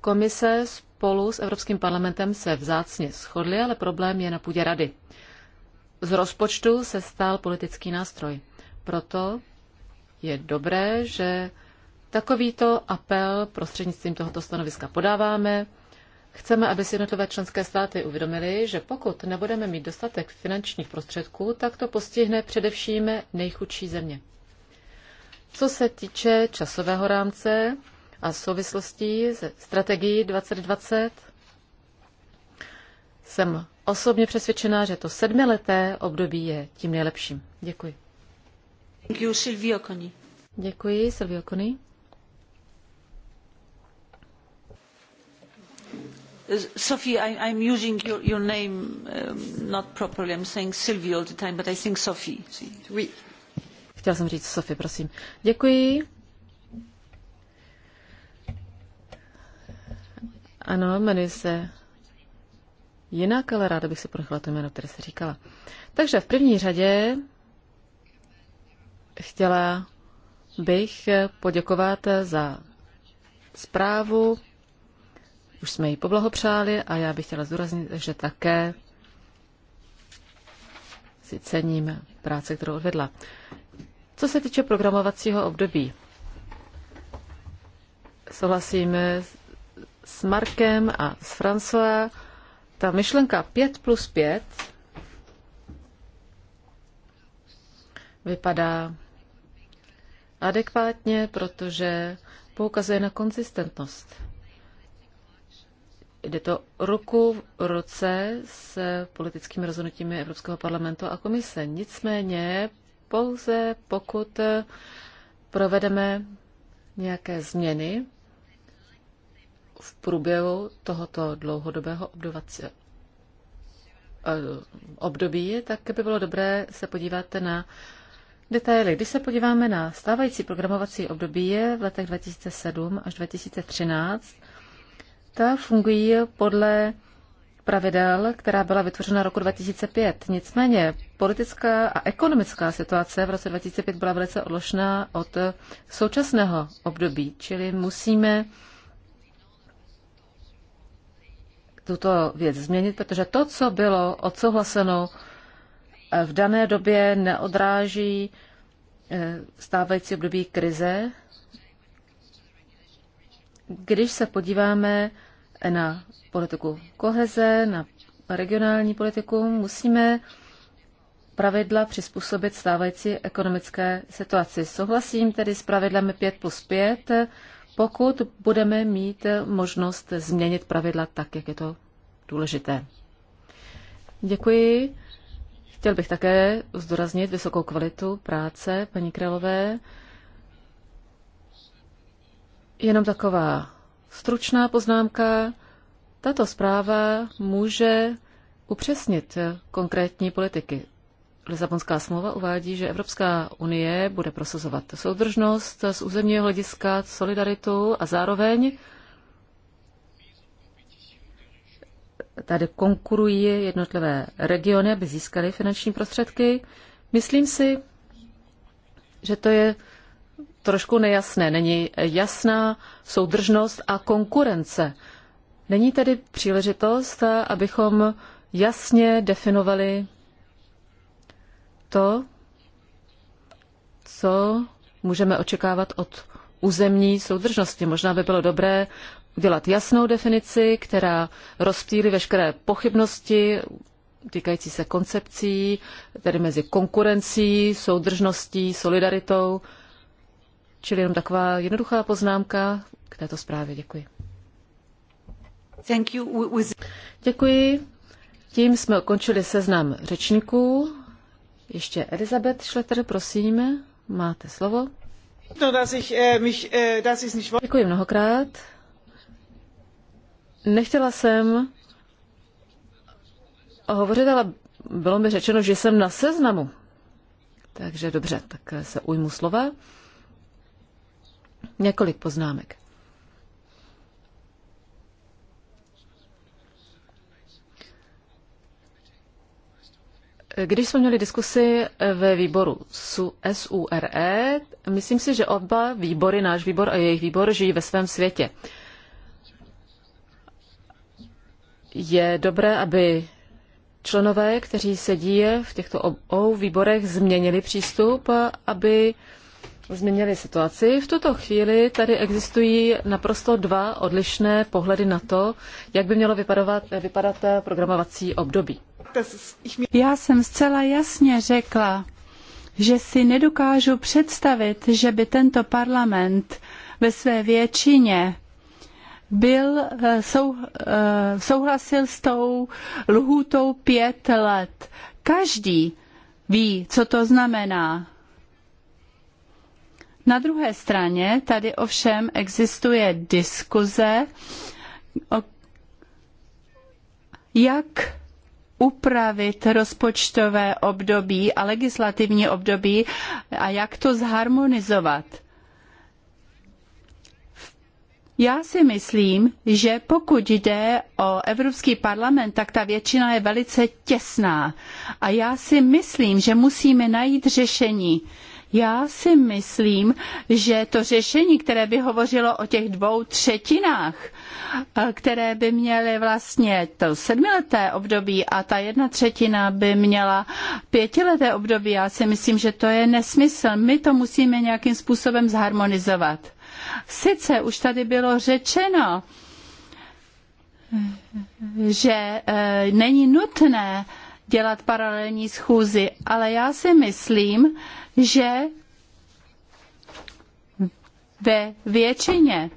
Komise spolu s Evropským parlamentem se vzácně shodly, ale problém je na půdě rady. Z rozpočtu se stál politický nástroj. Proto je dobré, že takovýto apel prostřednictvím tohoto stanoviska podáváme. Chceme, aby si jednotlivé členské státy uvědomili, že pokud nebudeme mít dostatek finančních prostředků, tak to postihne především nejchudší země. Co se týče časového rámce a souvislostí se strategií 2020, jsem osobně přesvědčená, že to sedmileté období je tím nejlepším. Děkuji. Děkuji, Silvio Koni. Děkuji, Silvio Koni.
Uh, Sophie, I, am using your, name um, not properly. i am saying Sylvie all the time, but I think Sophie. Oui.
Chtěla jsem říct Sophie, prosím. Děkuji. Ano, jmenuji se jinak, ale ráda bych si ponechala to jméno, které jste říkala. Takže v první řadě chtěla bych poděkovat za zprávu, už jsme jí poblahopřáli a já bych chtěla zdůraznit, že také si cením práce, kterou odvedla. Co se týče programovacího období, souhlasím s Markem a s François. Ta myšlenka 5 plus 5 vypadá adekvátně, protože poukazuje na konzistentnost. Jde to ruku v roce s politickými rozhodnutími Evropského parlamentu a komise. Nicméně pouze pokud provedeme nějaké změny v průběhu tohoto dlouhodobého eh, období, tak by bylo dobré se podívat na detaily. Když se podíváme na stávající programovací období v letech 2007 až 2013, ta fungují podle pravidel, která byla vytvořena roku 2005. Nicméně politická a ekonomická situace v roce 2005 byla velice odložná od současného období, čili musíme tuto věc změnit, protože to, co bylo odsouhlaseno eh, v dané době, neodráží eh, stávající období krize když se podíváme na politiku koheze, na regionální politiku, musíme pravidla přizpůsobit stávající ekonomické situaci. Souhlasím tedy s pravidlami 5 plus 5, pokud budeme mít možnost změnit pravidla tak, jak je to důležité. Děkuji. Chtěl bych také zdůraznit vysokou kvalitu práce paní Králové. Jenom taková stručná poznámka. Tato zpráva může upřesnit konkrétní politiky. Lisabonská smlouva uvádí, že Evropská unie bude prosazovat soudržnost z územního hlediska, solidaritu a zároveň tady konkurují jednotlivé regiony, aby získaly finanční prostředky. Myslím si, že to je trošku nejasné. Není jasná soudržnost a konkurence. Není tedy příležitost, abychom jasně definovali to, co můžeme očekávat od územní soudržnosti. Možná by bylo dobré udělat jasnou definici, která rozptýlí veškeré pochybnosti týkající se koncepcí, tedy mezi konkurencí, soudržností, solidaritou Čili jenom taková jednoduchá poznámka k této zprávě. Děkuji.
Thank you.
Děkuji. Tím jsme ukončili seznam řečníků. Ještě Elizabeth Schletter, prosím, máte slovo. No, äh, äh, Děkuji mnohokrát. Nechtěla jsem hovořit, ale bylo mi řečeno, že jsem na seznamu. Takže dobře, tak se ujmu slova. Několik poznámek. Když jsme měli diskusi ve výboru SURE, myslím si, že oba výbory, náš výbor a jejich výbor, žijí ve svém světě. Je dobré, aby členové, kteří sedí v těchto obou výborech, změnili přístup, aby změnili situaci. V tuto chvíli tady existují naprosto dva odlišné pohledy na to, jak by mělo vypadat, vypadat programovací období.
Já jsem zcela jasně řekla, že si nedokážu představit, že by tento parlament ve své většině byl, eh, sou, eh, souhlasil s tou lhůtou pět let. Každý ví, co to znamená. Na druhé straně tady ovšem existuje diskuze, o jak upravit rozpočtové období a legislativní období a jak to zharmonizovat. Já si myslím, že pokud jde o Evropský parlament, tak ta většina je velice těsná. A já si myslím, že musíme najít řešení. Já si myslím, že to řešení, které by hovořilo o těch dvou třetinách, eh, které by měly vlastně to sedmileté období a ta jedna třetina by měla pětileté období, já si myslím, že to je nesmysl. My to musíme nějakým způsobem zharmonizovat. Sice už tady bylo řečeno, že e, není nutné dělat paralelní schůzy, ale já si myslím, že ve většině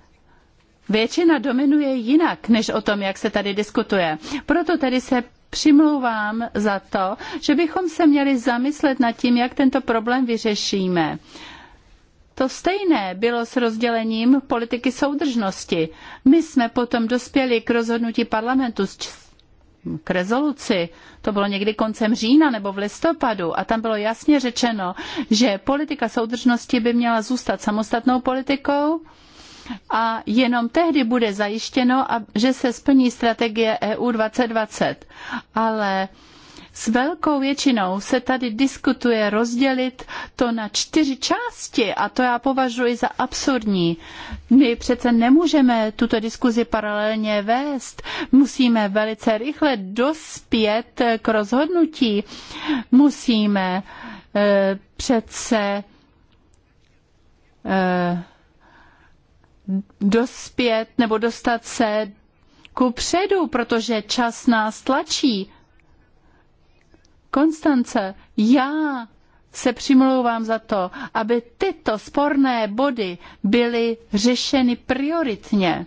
většina dominuje jinak, než o tom, jak se tady diskutuje. Proto tedy se přimlouvám za to, že bychom se měli zamyslet nad tím, jak tento problém vyřešíme. To stejné bylo s rozdělením politiky soudržnosti. My jsme potom dospěli k rozhodnutí parlamentu s k rezoluci, to bylo někdy koncem října nebo v listopadu, a tam bylo jasně řečeno, že politika soudržnosti by měla zůstat samostatnou politikou a jenom tehdy bude zajištěno, že se splní strategie EU 2020. Ale s velkou většinou se tady diskutuje rozdělit to na čtyři části a to já považuji za absurdní. My přece nemůžeme tuto diskuzi paralelně vést. Musíme velice rychle dospět k rozhodnutí. Musíme e, přece e, dospět nebo dostat se ku předu, protože čas nás tlačí. Konstance, já se přimlouvám za to, aby tyto sporné body byly řešeny prioritně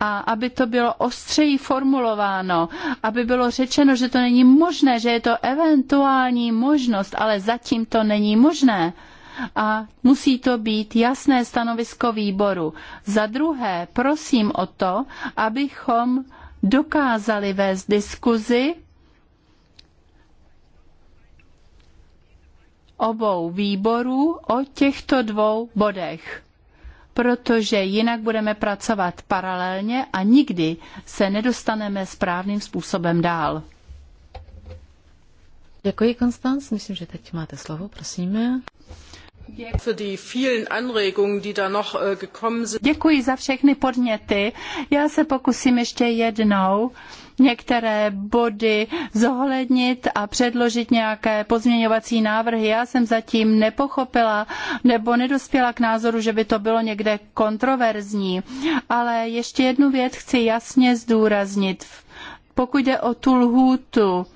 a aby to bylo ostřeji formulováno, aby bylo řečeno, že to není možné, že je to eventuální možnost, ale zatím to není možné. A musí to být jasné stanovisko výboru. Za druhé, prosím o to, abychom dokázali vést diskuzi obou výborů o těchto dvou bodech, protože jinak budeme pracovat paralelně a nikdy se nedostaneme správným způsobem dál. Děkuji, Konstanc. Myslím, že teď máte slovo, prosím. Äh, Děkuji za všechny podněty. Já se pokusím ještě jednou některé body zohlednit a předložit nějaké pozměňovací návrhy. Já jsem zatím nepochopila nebo nedospěla k názoru, že by to bylo někde kontroverzní. Ale ještě jednu věc chci jasně zdůraznit. Pokud jde o tu lhůtu,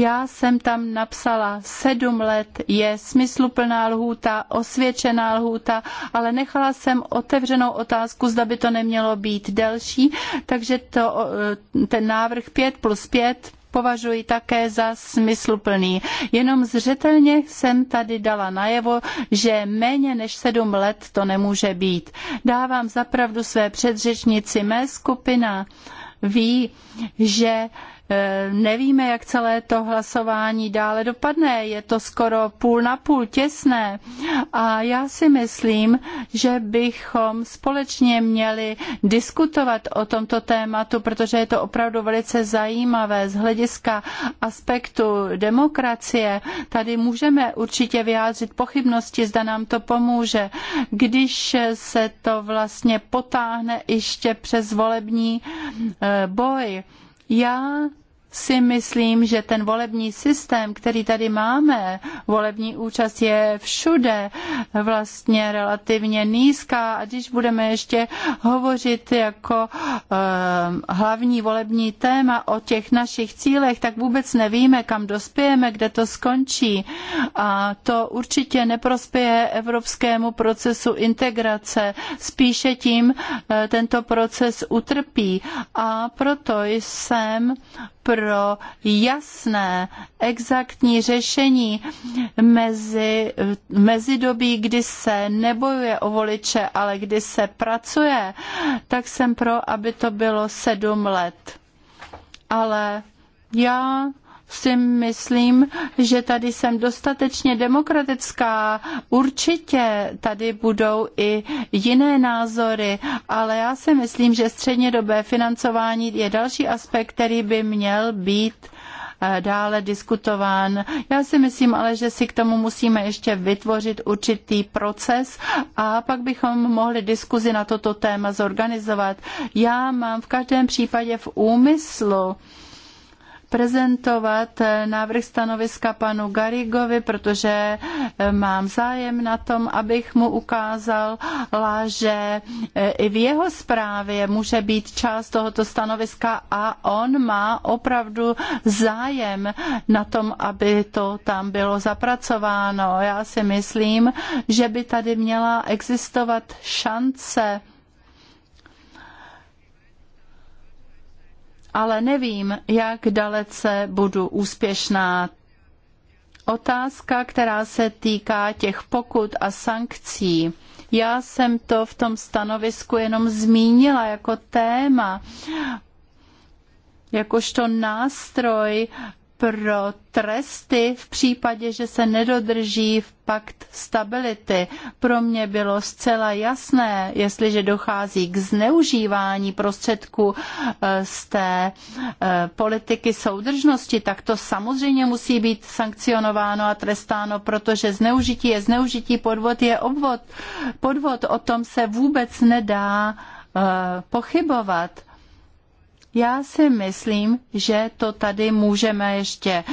já jsem tam napsala sedm let je smysluplná lhůta, osvědčená lhůta, ale nechala jsem otevřenou otázku, zda by to nemělo být delší, takže to, ten návrh 5 plus 5 považuji také za smysluplný. Jenom zřetelně jsem tady dala najevo, že méně než sedm let to nemůže být. Dávám zapravdu své předřečnici, mé skupina ví, že Eh, nevíme, jak celé to hlasování dále dopadne. Je to skoro půl na půl těsné. A já si myslím, že bychom společně měli diskutovat o tomto tématu, protože je to opravdu velice zajímavé z hlediska aspektu demokracie. Tady můžeme určitě vyjádřit pochybnosti, zda nám to pomůže, když se to vlastně potáhne ještě přes volební eh, boj. Já si myslím, že ten volební systém, který tady máme, volební účast je všude vlastně relativně nízká a když budeme ještě hovořit jako ehm, hlavní volební téma o těch našich cílech, tak vůbec nevíme, kam dospějeme, kde to skončí a to určitě neprospěje evropskému procesu integrace, spíše tím e, tento proces utrpí a proto jsem pro jasné, exaktní řešení mezi, mezi dobí, kdy se nebojuje o voliče, ale kdy se pracuje, tak jsem pro, aby to bylo sedm let. Ale já si myslím, že tady jsem dostatečně demokratická. Určitě tady budou i jiné názory, ale já si myslím, že střednědobé financování je další aspekt, který by měl být eh, dále diskutován. Já si myslím ale, že si k tomu musíme ještě vytvořit určitý proces a pak bychom mohli diskuzi na toto téma zorganizovat. Já mám v každém případě v úmyslu prezentovat eh, návrh stanoviska panu Garigovi, protože eh, mám zájem na tom, abych mu ukázal, že eh, i v jeho zprávě může být část tohoto stanoviska a on má opravdu zájem na tom, aby to tam bylo zapracováno. Já si myslím, že by tady měla existovat šance ale nevím, jak dalece budu úspěšná. Otázka, která se týká těch pokut a sankcí. Já jsem to v tom stanovisku jenom zmínila jako téma, jakožto nástroj pro tresty v případě, že se nedodrží v pakt stability. Pro mě bylo zcela jasné, jestliže dochází k zneužívání prostředků eh, z té eh, politiky soudržnosti, tak to samozřejmě musí být sankcionováno a trestáno, protože zneužití je zneužití, podvod je obvod. Podvod o tom se vůbec nedá eh, pochybovat já si myslím, že to tady můžeme ještě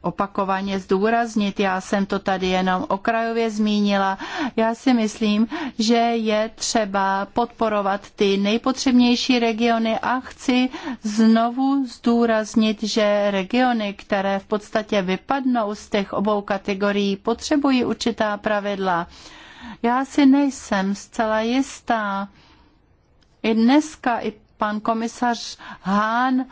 opakovaně zdůraznit. Já jsem to tady jenom okrajově zmínila. Já si myslím, že je třeba podporovat ty nejpotřebnější regiony a chci znovu zdůraznit, že regiony, které v podstatě vypadnou z těch obou kategorií, potřebují určitá pravidla. Já si nejsem zcela jistá. I dneska, i pan komisař Hán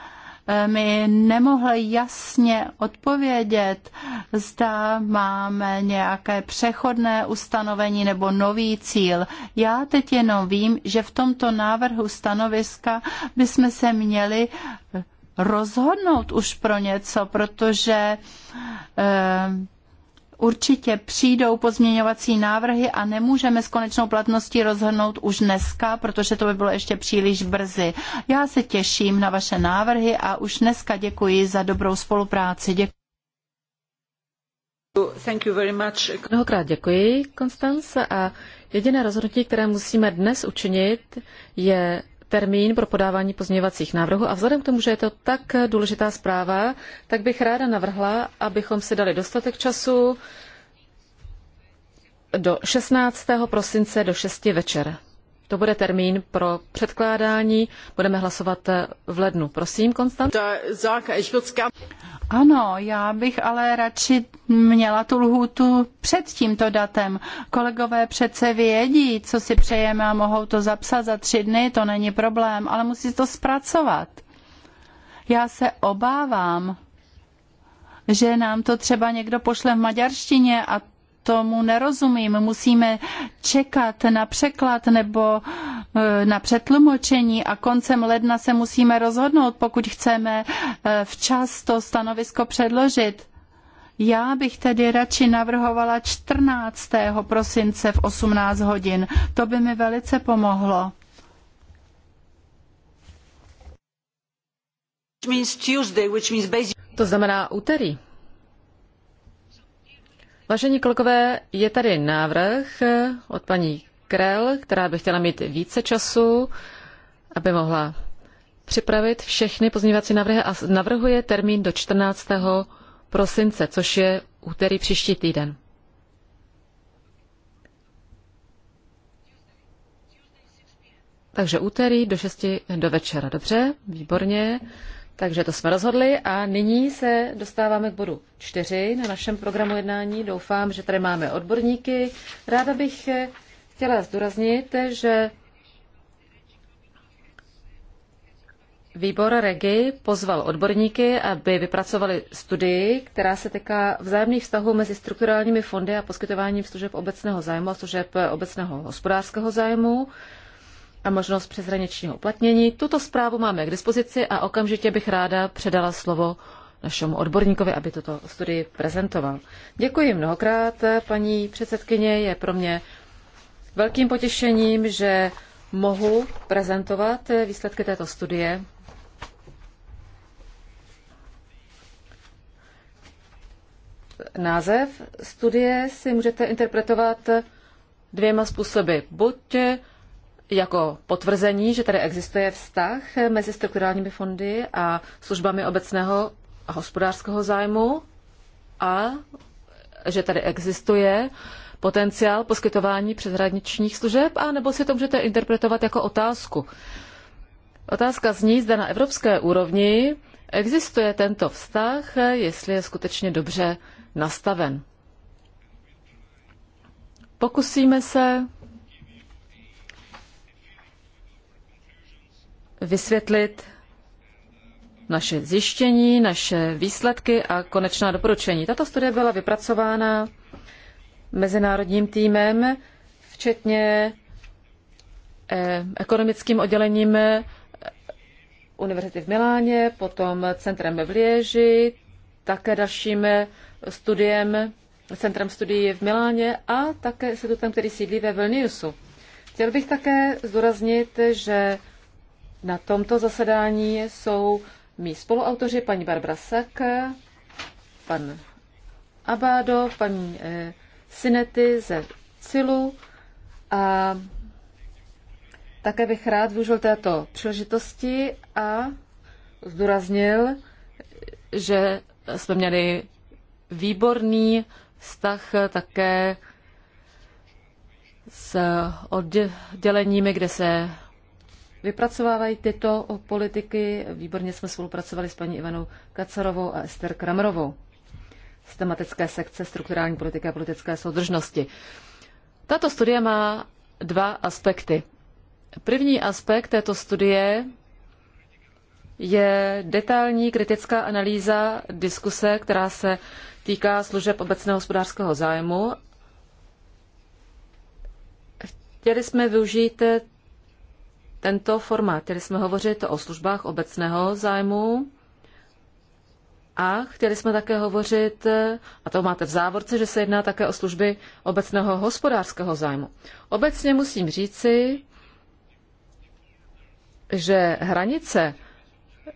eh, mi nemohl jasně odpovědět, zda máme nějaké přechodné ustanovení nebo nový cíl. Já teď jenom vím, že v tomto návrhu stanoviska bychom se měli rozhodnout už pro něco, protože eh, Určitě přijdou pozměňovací návrhy a nemůžeme s konečnou platností rozhodnout už dneska, protože to by bylo ještě příliš brzy. Já se těším na vaše návrhy a už dneska děkuji za dobrou spolupráci. Děkuji.
Thank you very much.
Mnohokrát děkuji, Konstance. A jediné
rozhodnutí, které musíme dnes učinit, je termín pro podávání pozměňovacích návrhů a vzhledem k tomu, že je to tak důležitá zpráva, tak bych ráda navrhla, abychom si dali dostatek času do 16. prosince do 6. večera. To bude termín pro předkládání. Budeme hlasovat eh,
v lednu. Prosím, Konstant. Ano, já bych ale radši měla tu lhůtu před tímto datem. Kolegové přece vědí, co si přejeme a mohou to zapsat za tři dny, to není problém, ale musí to zpracovat. Já se obávám, že nám to třeba někdo pošle v maďarštině a tomu nerozumím. Musíme čekat na překlad nebo e, na přetlumočení a koncem ledna se musíme rozhodnout, pokud chceme e, včas to stanovisko předložit. Já bych tedy radši navrhovala 14. prosince v 18 hodin. To by mi velice pomohlo.
To znamená úterý. Vážení kolegové, je tady návrh eh, od paní Krel, která by chtěla mít více času, aby mohla připravit všechny pozměňovací návrhy a navrhuje termín do 14. prosince, což je úterý příští týden. Takže úterý do 6 do večera, dobře? Výborně. Takže to jsme rozhodli a nyní se dostáváme k bodu čtyři na našem programu jednání. Doufám, že tady máme odborníky. Ráda bych chtěla zdůraznit, že Výbor Regi pozval odborníky, aby vypracovali studii, která se týká vzájemných vztahů mezi strukturálními fondy a poskytováním služeb obecného zájmu a služeb obecného hospodářského zájmu a možnost přeshraničního uplatnění. Tuto zprávu máme k dispozici a okamžitě bych ráda předala slovo našemu odborníkovi, aby toto studii prezentoval. Děkuji mnohokrát, paní předsedkyně. Je pro mě velkým potěšením, že mohu prezentovat výsledky této studie. Název studie si můžete interpretovat dvěma způsoby. Buď jako potvrzení, že tady existuje vztah mezi strukturálními fondy a službami obecného a hospodářského zájmu a že tady existuje potenciál poskytování přeshraničních služeb, a nebo si to můžete interpretovat jako otázku. Otázka zní, zda na evropské úrovni existuje tento vztah, jestli je skutečně dobře nastaven. Pokusíme se vysvětlit naše zjištění, naše výsledky a konečná doporučení. Tato studie byla vypracována mezinárodním týmem, včetně eh, ekonomickým oddělením eh, Univerzity v Miláně, potom centrem v Lieži, také dalším eh, studiem, centrem studií v Miláně a také institutem, který sídlí ve Vilniusu. Chtěl bych také zdůraznit, že na tomto zasedání jsou mý spoluautoři paní Barbara Sak, pan Abádo, paní eh, Sinety ze Cilu a také bych rád využil této příležitosti a zdůraznil, že jsme měli výborný vztah také s odděleními, kde se vypracovávají tyto politiky. Výborně jsme spolupracovali s paní Ivanou Kacarovou a Ester Kramrovou z tematické sekce strukturální politiky a politické soudržnosti. Tato studie má dva aspekty. První aspekt této studie je detailní kritická analýza diskuse, která se týká služeb obecného hospodářského zájmu. Chtěli jsme využít tento formát, který jsme hovořit o službách obecného zájmu a chtěli jsme také hovořit, a to máte v závorce, že se jedná také o služby obecného hospodářského zájmu. Obecně musím říci, že hranice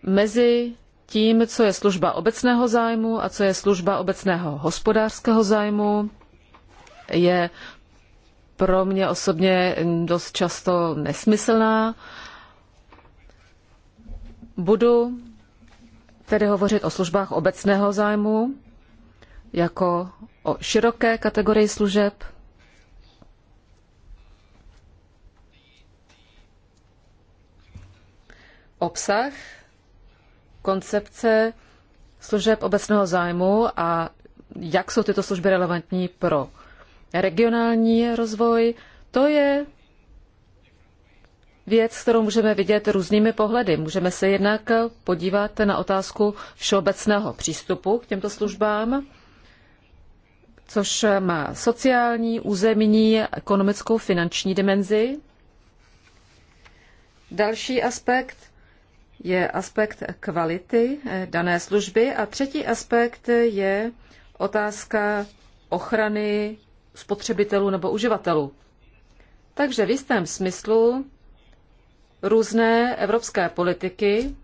mezi tím, co je služba obecného zájmu a co je služba obecného hospodářského zájmu, je pro mě osobně dost často nesmyslná. Budu tedy hovořit o službách obecného zájmu, jako o široké kategorii služeb. Obsah koncepce služeb obecného zájmu a jak jsou tyto služby relevantní pro regionální rozvoj. To je věc, kterou můžeme vidět různými pohledy. Můžeme se jednak podívat na otázku všeobecného přístupu k těmto službám, což má sociální, územní, ekonomickou, finanční dimenzi. Další aspekt je aspekt kvality eh, dané služby a třetí aspekt je otázka ochrany spotřebitelů nebo uživatelů. Takže v jistém smyslu různé evropské politiky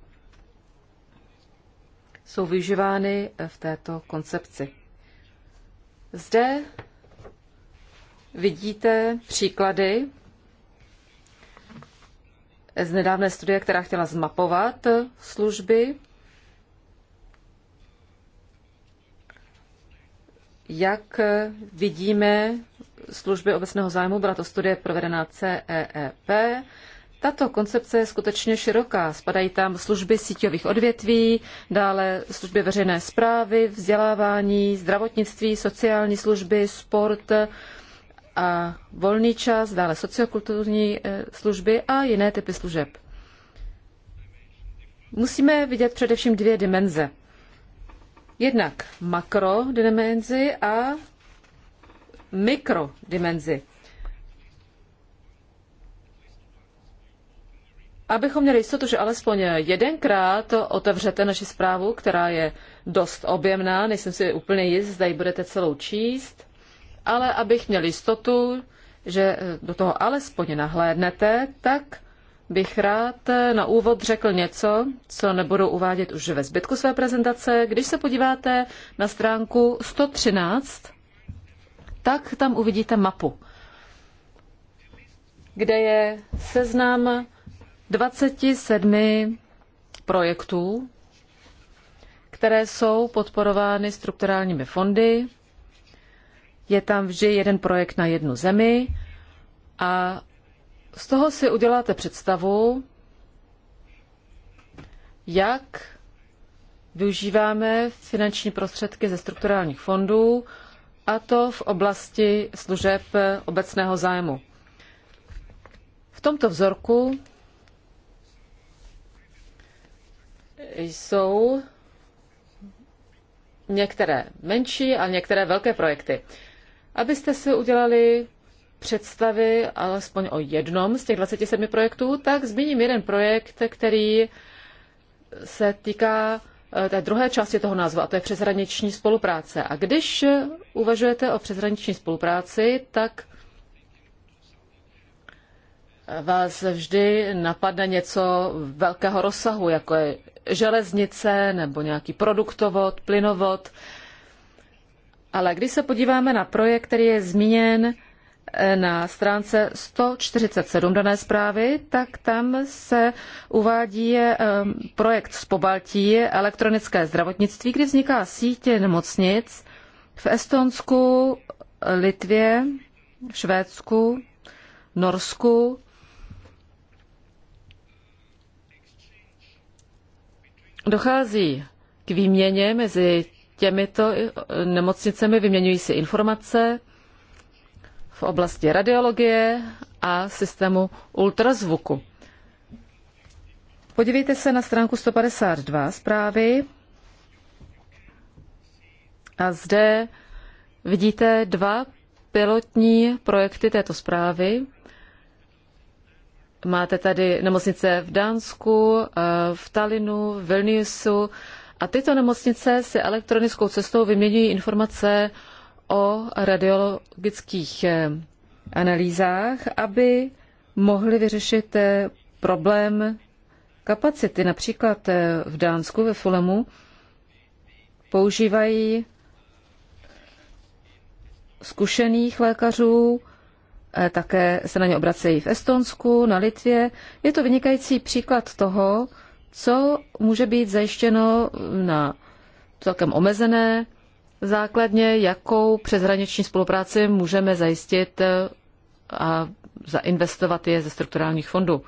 jsou využívány v této koncepci. Zde vidíte příklady z nedávné studie, která chtěla zmapovat služby Jak vidíme služby obecného zájmu, byla to studie provedená CEEP, tato koncepce je skutečně široká. Spadají tam služby síťových odvětví, dále služby veřejné zprávy, vzdělávání, zdravotnictví, sociální služby, sport a volný čas, dále sociokulturní eh, služby a jiné typy služeb. Musíme vidět především dvě dimenze jednak makrodimenzi a mikrodimenzi. Abychom měli jistotu, že alespoň jedenkrát otevřete naši zprávu, která je dost objemná, nejsem si úplně jist, zda ji budete celou číst, ale abych měl jistotu, že do toho alespoň nahlédnete, tak bych rád na úvod řekl něco, co nebudu uvádět už ve zbytku své prezentace. Když se podíváte na stránku 113, tak tam uvidíte mapu, kde je seznam 27 projektů, které jsou podporovány strukturálními fondy. Je tam vždy jeden projekt na jednu zemi a z toho si uděláte představu, jak využíváme finanční prostředky ze strukturálních fondů, a to v oblasti služeb obecného zájmu. V tomto vzorku jsou některé menší a některé velké projekty. Abyste si udělali představy alespoň o jednom z těch 27 projektů, tak zmíním jeden projekt, který se týká eh, té druhé části toho názvu, a to je přeshraniční spolupráce. A když uvažujete o přeshraniční spolupráci, tak vás vždy napadne něco velkého rozsahu, jako je železnice nebo nějaký produktovod, plynovod. Ale když se podíváme na projekt, který je zmíněn na stránce 147 dané zprávy, tak tam se uvádí eh, projekt z Pobaltí elektronické zdravotnictví, kdy vzniká síť nemocnic v Estonsku, Litvě, Švédsku, Norsku, Dochází k výměně mezi těmito nemocnicemi, vyměňují si informace, v oblasti radiologie a systému ultrazvuku. Podívejte se na stránku 152 zprávy. A zde vidíte dva pilotní projekty této zprávy. Máte tady nemocnice v Dánsku, eh, v Talinu, v Vilniusu a tyto nemocnice si elektronickou cestou vyměňují informace o radiologických eh, analýzách, aby mohli vyřešit eh, problém kapacity. Například eh, v Dánsku, ve Fulemu, používají zkušených lékařů, také se na ně obracejí v Estonsku, na Litvě. Je to vynikající příklad toho, co může být zajištěno na celkem omezené základně, jakou přeshraniční spolupráci můžeme zajistit eh, a zainvestovat je ze strukturálních fondů.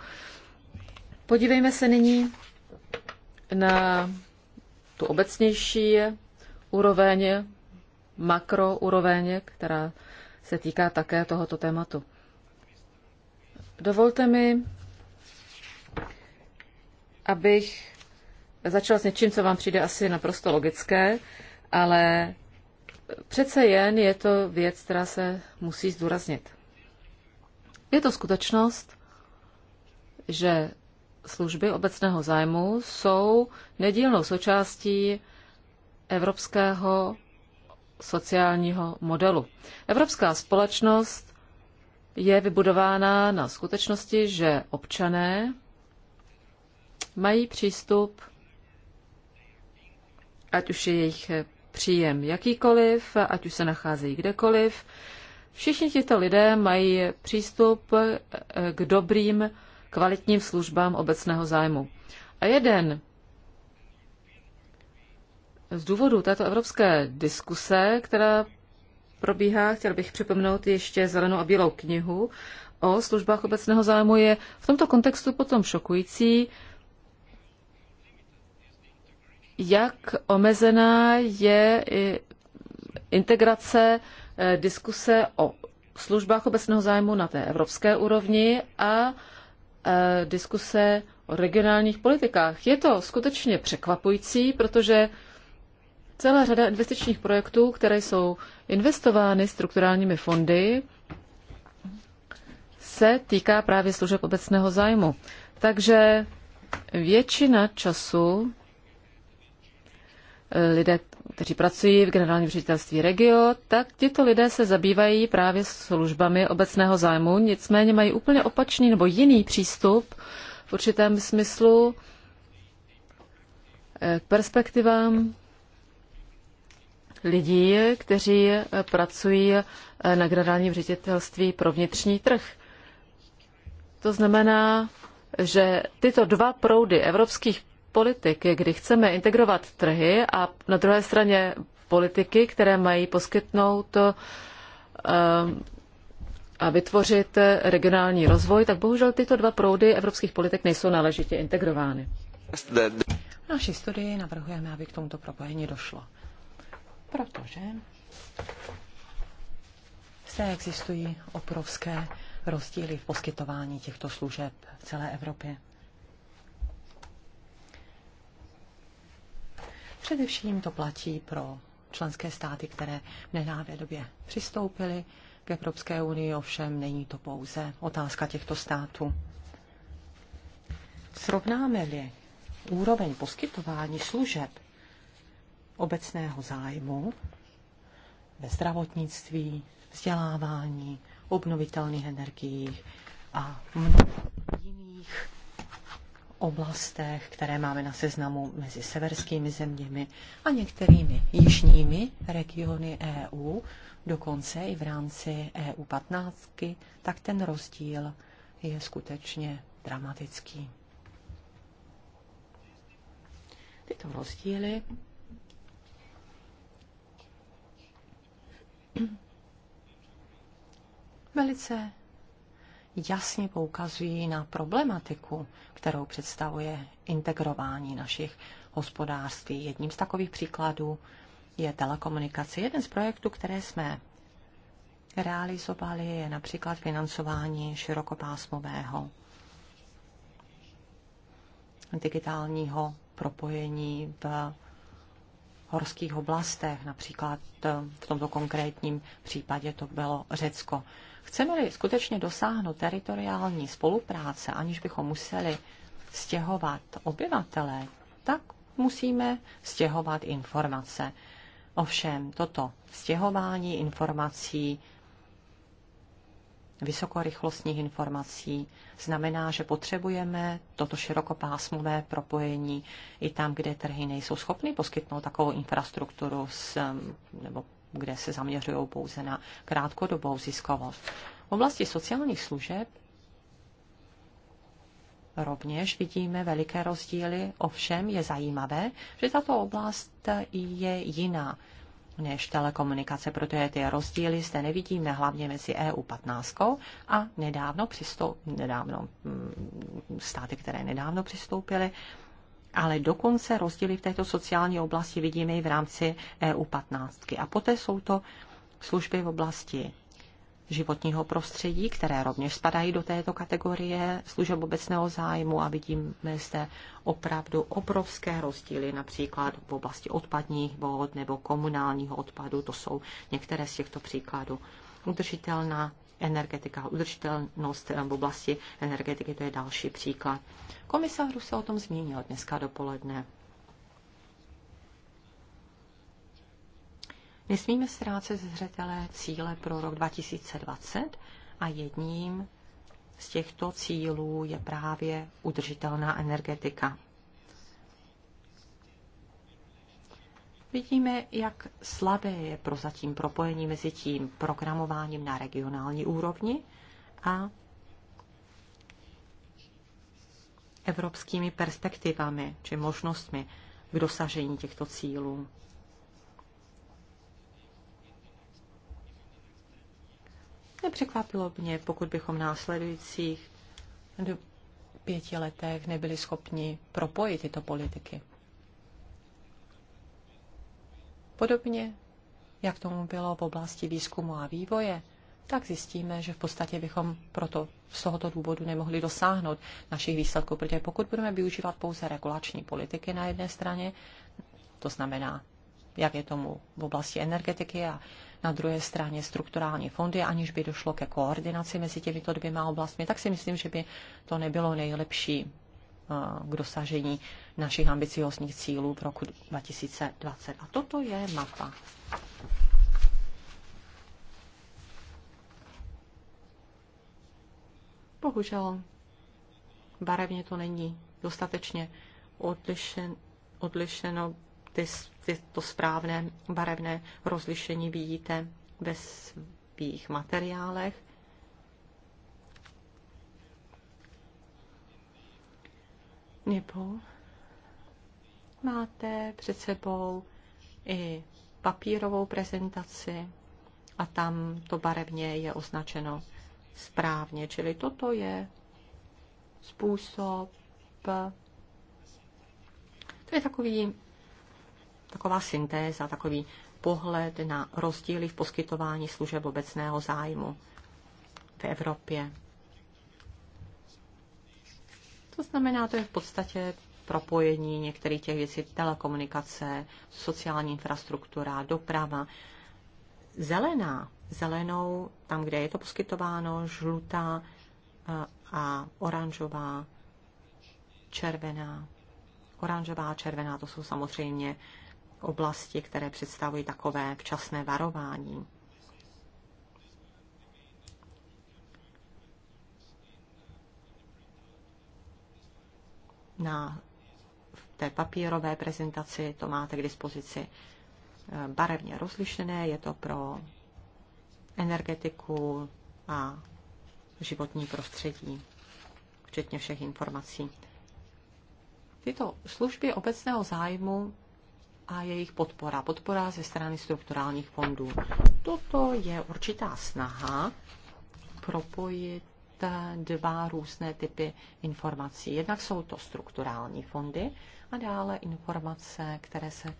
Podívejme se nyní na tu obecnější úroveň, makroúroveň, která se týká také tohoto tématu. Dovolte mi, abych začal s něčím, co vám přijde asi naprosto logické, ale Přece jen je to věc, která se musí zdůraznit. Je to skutečnost, že služby obecného zájmu jsou nedílnou součástí evropského sociálního modelu. Evropská společnost je vybudována na skutečnosti, že občané mají přístup, ať už je jejich příjem jakýkoliv, ať už se nacházejí kdekoliv. Všichni tito lidé mají přístup eh, k dobrým, kvalitním službám obecného zájmu. A jeden z důvodů této evropské diskuse, která probíhá, chtěl bych připomenout ještě zelenou a bílou knihu o službách obecného zájmu, je v tomto kontextu potom šokující, jak omezená je integrace eh, diskuse o službách obecného zájmu na té evropské úrovni a eh, diskuse o regionálních politikách. Je to skutečně překvapující, protože celá řada investičních projektů, které jsou investovány strukturálními fondy, se týká právě služeb obecného zájmu. Takže většina času lidé, kteří pracují v generálním ředitelství regio, tak tito lidé se zabývají právě službami obecného zájmu, nicméně mají úplně opačný nebo jiný přístup v určitém smyslu eh, k perspektivám lidí, kteří pracují eh, na generálním ředitelství pro vnitřní trh. To znamená, že tyto dva proudy evropských politiky, kdy chceme integrovat trhy a na druhé straně politiky, které mají poskytnout ehm, a vytvořit regionální rozvoj, tak bohužel tyto dva proudy evropských politik nejsou náležitě integrovány. V naší studii navrhujeme, aby k tomuto propojení došlo. Protože
zde existují obrovské rozdíly v poskytování těchto služeb v celé Evropě. Především to platí pro členské státy, které v nedávné době přistoupily k Evropské unii, ovšem není to pouze otázka těchto států. Srovnáme-li úroveň poskytování služeb obecného zájmu ve zdravotnictví, vzdělávání, obnovitelných energiích a mnoho jiných oblastech, které máme na seznamu mezi severskými zeměmi a některými jižními regiony EU, dokonce i v rámci EU 15, tak ten rozdíl je skutečně dramatický. Tyto rozdíly velice jasně poukazují na problematiku, kterou představuje integrování našich hospodářství. Jedním z takových příkladů je telekomunikace. Jeden z projektů, které jsme realizovali, je například financování širokopásmového digitálního propojení v horských oblastech. Například v tomto konkrétním případě to bylo Řecko. Chceme-li skutečně dosáhnout teritoriální spolupráce, aniž bychom museli stěhovat obyvatele, tak musíme stěhovat informace. Ovšem, toto stěhování informací, vysokorychlostních informací, znamená, že potřebujeme toto širokopásmové propojení i tam, kde trhy nejsou schopny poskytnout takovou infrastrukturu s, nebo kde se zaměřují pouze na krátkodobou ziskovost. V oblasti sociálních služeb rovněž vidíme veliké rozdíly, ovšem je zajímavé, že tato oblast je jiná než telekomunikace, protože ty rozdíly zde nevidíme hlavně mezi EU 15 a nedávno, přistou- nedávno mm, státy, které nedávno přistoupily ale dokonce rozdíly v této sociální oblasti vidíme i v rámci EU 15. A poté jsou to služby v oblasti životního prostředí, které rovněž spadají do této kategorie služeb obecného zájmu a vidíme zde opravdu obrovské rozdíly, například v oblasti odpadních vod nebo komunálního odpadu, to jsou některé z těchto příkladů. Udržitelná energetika udržitelnost v oblasti energetiky, to je další příklad. Komisař se o tom zmínil dneska dopoledne. Nesmíme ztrácet zřetelé cíle pro rok 2020 a jedním z těchto cílů je právě udržitelná energetika. Vidíme, jak slabé je prozatím propojení mezi tím programováním na regionální úrovni a evropskými perspektivami či možnostmi k dosažení těchto cílů. Nepřekvapilo mě, pokud bychom následujících pěti letech nebyli schopni propojit tyto politiky. Podobně, jak tomu bylo v oblasti výzkumu a vývoje, tak zjistíme, že v podstatě bychom proto z tohoto důvodu nemohli dosáhnout našich výsledků, protože pokud budeme využívat pouze regulační politiky na jedné straně, to znamená, jak je tomu v oblasti energetiky a na druhé straně strukturální fondy, aniž by došlo ke koordinaci mezi těmito dvěma oblastmi, tak si myslím, že by to nebylo nejlepší Eh, k dosažení našich ambiciozních cílů v roku 2020. A toto je mapa. Bohužel barevně to není dostatečně odlišen, odlišeno. Ty, ty, to správné barevné rozlišení vidíte ve svých materiálech. nebo máte před sebou i papírovou prezentaci a tam to barevně je označeno správně. Čili toto je způsob, to je takový, taková syntéza, takový pohled na rozdíly v poskytování služeb obecného zájmu v Evropě. To znamená, to je v podstatě propojení některých těch věcí, telekomunikace, sociální infrastruktura, doprava. Zelená, zelenou tam, kde je to poskytováno, žlutá eh, a oranžová, červená. Oranžová a červená to jsou samozřejmě oblasti, které představují takové včasné varování. na té papírové prezentaci, to máte k dispozici eh, barevně rozlišené, je to pro energetiku a životní prostředí, včetně všech informací. Tyto služby obecného zájmu a jejich podpora, podpora ze strany strukturálních fondů. Toto je určitá snaha propojit dva různé typy informací. Jednak jsou to strukturální fondy a dále informace, které se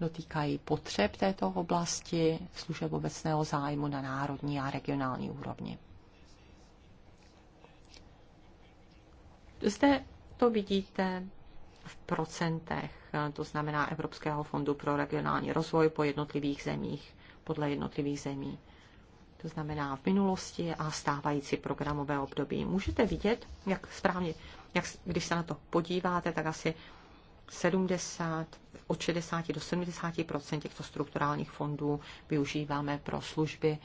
dotýkají potřeb této oblasti služeb obecného zájmu na národní a regionální úrovni. Zde to vidíte v procentech, to znamená Evropského fondu pro regionální rozvoj po jednotlivých zemích, podle jednotlivých zemí to znamená v minulosti a stávající programové období. Můžete vidět, jak správně, jak, když se na to podíváte, tak asi 70, od 60 do 70 těchto strukturálních fondů využíváme pro služby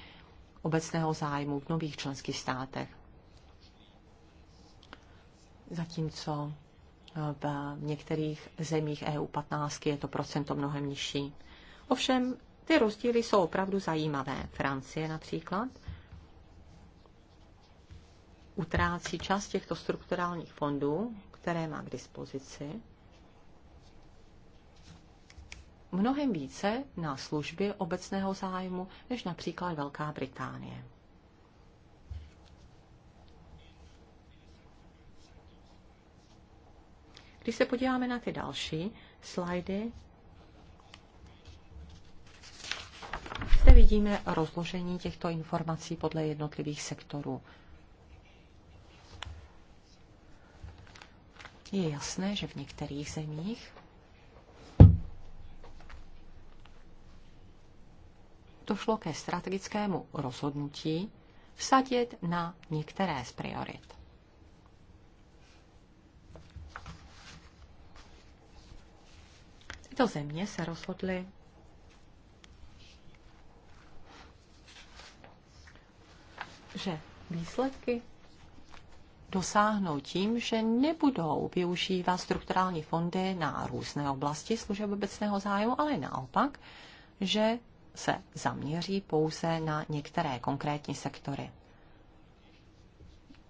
obecného zájmu v nových členských státech. Zatímco v některých zemích EU 15 je to procento mnohem nižší. Ovšem ty rozdíly jsou opravdu zajímavé. Francie například utrácí část těchto strukturálních fondů, které má k dispozici, mnohem více na služby obecného zájmu než například Velká Británie. Když se podíváme na ty další slajdy, Zde vidíme rozložení těchto informací podle jednotlivých sektorů. Je jasné, že v některých zemích došlo ke strategickému rozhodnutí vsadit na některé z priorit. Tyto země se rozhodly že výsledky dosáhnou tím, že nebudou využívat strukturální fondy na různé oblasti služeb obecného zájmu, ale naopak, že se zaměří pouze na některé konkrétní sektory.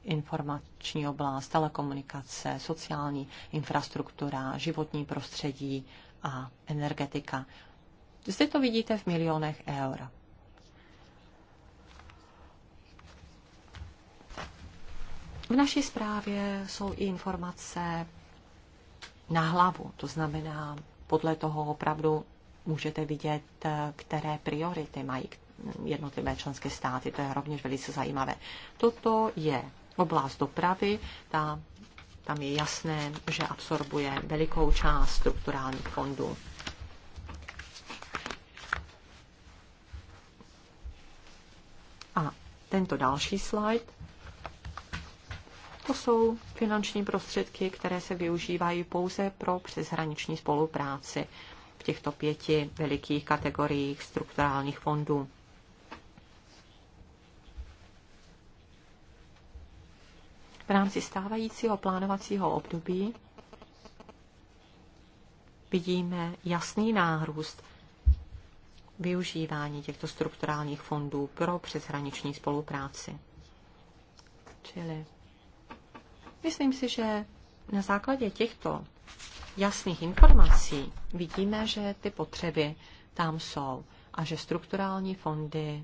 Informační oblast, telekomunikace, sociální infrastruktura, životní prostředí a energetika. Zde to vidíte v milionech eur. V naší zprávě jsou i informace na hlavu, to znamená, podle toho opravdu můžete vidět, které priority mají jednotlivé členské státy. To je rovněž velice zajímavé. Toto je oblast dopravy, ta, tam je jasné, že absorbuje velikou část strukturálních fondů. A tento další slide to jsou finanční prostředky, které se využívají pouze pro přeshraniční spolupráci v těchto pěti velikých kategoriích strukturálních fondů. V rámci stávajícího plánovacího období vidíme jasný nárůst využívání těchto strukturálních fondů pro přeshraniční spolupráci. Čili Myslím si, že na základě těchto jasných informací vidíme, že ty potřeby tam jsou a že strukturální fondy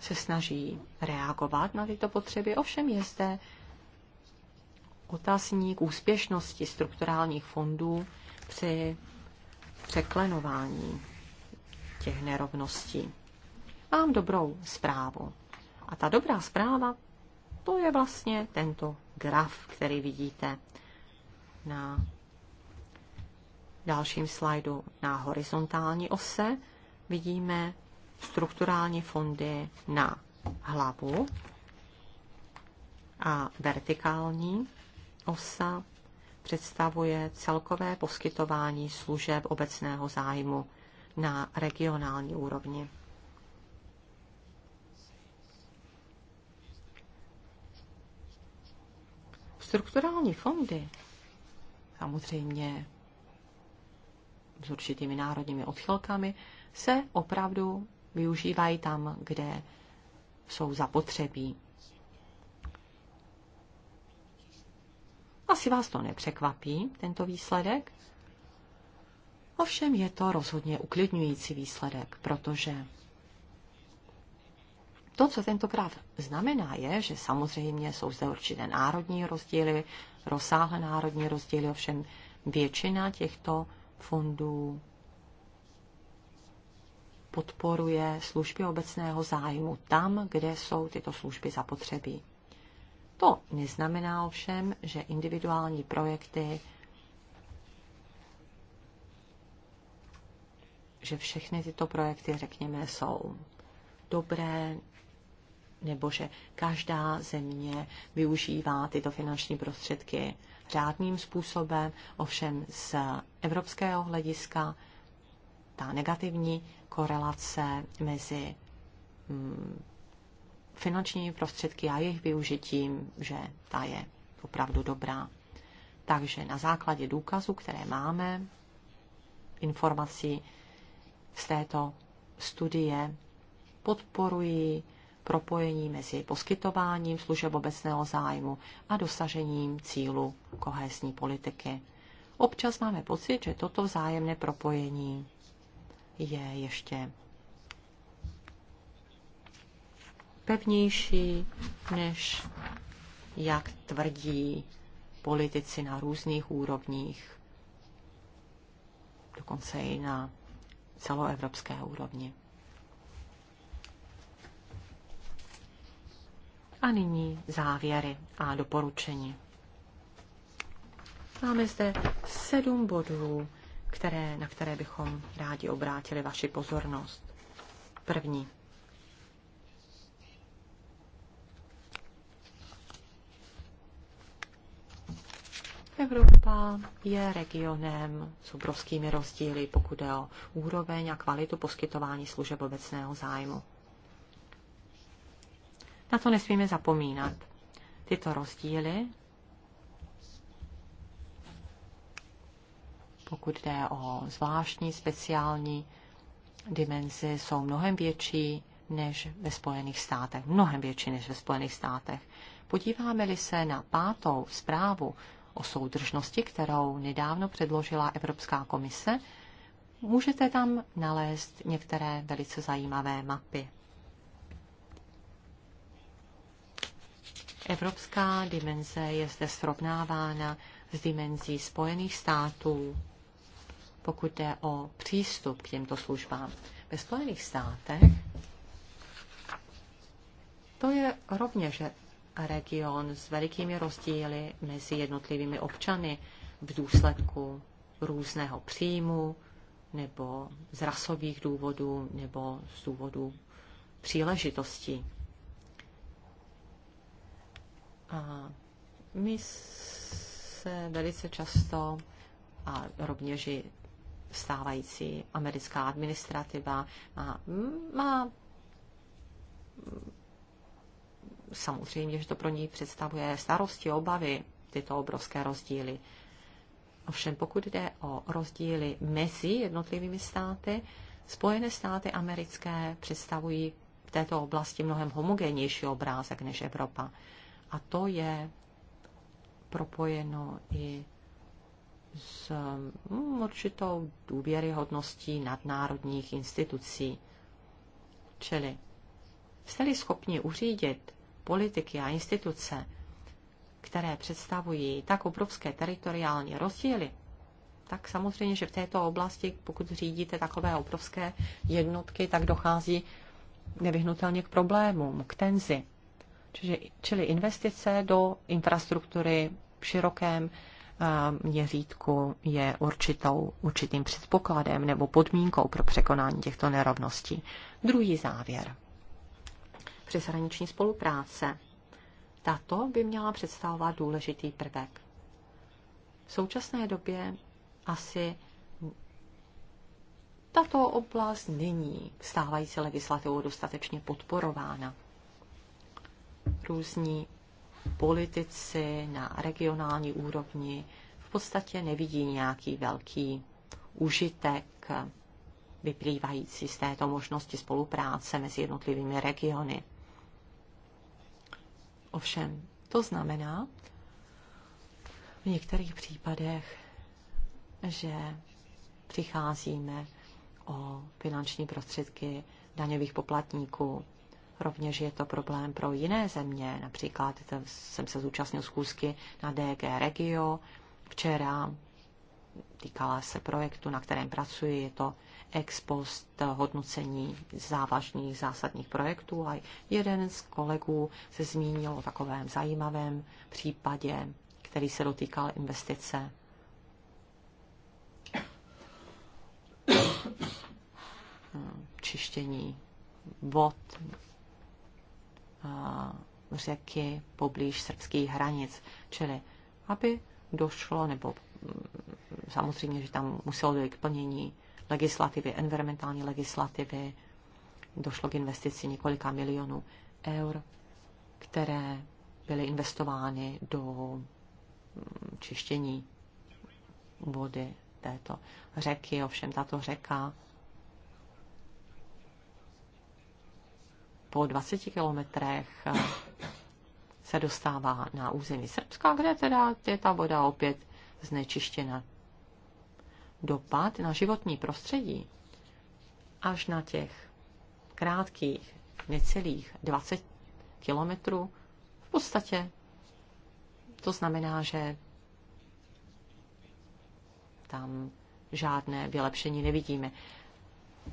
se snaží reagovat na tyto potřeby. Ovšem je zde otázník úspěšnosti strukturálních fondů při překlenování těch nerovností. Mám dobrou zprávu. A ta dobrá zpráva to je vlastně tento graf, který vidíte na dalším slajdu. Na horizontální ose vidíme strukturální fondy na hlavu a vertikální osa představuje celkové poskytování služeb obecného zájmu na regionální úrovni. Strukturální fondy samozřejmě s určitými národními odchylkami se opravdu využívají tam, kde jsou zapotřebí. Asi vás to nepřekvapí, tento výsledek. Ovšem je to rozhodně uklidňující výsledek, protože to, co tentokrát znamená, je, že samozřejmě jsou zde určité národní rozdíly, rozsáhlé národní rozdíly, ovšem většina těchto fondů podporuje služby obecného zájmu tam, kde jsou tyto služby zapotřebí. To neznamená ovšem, že individuální projekty, že všechny tyto projekty, řekněme, jsou dobré nebo že každá země využívá tyto finanční prostředky řádným způsobem, ovšem z evropského hlediska ta negativní korelace mezi mm, finančními prostředky a jejich využitím, že ta je opravdu dobrá. Takže na základě důkazů, které máme, informací z této studie, podporují propojení mezi poskytováním služeb obecného zájmu a dosažením cílu kohésní politiky. Občas máme pocit, že toto vzájemné propojení je ještě pevnější, než jak tvrdí politici na různých úrovních, dokonce i na celoevropské úrovni. A nyní závěry a doporučení. Máme zde sedm bodů, které, na které bychom rádi obrátili vaši pozornost. První. Evropa je regionem s obrovskými rozdíly, pokud je o úroveň a kvalitu poskytování služeb obecného zájmu. Na to nesmíme zapomínat. Tyto rozdíly, pokud jde o zvláštní, speciální dimenzi, jsou mnohem větší než ve Spojených státech. Mnohem větší než ve Spojených státech. Podíváme-li se na pátou zprávu o soudržnosti, kterou nedávno předložila Evropská komise, můžete tam nalézt některé velice zajímavé mapy. Evropská dimenze je zde srovnávána s dimenzí Spojených států, pokud jde o přístup k těmto službám. Ve Spojených státech to je rovněž region s velikými rozdíly mezi jednotlivými občany v důsledku různého příjmu nebo z rasových důvodů nebo z důvodu příležitostí. A my se velice často a rovněž i stávající americká administrativa má, má samozřejmě, že to pro ní představuje starosti, obavy, tyto obrovské rozdíly. Ovšem pokud jde o rozdíly mezi jednotlivými státy, Spojené státy americké představují v této oblasti mnohem homogennější obrázek než Evropa. A to je propojeno i s mm, určitou důvěryhodností nadnárodních institucí. Čili jste-li schopni uřídit politiky a instituce, které představují tak obrovské teritoriální rozdíly, tak samozřejmě, že v této oblasti, pokud řídíte takové obrovské jednotky, tak dochází nevyhnutelně k problémům, k tenzi čili, čili investice do infrastruktury v širokém měřítku je určitou, určitým předpokladem nebo podmínkou pro překonání těchto nerovností. Druhý závěr. Přeshraniční spolupráce. Tato by měla představovat důležitý prvek. V současné době asi tato oblast není stávající legislativou dostatečně podporována různí politici na regionální úrovni v podstatě nevidí nějaký velký užitek vyplývající z této možnosti spolupráce mezi jednotlivými regiony. Ovšem, to znamená v některých případech, že přicházíme o finanční prostředky daňových poplatníků. Rovněž je to problém pro jiné země. Například jsem se zúčastnil zkusky na DG Regio včera. Týkala se projektu, na kterém pracuji. Je to ex post hodnocení závažných zásadních projektů a jeden z kolegů se zmínil o takovém zajímavém případě, který se dotýkal investice hmm, čištění vod řeky poblíž srbských hranic. Čili aby došlo, nebo mm, samozřejmě, že tam muselo dojít k plnění legislativy, environmentální legislativy, došlo k investici několika milionů eur, které byly investovány do mm, čištění vody této řeky. Ovšem tato řeka po 20 kilometrech eh, se dostává na území Srbska, kde teda je ta voda opět znečištěna. Dopad na životní prostředí až na těch krátkých necelých 20 kilometrů v podstatě to znamená, že tam žádné vylepšení nevidíme.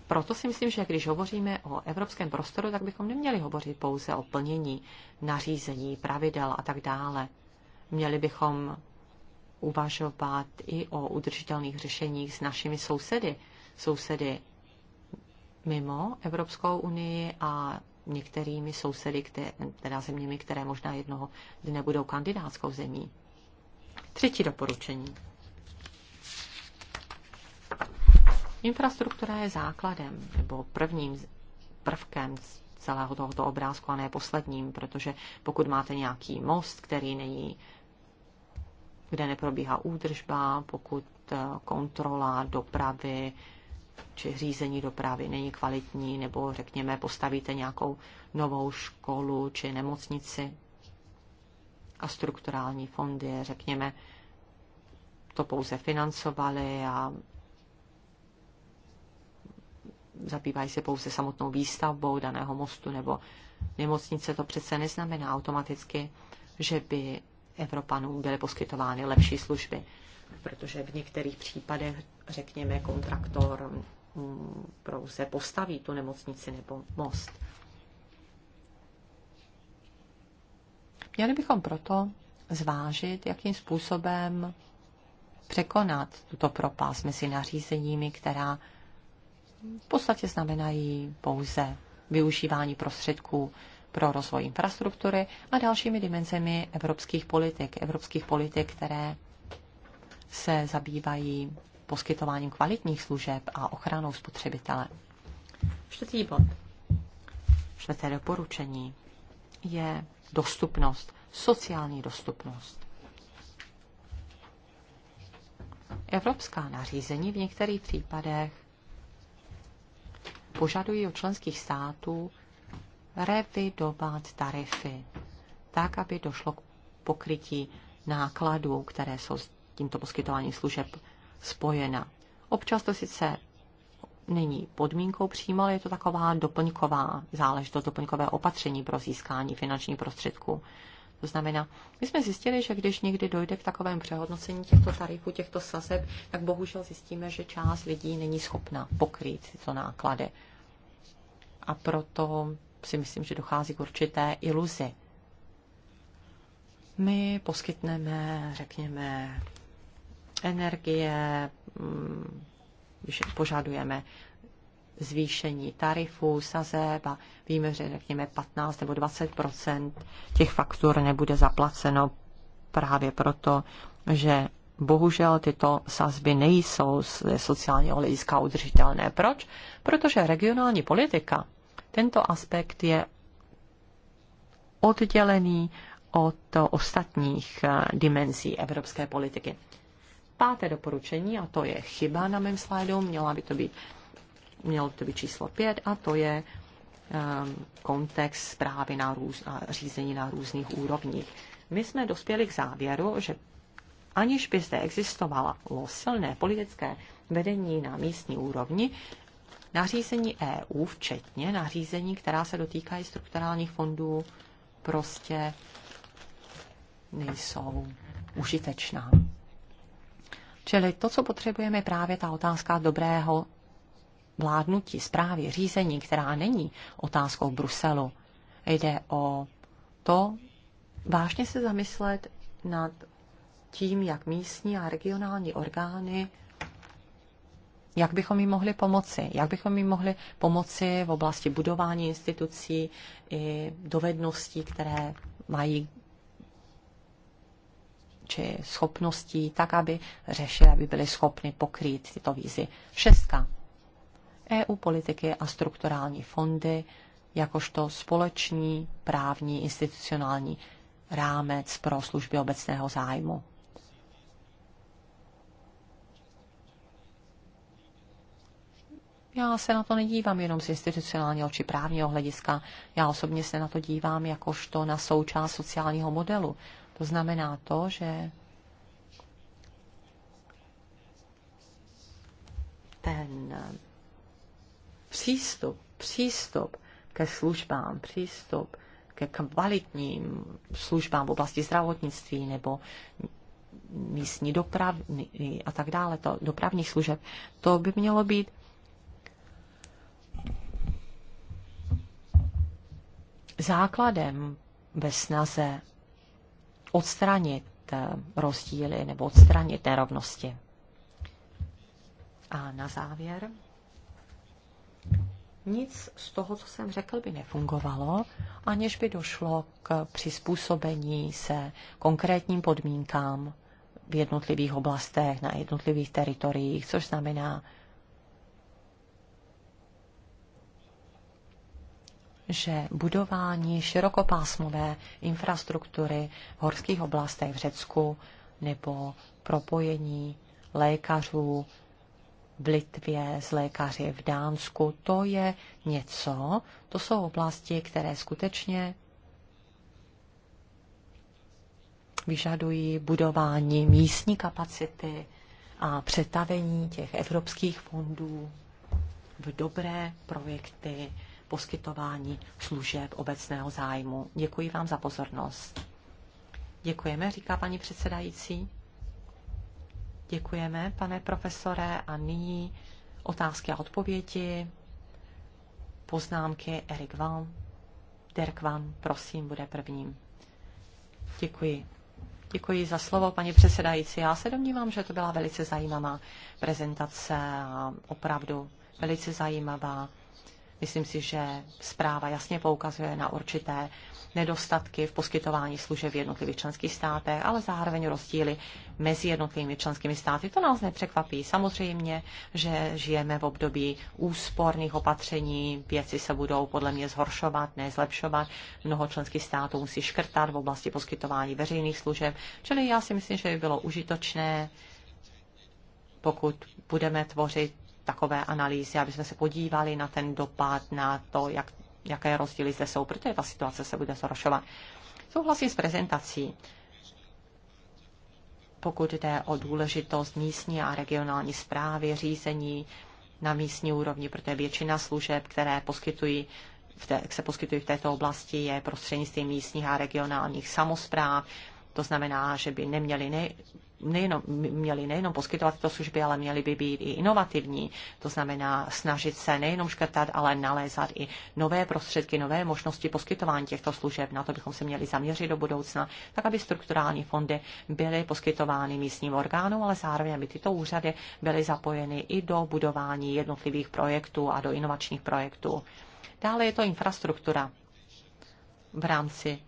Proto si myslím, že když hovoříme o evropském prostoru, tak bychom neměli hovořit pouze o plnění nařízení, pravidel a tak dále. Měli bychom uvažovat i o udržitelných řešeních s našimi sousedy, sousedy mimo Evropskou unii a některými sousedy, které, teda zeměmi, které možná jednoho dne budou kandidátskou zemí. Třetí doporučení. Infrastruktura je základem nebo prvním prvkem celého tohoto obrázku a ne posledním, protože pokud máte nějaký most, který není, kde neprobíhá údržba, pokud eh, kontrola dopravy či řízení dopravy není kvalitní, nebo řekněme postavíte nějakou novou školu či nemocnici a strukturální fondy, řekněme, to pouze financovali a zabývají se pouze samotnou výstavbou daného mostu nebo nemocnice, to přece neznamená automaticky, že by Evropanům byly poskytovány lepší služby, protože v některých případech, řekněme, kontraktor mm, pouze postaví tu nemocnici nebo most. Měli bychom proto zvážit, jakým způsobem překonat tuto propast mezi nařízeními, která v podstatě znamenají pouze využívání prostředků pro rozvoj infrastruktury a dalšími dimenzemi evropských politik, evropských politik, které se zabývají poskytováním kvalitních služeb a ochranou spotřebitele. Čtvrtý bod, čtvrté doporučení je dostupnost, sociální dostupnost. Evropská nařízení v některých případech požadují od členských států revidovat tarify, tak, aby došlo k pokrytí nákladů, které jsou s tímto poskytováním služeb spojena. Občas to sice není podmínkou přímo, ale je to taková doplňková záležitost, doplňkové opatření pro získání finančních prostředků. To znamená, my jsme zjistili, že když někdy dojde k takovému přehodnocení těchto tarifů, těchto sazeb, tak bohužel zjistíme, že část lidí není schopna pokrýt tyto náklady a proto si myslím, že dochází k určité iluzi. My poskytneme, řekněme, energie, když mm, požadujeme zvýšení tarifů, sazeb a víme, že řekněme 15 nebo 20 těch faktur nebude zaplaceno právě proto, že bohužel tyto sazby nejsou z sociálního hlediska udržitelné. Proč? Protože regionální politika tento aspekt je oddělený od ostatních eh, dimenzí evropské politiky. Páté doporučení, a to je chyba na mém slajdu, měla by to být, mělo by to být číslo pět, a to je um, kontext zprávy na růz, a řízení na různých úrovních. My jsme dospěli k závěru, že aniž by zde existovalo silné politické vedení na místní úrovni, nařízení EU, včetně nařízení, která se dotýkají strukturálních fondů, prostě nejsou užitečná. Čili to, co potřebujeme, je právě ta otázka dobrého vládnutí, zprávy, řízení, která není otázkou Bruselu. Jde o to vážně se zamyslet nad tím, jak místní a regionální orgány jak bychom jim mohli pomoci? Jak bychom jim mohli pomoci v oblasti budování institucí i dovedností, které mají či schopností, tak aby řešili, aby byli schopni pokrýt tyto výzvy. Šestka. EU politiky a strukturální fondy jakožto společný právní institucionální rámec pro služby obecného zájmu.
Já se na to
nedívám jenom z institucionálního či právního hlediska. Já osobně se na to dívám jakožto na součást sociálního modelu. To znamená to, že ten eh, přístup, přístup ke službám, přístup ke kvalitním službám v oblasti zdravotnictví nebo místní dopravy a tak dále, to, dopravních služeb, to by mělo být základem ve snaze odstranit eh, rozdíly nebo odstranit nerovnosti. A na závěr, nic z toho, co jsem řekl, by nefungovalo, aniž by došlo k přizpůsobení se konkrétním podmínkám v jednotlivých oblastech, na jednotlivých teritoriích, což znamená že budování širokopásmové infrastruktury v horských oblastech v Řecku nebo propojení lékařů v Litvě s lékaři v Dánsku, to je něco, to jsou oblasti, které skutečně vyžadují budování místní kapacity a přetavení těch evropských fondů v dobré projekty poskytování služeb obecného zájmu. Děkuji vám za pozornost. Děkujeme, říká paní předsedající. Děkujeme, pane profesore, a nyní otázky a odpovědi. Poznámky Erik Van. Derk Van, prosím, bude prvním. Děkuji. Děkuji za slovo, paní předsedající. Já se domnívám, že to byla velice zajímavá prezentace a opravdu velice zajímavá Myslím si, že zpráva jasně poukazuje na určité nedostatky v poskytování služeb v jednotlivých členských státech, ale zároveň rozdíly mezi jednotlivými členskými státy. To nás nepřekvapí. Samozřejmě, že žijeme v období úsporných opatření, věci se budou podle mě zhoršovat, nezlepšovat. Mnoho členských států musí škrtat v oblasti poskytování veřejných služeb, čili já si myslím, že by bylo užitočné pokud budeme tvořit takové analýzy, aby jsme se podívali na ten dopad, na to, jak, jaké rozdíly zde jsou, protože ta situace se bude zhoršovat. Souhlasím s prezentací pokud jde o důležitost místní a regionální zprávy, řízení na místní úrovni, protože většina služeb, které poskytují v té, se poskytují v této oblasti, je prostřednictvím místních a regionálních samozpráv. To znamená, že by neměli ne, nejenom, měli nejenom poskytovat tyto služby, ale měli by být i inovativní. To znamená snažit se nejenom škrtat, ale nalézat i nové prostředky, nové možnosti poskytování těchto služeb. Na to bychom se měli zaměřit do budoucna, tak aby strukturální fondy byly poskytovány místním orgánům, ale zároveň aby tyto úřady byly zapojeny i do budování jednotlivých projektů a do inovačních projektů. Dále je to infrastruktura v rámci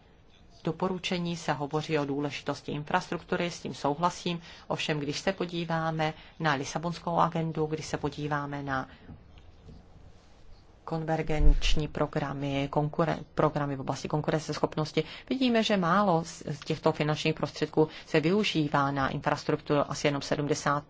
doporučení se hovoří o důležitosti infrastruktury, s tím souhlasím, ovšem když se podíváme na Lisabonskou agendu, když se podíváme na konvergenční programy, konkuren, programy v oblasti konkurenceschopnosti. Vidíme, že málo z těchto finančních prostředků se využívá na infrastrukturu asi jenom 70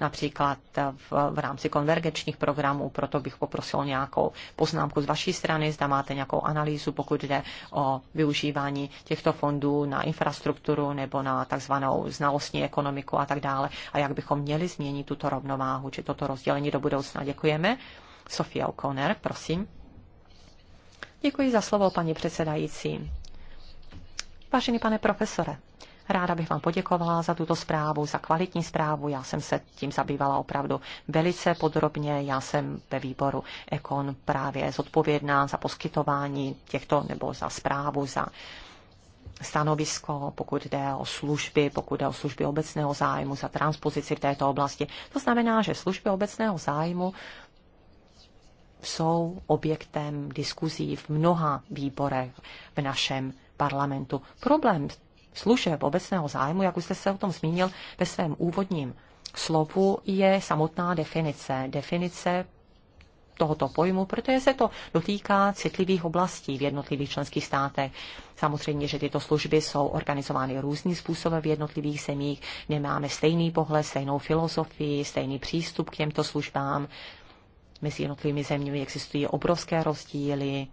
například v, v rámci konvergenčních programů. Proto bych poprosil nějakou poznámku z vaší strany, zda máte nějakou analýzu, pokud jde o využívání těchto fondů na infrastrukturu nebo na takzvanou znalostní ekonomiku a tak dále. A jak bychom měli změnit tuto rovnováhu či toto rozdělení do budoucna. Děkujeme. Sofia O'Connor, prosím. Děkuji za slovo, paní předsedající. Vážený pane profesore, Ráda bych vám poděkovala za tuto zprávu, za kvalitní zprávu. Já jsem se tím zabývala opravdu velice podrobně. Já jsem ve výboru Ekon právě zodpovědná za poskytování těchto nebo za zprávu, za stanovisko, pokud jde o služby, pokud jde o služby obecného zájmu, za transpozici v této oblasti. To znamená, že služby obecného zájmu jsou objektem diskuzí v mnoha výborech v našem parlamentu. Problém služeb obecného zájmu, jak už jste se o tom zmínil ve svém úvodním slovu, je samotná definice. Definice tohoto pojmu, protože se to dotýká citlivých oblastí v jednotlivých členských státech. Samozřejmě, že tyto služby jsou organizovány různým způsobem v jednotlivých zemích, nemáme stejný pohled, stejnou filozofii, stejný přístup k těmto službám mezi jednotlivými zeměmi existují obrovské rozdíly,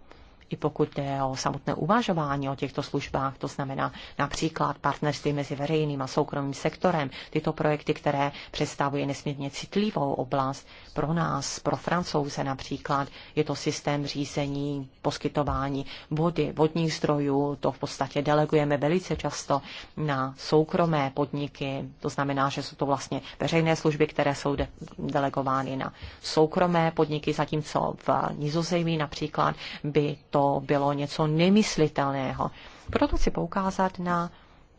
i pokud jde o samotné uvažování o těchto službách, to znamená například partnerství mezi veřejným a soukromým sektorem, tyto projekty, které představují nesmírně citlivou oblast pro nás, pro francouze například, je to systém řízení, poskytování vody, vodních zdrojů, to v podstatě delegujeme velice často na soukromé podniky, to znamená, že jsou to vlastně veřejné služby, které jsou de- delegovány na soukromé podniky, zatímco v Nizozemí například by to to bylo něco nemyslitelného. Proto chci poukázat na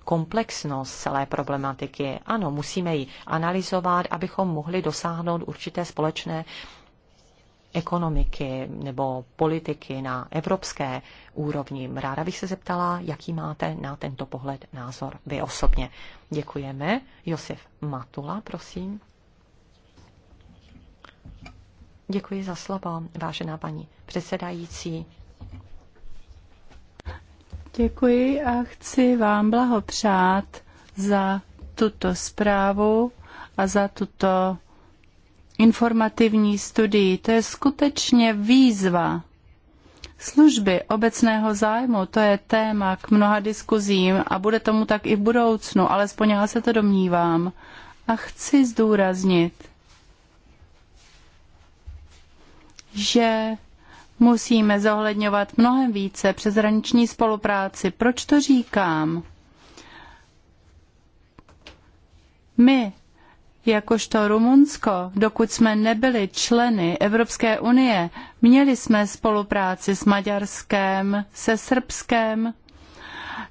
komplexnost celé problematiky. Ano, musíme ji analyzovat, abychom mohli dosáhnout určité společné ekonomiky nebo politiky na evropské úrovni. Ráda bych se zeptala, jaký máte na tento pohled názor vy osobně. Děkujeme. Josef Matula, prosím. Děkuji za slovo,
vážená paní předsedající. Děkuji a chci vám blahopřát za tuto zprávu a za tuto informativní studii. To je skutečně výzva. Služby obecného zájmu, to je téma k mnoha diskuzím a bude tomu tak i v budoucnu, alespoň já se to domnívám. A chci zdůraznit, že musíme zohledňovat mnohem více přeshraniční spolupráci. Proč to říkám? My, jakožto Rumunsko, dokud jsme nebyli členy Evropské unie, měli jsme spolupráci s Maďarskem, se Srbskem.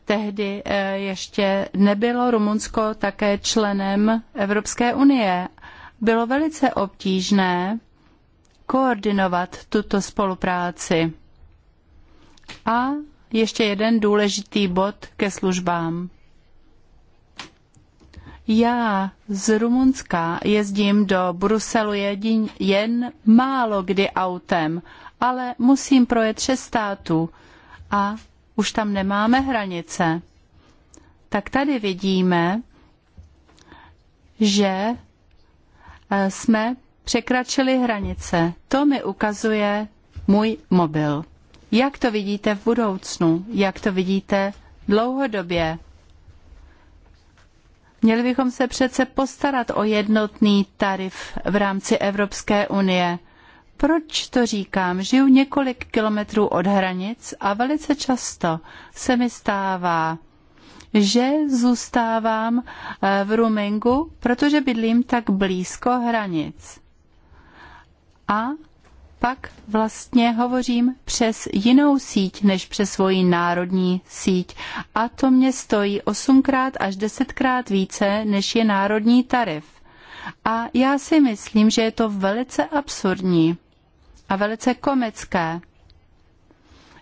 Tehdy eh, ještě nebylo Rumunsko také členem Evropské unie. Bylo velice obtížné koordinovat tuto spolupráci. A ještě jeden důležitý bod ke službám. Já z Rumunska jezdím do Bruselu jedin, jen málo kdy autem, ale musím projet šest států a už tam nemáme hranice. Tak tady vidíme, že eh, jsme překračili hranice. To mi ukazuje můj mobil. Jak to vidíte v budoucnu? Jak to vidíte dlouhodobě? Měli bychom se přece postarat o jednotný tarif v rámci Evropské unie. Proč to říkám? Žiju několik kilometrů od hranic a velice často se mi stává, že zůstávám eh, v Rumingu, protože bydlím tak blízko hranic a pak vlastně hovořím přes jinou síť než přes svoji národní síť. A to mě stojí osmkrát až desetkrát více, než je národní tarif. A já si myslím, že je to velice absurdní a velice komické.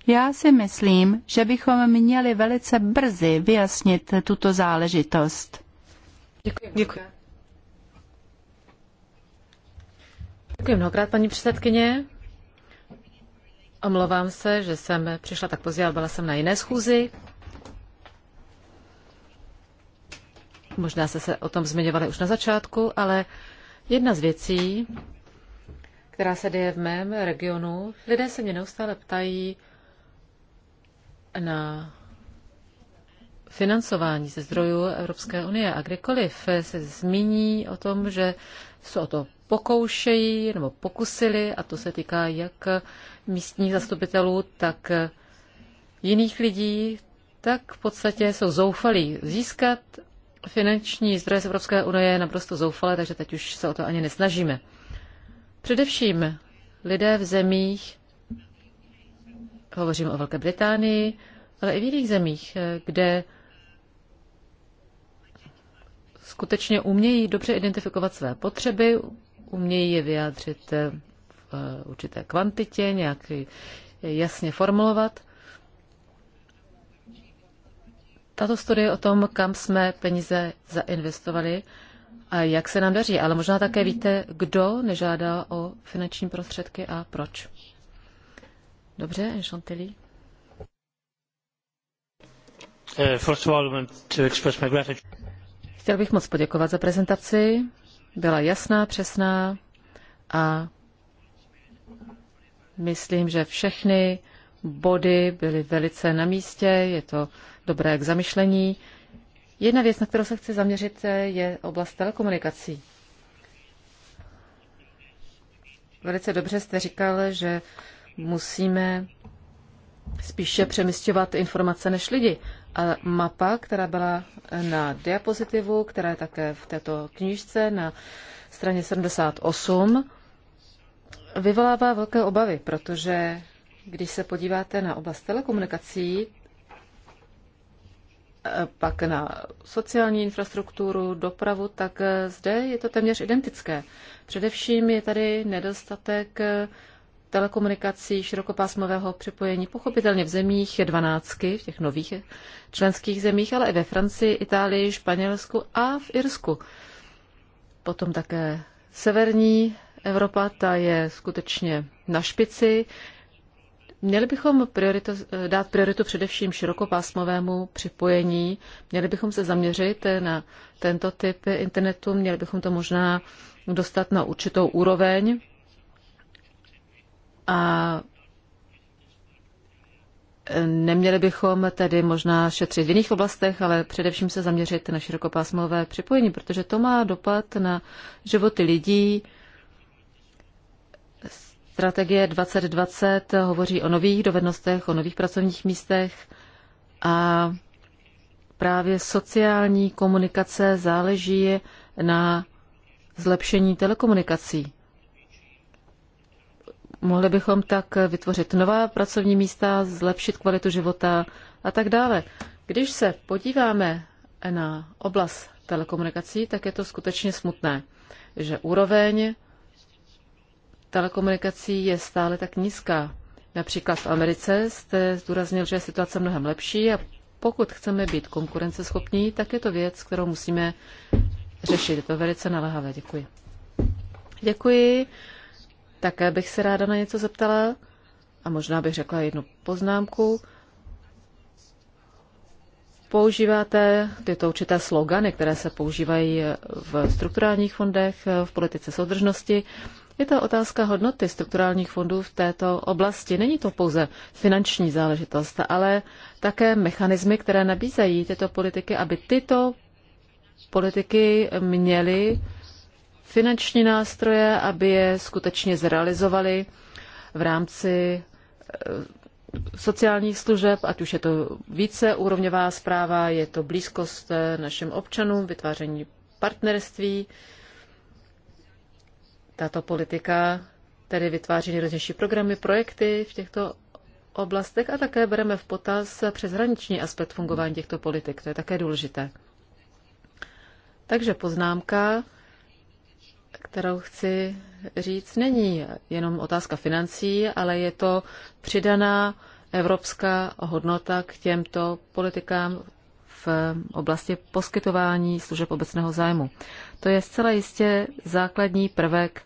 Já si myslím, že bychom měli velice brzy vyjasnit tuto záležitost. Děkuji. Děkuji. Děkuji mnohokrát, paní předsedkyně.
Omlouvám se, že jsem přišla tak pozdě, ale byla jsem na jiné schůzi. Možná se se o tom zmiňovali už na začátku, ale jedna z věcí, která se děje v mém regionu, lidé se mě neustále ptají na financování ze zdrojů Evropské unie a kdykoliv se zmíní o tom, že jsou o to pokoušejí nebo pokusili, a to se týká jak místních zastupitelů, tak jiných lidí, tak v podstatě jsou zoufalí. Získat finanční zdroje z Evropské unie je naprosto zoufalé, takže teď už se o to ani nesnažíme. Především lidé v zemích, hovořím o Velké Británii, ale i v jiných zemích, kde skutečně umějí dobře identifikovat své potřeby, umějí je vyjádřit eh, v eh, určité kvantitě, nějak jasně formulovat. Tato studie o tom, kam jsme peníze zainvestovali a jak se nám daří, ale možná také víte, kdo nežádá o finanční prostředky a proč. Dobře, Chantilly. Eh, first of all, to express my gratitude. Chtěl bych moc poděkovat za prezentaci byla jasná, přesná a myslím, že všechny body byly velice na místě, je to dobré k zamyšlení. Jedna věc, na kterou se chci zaměřit, je oblast telekomunikací. Velice dobře jste říkal, že musíme spíše přemysťovat informace než lidi. E, mapa, která byla na diapozitivu, která je také v této knižce na straně 78, vyvolává velké obavy, protože když se podíváte na oblast telekomunikací, e, pak na sociální infrastrukturu, dopravu, tak e, zde je to téměř identické. Především je tady nedostatek telekomunikací širokopásmového připojení, pochopitelně v zemích 12, v těch nových členských zemích, ale i ve Francii, Itálii, Španělsku a v Irsku. Potom také severní Evropa, ta je skutečně na špici. Měli bychom prioritu, dát prioritu především širokopásmovému připojení, měli bychom se zaměřit na tento typ internetu, měli bychom to možná dostat na určitou úroveň, a Neměli bychom tedy možná šetřit v jiných oblastech, ale především se zaměřit na širokopásmové připojení, protože to má dopad na životy lidí. Strategie 2020 hovoří o nových dovednostech, o nových pracovních místech a právě sociální komunikace záleží na zlepšení telekomunikací. Mohli bychom tak vytvořit nová pracovní místa, zlepšit kvalitu života a tak dále. Když se podíváme na oblast telekomunikací, tak je to skutečně smutné, že úroveň telekomunikací je stále tak nízká. Například v Americe jste zdůraznil, že je situace mnohem lepší a pokud chceme být konkurenceschopní, tak je to věc, kterou musíme řešit. Je to velice naléhavé. Děkuji. Děkuji. Také bych se ráda na něco zeptala a možná bych řekla jednu poznámku. Používáte tyto určité slogany, které se používají v strukturálních fondech, v politice soudržnosti. Je to otázka hodnoty strukturálních fondů v této oblasti. Není to pouze finanční záležitost, ale také mechanismy, které nabízejí tyto politiky, aby tyto politiky měly finanční nástroje, aby je skutečně zrealizovali v rámci eh, sociálních služeb, ať už je to více úrovňová zpráva, je to blízkost eh, našim občanům, vytváření partnerství. Tato politika tedy vytváří nejrůznější programy, projekty v těchto oblastech a také bereme v potaz přeshraniční aspekt fungování těchto politik. To je také důležité. Takže poznámka kterou chci říct, není jenom otázka financí, ale je to přidaná evropská hodnota k těmto politikám v oblasti poskytování služeb obecného zájmu. To je zcela jistě základní prvek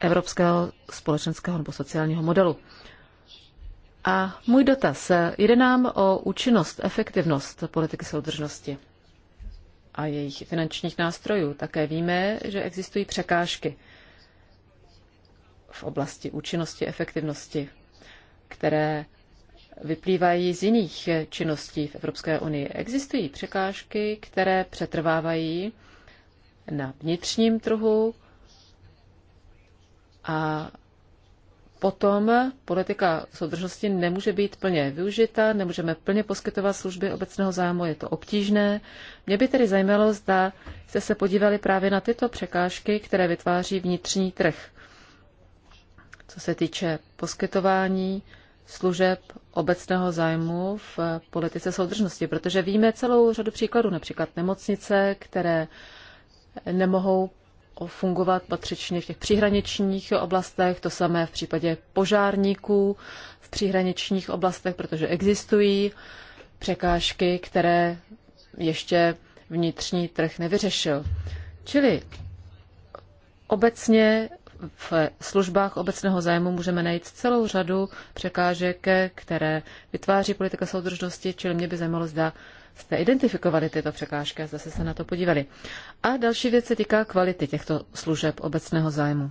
evropského společenského nebo sociálního modelu. A můj dotaz. Jde nám o účinnost, efektivnost politiky soudržnosti a jejich finančních nástrojů. Také víme, že existují překážky v oblasti účinnosti, efektivnosti, které vyplývají z jiných činností v Evropské unii. Existují překážky, které přetrvávají na vnitřním trhu a potom politika soudržnosti nemůže být plně využita, nemůžeme plně poskytovat služby obecného zájmu, je to obtížné. Mě by tedy zajímalo, zda jste se podívali právě na tyto překážky, které vytváří vnitřní trh, co se týče poskytování služeb obecného zájmu v politice soudržnosti, protože víme celou řadu příkladů, například nemocnice, které nemohou fungovat patřičně v těch příhraničních oblastech, to samé v případě požárníků v příhraničních oblastech, protože existují překážky, které ještě vnitřní trh nevyřešil. Čili obecně v službách obecného zájmu můžeme najít celou řadu překážek, které vytváří politika soudržnosti, čili mě by zajímalo, zda jste identifikovali tyto překážky a zase se na to podívali. A další věc se týká kvality těchto služeb obecného zájmu,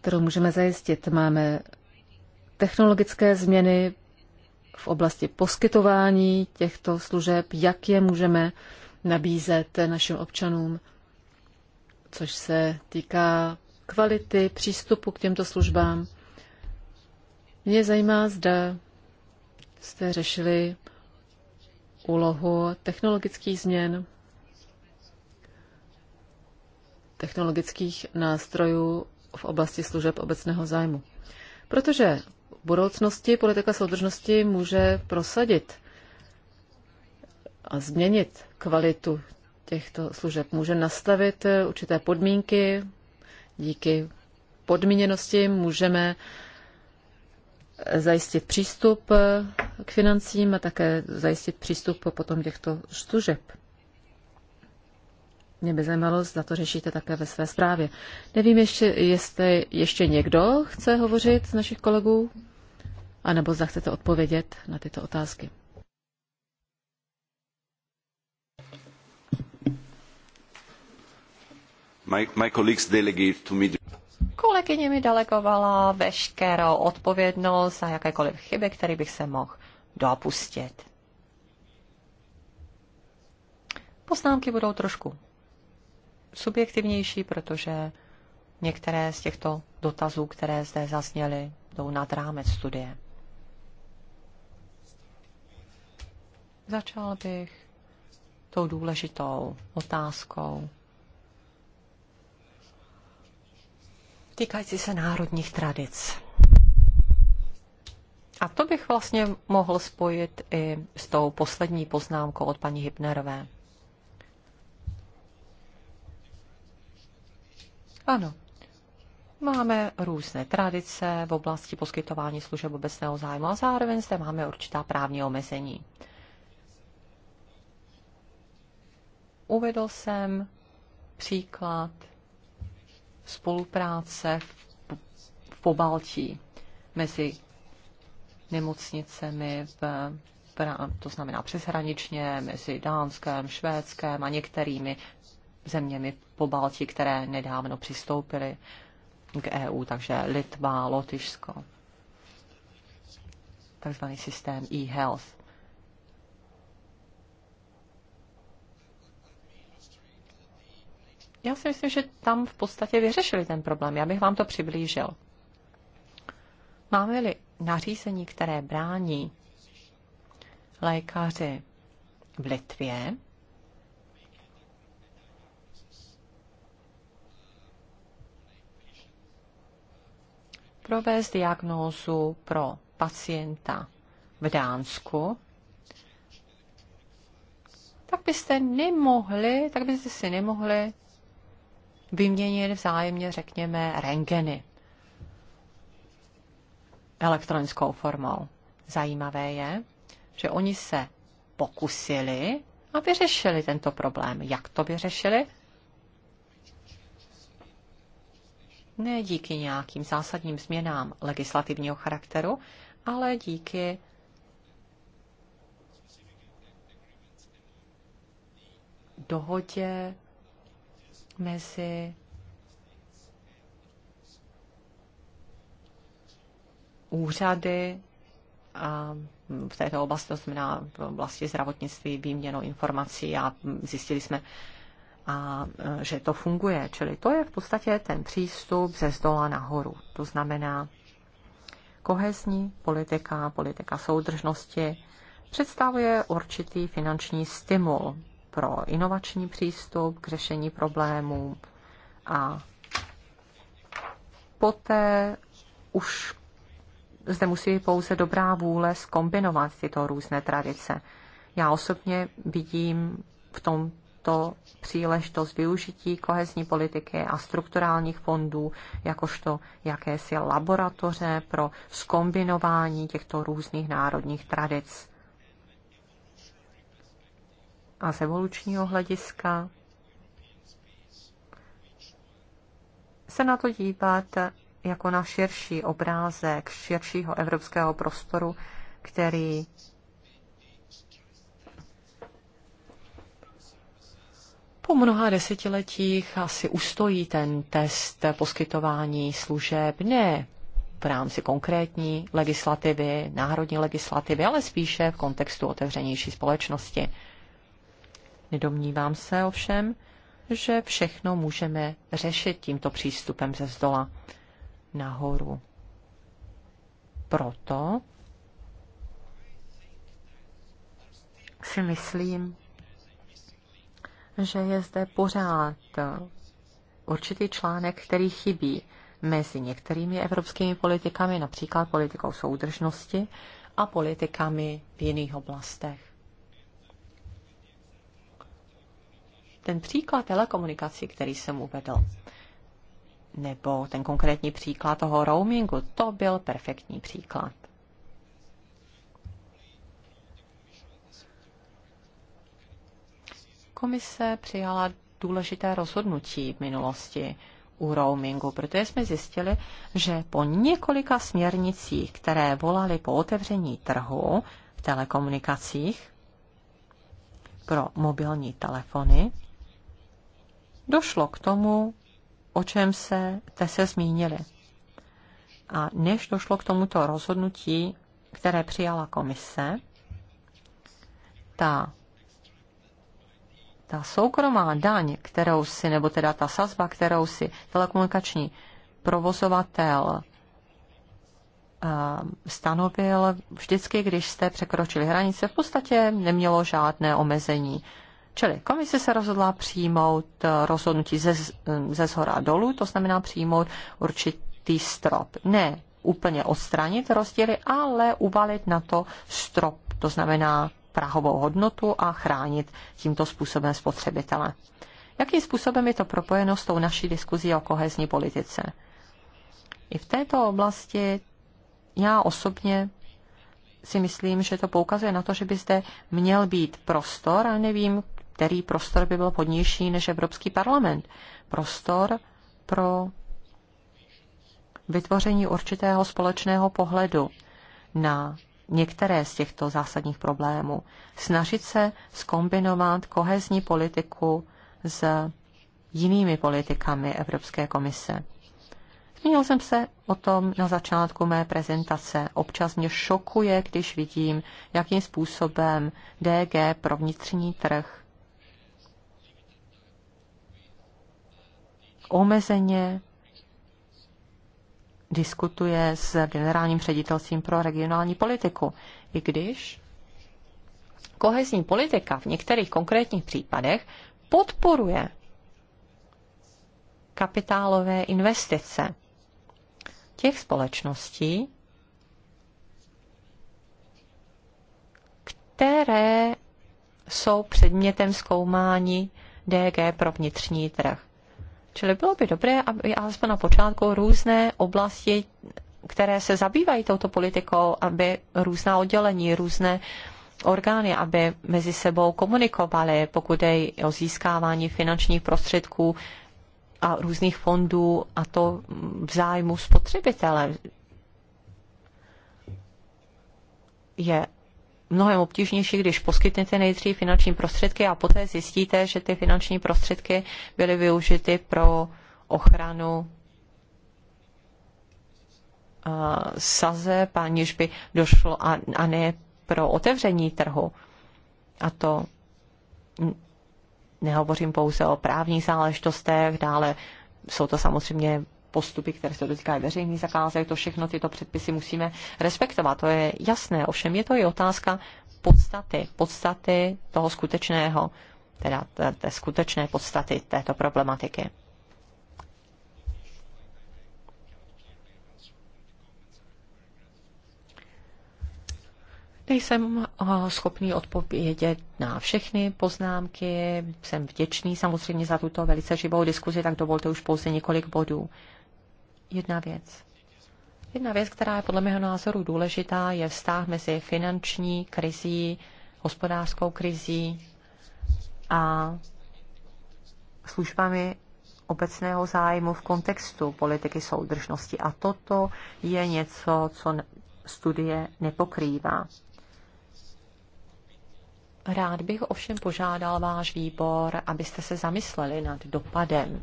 kterou můžeme zajistit. Máme technologické změny v oblasti poskytování těchto služeb, jak je můžeme nabízet našim občanům, což se týká kvality přístupu k těmto službám. Mě zajímá, zda jste řešili úlohu technologických změn, technologických nástrojů v oblasti služeb obecného zájmu. Protože v budoucnosti politika soudržnosti může prosadit a změnit kvalitu těchto služeb. Může nastavit určité podmínky, díky podmíněnosti můžeme zajistit přístup k financím a také zajistit přístup po potom těchto služeb. Mě by zajímalo, zda to řešíte také ve své zprávě. Nevím ještě, jestli ještě někdo chce hovořit z našich kolegů, anebo zda chcete odpovědět na tyto otázky.
My, my colleagues delegate to me
Kolegyně mi delegovala veškerou odpovědnost a jakékoliv chyby, který bych se mohl dopustit. Poznámky budou trošku subjektivnější, protože některé z těchto dotazů, které zde zazněly, jdou nad rámec studie. Začal bych tou důležitou otázkou týkající se národních tradic. A to bych vlastně mohl spojit i s tou poslední poznámkou od paní Hypnerové. Ano. Máme různé tradice v oblasti poskytování služeb obecného zájmu a zároveň zde máme určitá právní omezení. Uvedl jsem příklad spolupráce v Pobaltí mezi nemocnicemi, v, to znamená přeshraničně mezi Dánskem, Švédskem a některými zeměmi po Balti, které nedávno přistoupily k EU, takže Litva, Lotyšsko. Takzvaný systém e-health. Já si myslím, že tam v podstatě vyřešili ten problém. Já bych vám to přiblížil. Máme-li nařízení, které brání lékaři v Litvě, provést diagnózu pro pacienta v Dánsku, tak byste nemohli, tak byste si nemohli vyměnit vzájemně, řekněme, rengeny elektronickou formou. Zajímavé je, že oni se pokusili a vyřešili tento problém. Jak to vyřešili? Ne díky nějakým zásadním změnám legislativního charakteru, ale díky dohodě mezi úřady a v této oblasti, to znamená v oblasti zdravotnictví, výměnou informací a zjistili jsme, a že to funguje. Čili to je v podstatě ten přístup ze zdola nahoru. To znamená kohezní politika, politika soudržnosti představuje určitý finanční stimul pro inovační přístup k řešení problémů a poté už zde musí pouze dobrá vůle skombinovat tyto různé tradice. Já osobně vidím v tomto příležitost využití kohezní politiky a strukturálních fondů, jakožto jakési laboratoře pro skombinování těchto různých národních tradic. A z evolučního hlediska se na to dívat jako na širší obrázek širšího evropského prostoru, který po mnoha desetiletích asi ustojí ten test poskytování služeb ne v rámci konkrétní legislativy, národní legislativy, ale spíše v kontextu otevřenější společnosti. Nedomnívám se ovšem, že všechno můžeme řešit tímto přístupem ze zdola nahoru. Proto si myslím, že je zde pořád určitý článek, který chybí mezi některými evropskými politikami, například politikou soudržnosti a politikami v jiných oblastech. Ten příklad telekomunikací, který jsem uvedl, nebo ten konkrétní příklad toho roamingu, to byl perfektní příklad. Komise přijala důležité rozhodnutí v minulosti u roamingu, protože jsme zjistili, že po několika směrnicích, které volaly po otevření trhu v telekomunikacích pro mobilní telefony, došlo k tomu, o čem se, te se zmínili. A než došlo k tomuto rozhodnutí, které přijala komise, ta, ta soukromá daň, kterou si, nebo teda ta sazba, kterou si telekomunikační provozovatel ehm, stanovil vždycky, když jste překročili hranice, v podstatě nemělo žádné omezení. Čili komise se rozhodla přijmout eh, rozhodnutí ze, ze zhora dolů, to znamená přijmout určitý strop. Ne úplně odstranit rozdíly, ale uvalit na to strop, to znamená prahovou hodnotu a chránit tímto způsobem spotřebitele. Jakým způsobem je to propojeno s tou naší diskuzí o kohezní politice? I v této oblasti já osobně si myslím, že to poukazuje na to, že by zde měl být prostor, a nevím, který prostor by byl podnější než Evropský parlament. Prostor pro vytvoření určitého společného pohledu na některé z těchto zásadních problémů. Snažit se skombinovat kohezní politiku s jinými politikami Evropské komise. Zmínil jsem se o tom na začátku mé prezentace. Občas mě šokuje, když vidím, jakým způsobem DG pro vnitřní trh omezeně diskutuje s generálním ředitelstvím pro regionální politiku, i když kohezní politika v některých konkrétních případech podporuje kapitálové investice těch společností, které jsou předmětem zkoumání DG pro vnitřní trh. Čili bylo by dobré, aby alespoň na počátku různé oblasti, které se zabývají touto politikou, aby různá oddělení, různé orgány, aby mezi sebou komunikovaly, pokud je o získávání finančních prostředků a různých fondů a to v zájmu spotřebitele. Je mnohem obtížnější, když poskytnete nejdřív finanční prostředky a poté zjistíte, že ty finanční prostředky byly využity pro ochranu saze, aniž by došlo a, a ne pro otevření trhu. A to nehovořím pouze o právních záležitostech, dále jsou to samozřejmě postupy, které se dotýkají veřejných zakázek, to všechno tyto předpisy musíme respektovat. To je jasné, ovšem je to i otázka podstaty, podstaty toho skutečného, teda té skutečné podstaty této problematiky. Nejsem eh, schopný odpovědět na všechny poznámky. Jsem vděčný samozřejmě za tuto velice živou diskuzi, tak dovolte už pouze několik bodů jedna věc. Jedna věc, která je podle mého názoru důležitá, je vztah mezi finanční krizí, hospodářskou krizí a službami obecného zájmu v kontextu politiky soudržnosti. A toto je něco, co studie nepokrývá. Rád bych ovšem požádal váš výbor, abyste se zamysleli nad dopadem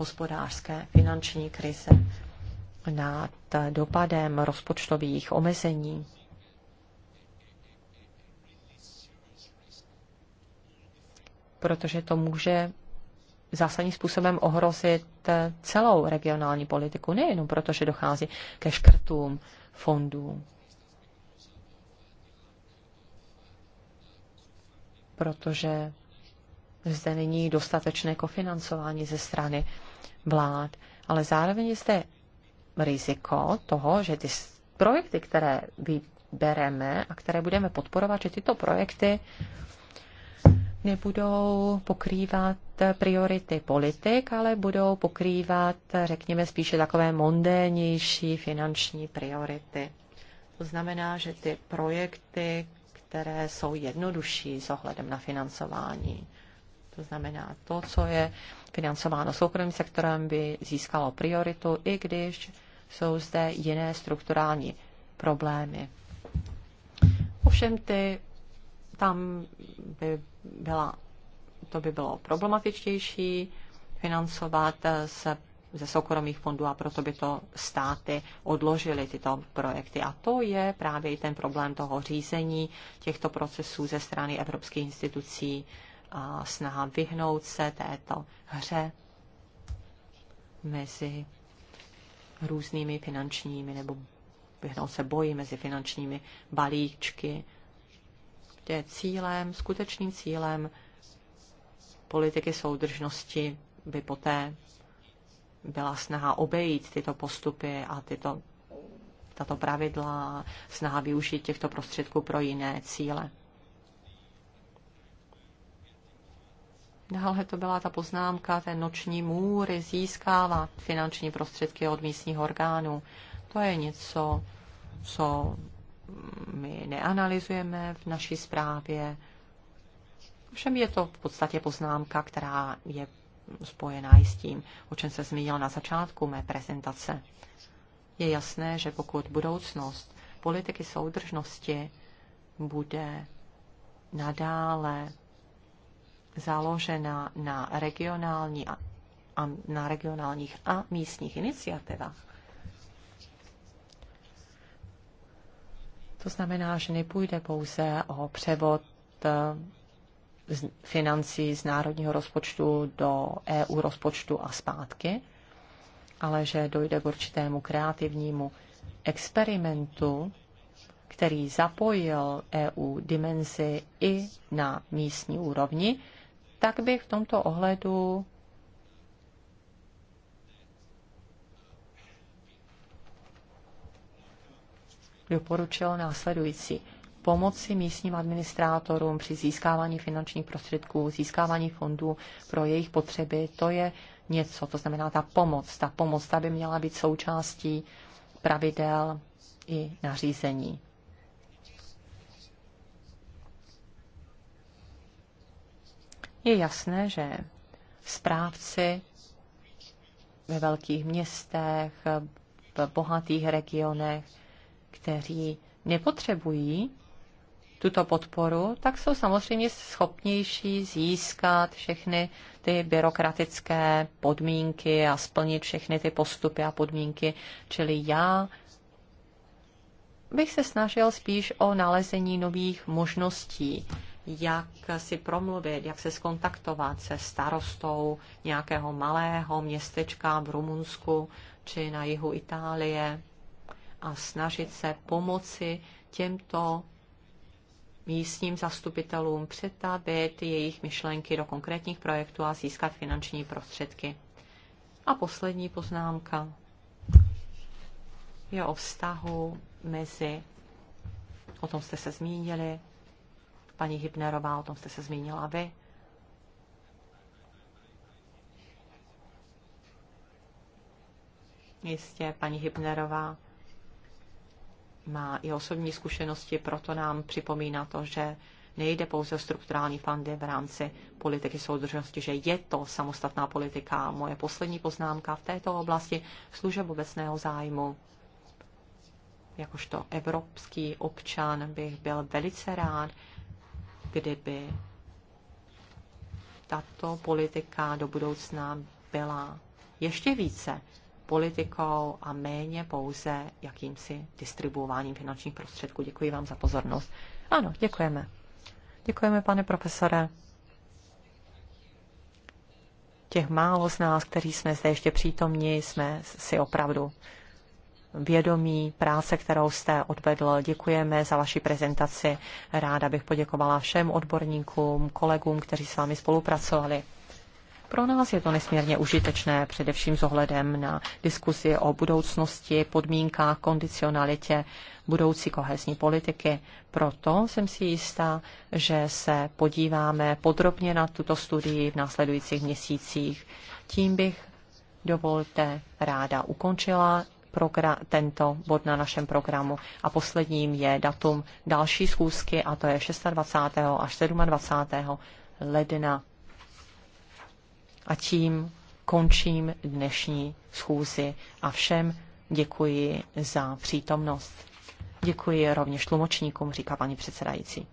hospodářské finanční krize, nad dopadem rozpočtových omezení. Protože to může zásadním způsobem ohrozit celou regionální politiku, nejenom proto, že dochází ke škrtům fondů. Protože zde není dostatečné kofinancování ze strany vlád, ale zároveň je zde riziko toho, že ty projekty, které vybereme a které budeme podporovat, že tyto projekty nebudou pokrývat priority politik, ale budou pokrývat, řekněme, spíše takové mondénější finanční priority. To znamená, že ty projekty, které jsou jednodušší s ohledem na financování, to znamená to, co je uh, financováno soukromým sektorem, by získalo prioritu, i když jsou zde jiné strukturální problémy. Ovšem ty, tam by byla, to by bylo problematičtější financovat se ze soukromých fondů a proto by to státy odložily tyto projekty. A to je právě i ten problém toho řízení těchto procesů ze strany evropských institucí, a snaha vyhnout se této hře mezi různými finančními nebo vyhnout se boji mezi finančními balíčky. Je cílem, skutečným cílem politiky soudržnosti by poté byla snaha obejít tyto postupy a tyto, tato pravidla, snaha využít těchto prostředků pro jiné cíle. Dále to byla ta poznámka, ten noční můr získává finanční prostředky od místních orgánů. To je něco, co my neanalyzujeme v naší zprávě. Všem je to v podstatě poznámka, která je spojená i s tím, o čem se zmínil na začátku mé prezentace. Je jasné, že pokud budoucnost politiky soudržnosti bude nadále založená na, regionální a, a, na regionálních a místních iniciativách. To znamená, že nepůjde pouze o převod eh, financí z národního rozpočtu do EU rozpočtu a zpátky, ale že dojde k určitému kreativnímu experimentu, který zapojil EU dimenzi i na místní úrovni tak bych v tomto ohledu doporučil následující. Pomoci místním administrátorům při získávání finančních prostředků, získávání fondů pro jejich potřeby, to je něco, to znamená ta pomoc. Ta pomoc ta by měla být součástí pravidel i nařízení. Je jasné, že správci ve velkých městech, v bohatých regionech, kteří nepotřebují tuto podporu, tak jsou samozřejmě schopnější získat všechny ty byrokratické podmínky a splnit všechny ty postupy a podmínky. Čili já bych se snažil spíš o nalezení nových možností jak si promluvit, jak se skontaktovat se starostou nějakého malého městečka v Rumunsku či na jihu Itálie a snažit se pomoci těmto místním zastupitelům přetavit jejich myšlenky do konkrétních projektů a získat finanční prostředky. A poslední poznámka je o vztahu mezi, o tom jste se zmínili, paní Hybnerová, o tom jste se zmínila vy. Jistě, paní Hybnerová má i osobní zkušenosti, proto nám připomíná to, že nejde pouze o strukturální fondy v rámci politiky soudržnosti, že je to samostatná politika. Moje poslední poznámka v této oblasti služeb obecného zájmu. Jakožto evropský občan bych byl velice rád, kdyby tato politika do budoucna byla ještě více politikou a méně pouze jakýmsi distribuováním finančních prostředků. Děkuji vám za pozornost. Ano, děkujeme. Děkujeme, pane profesore. Těch málo z nás, kteří jsme zde ještě přítomní, jsme si opravdu vědomí práce, kterou jste odvedl. Děkujeme za vaši prezentaci. Ráda bych poděkovala všem odborníkům, kolegům, kteří s vámi spolupracovali. Pro nás je to nesmírně užitečné, především s ohledem na diskusi o budoucnosti, podmínkách, kondicionalitě budoucí kohezní politiky. Proto jsem si jistá, že se podíváme podrobně na tuto studii v následujících měsících. Tím bych, dovolte, ráda ukončila program, tento bod na našem programu. A posledním je datum další schůzky a to je 26. až 27. ledna. A tím končím dnešní schůzi a všem děkuji za přítomnost. Děkuji rovněž tlumočníkům, říká paní
předsedající.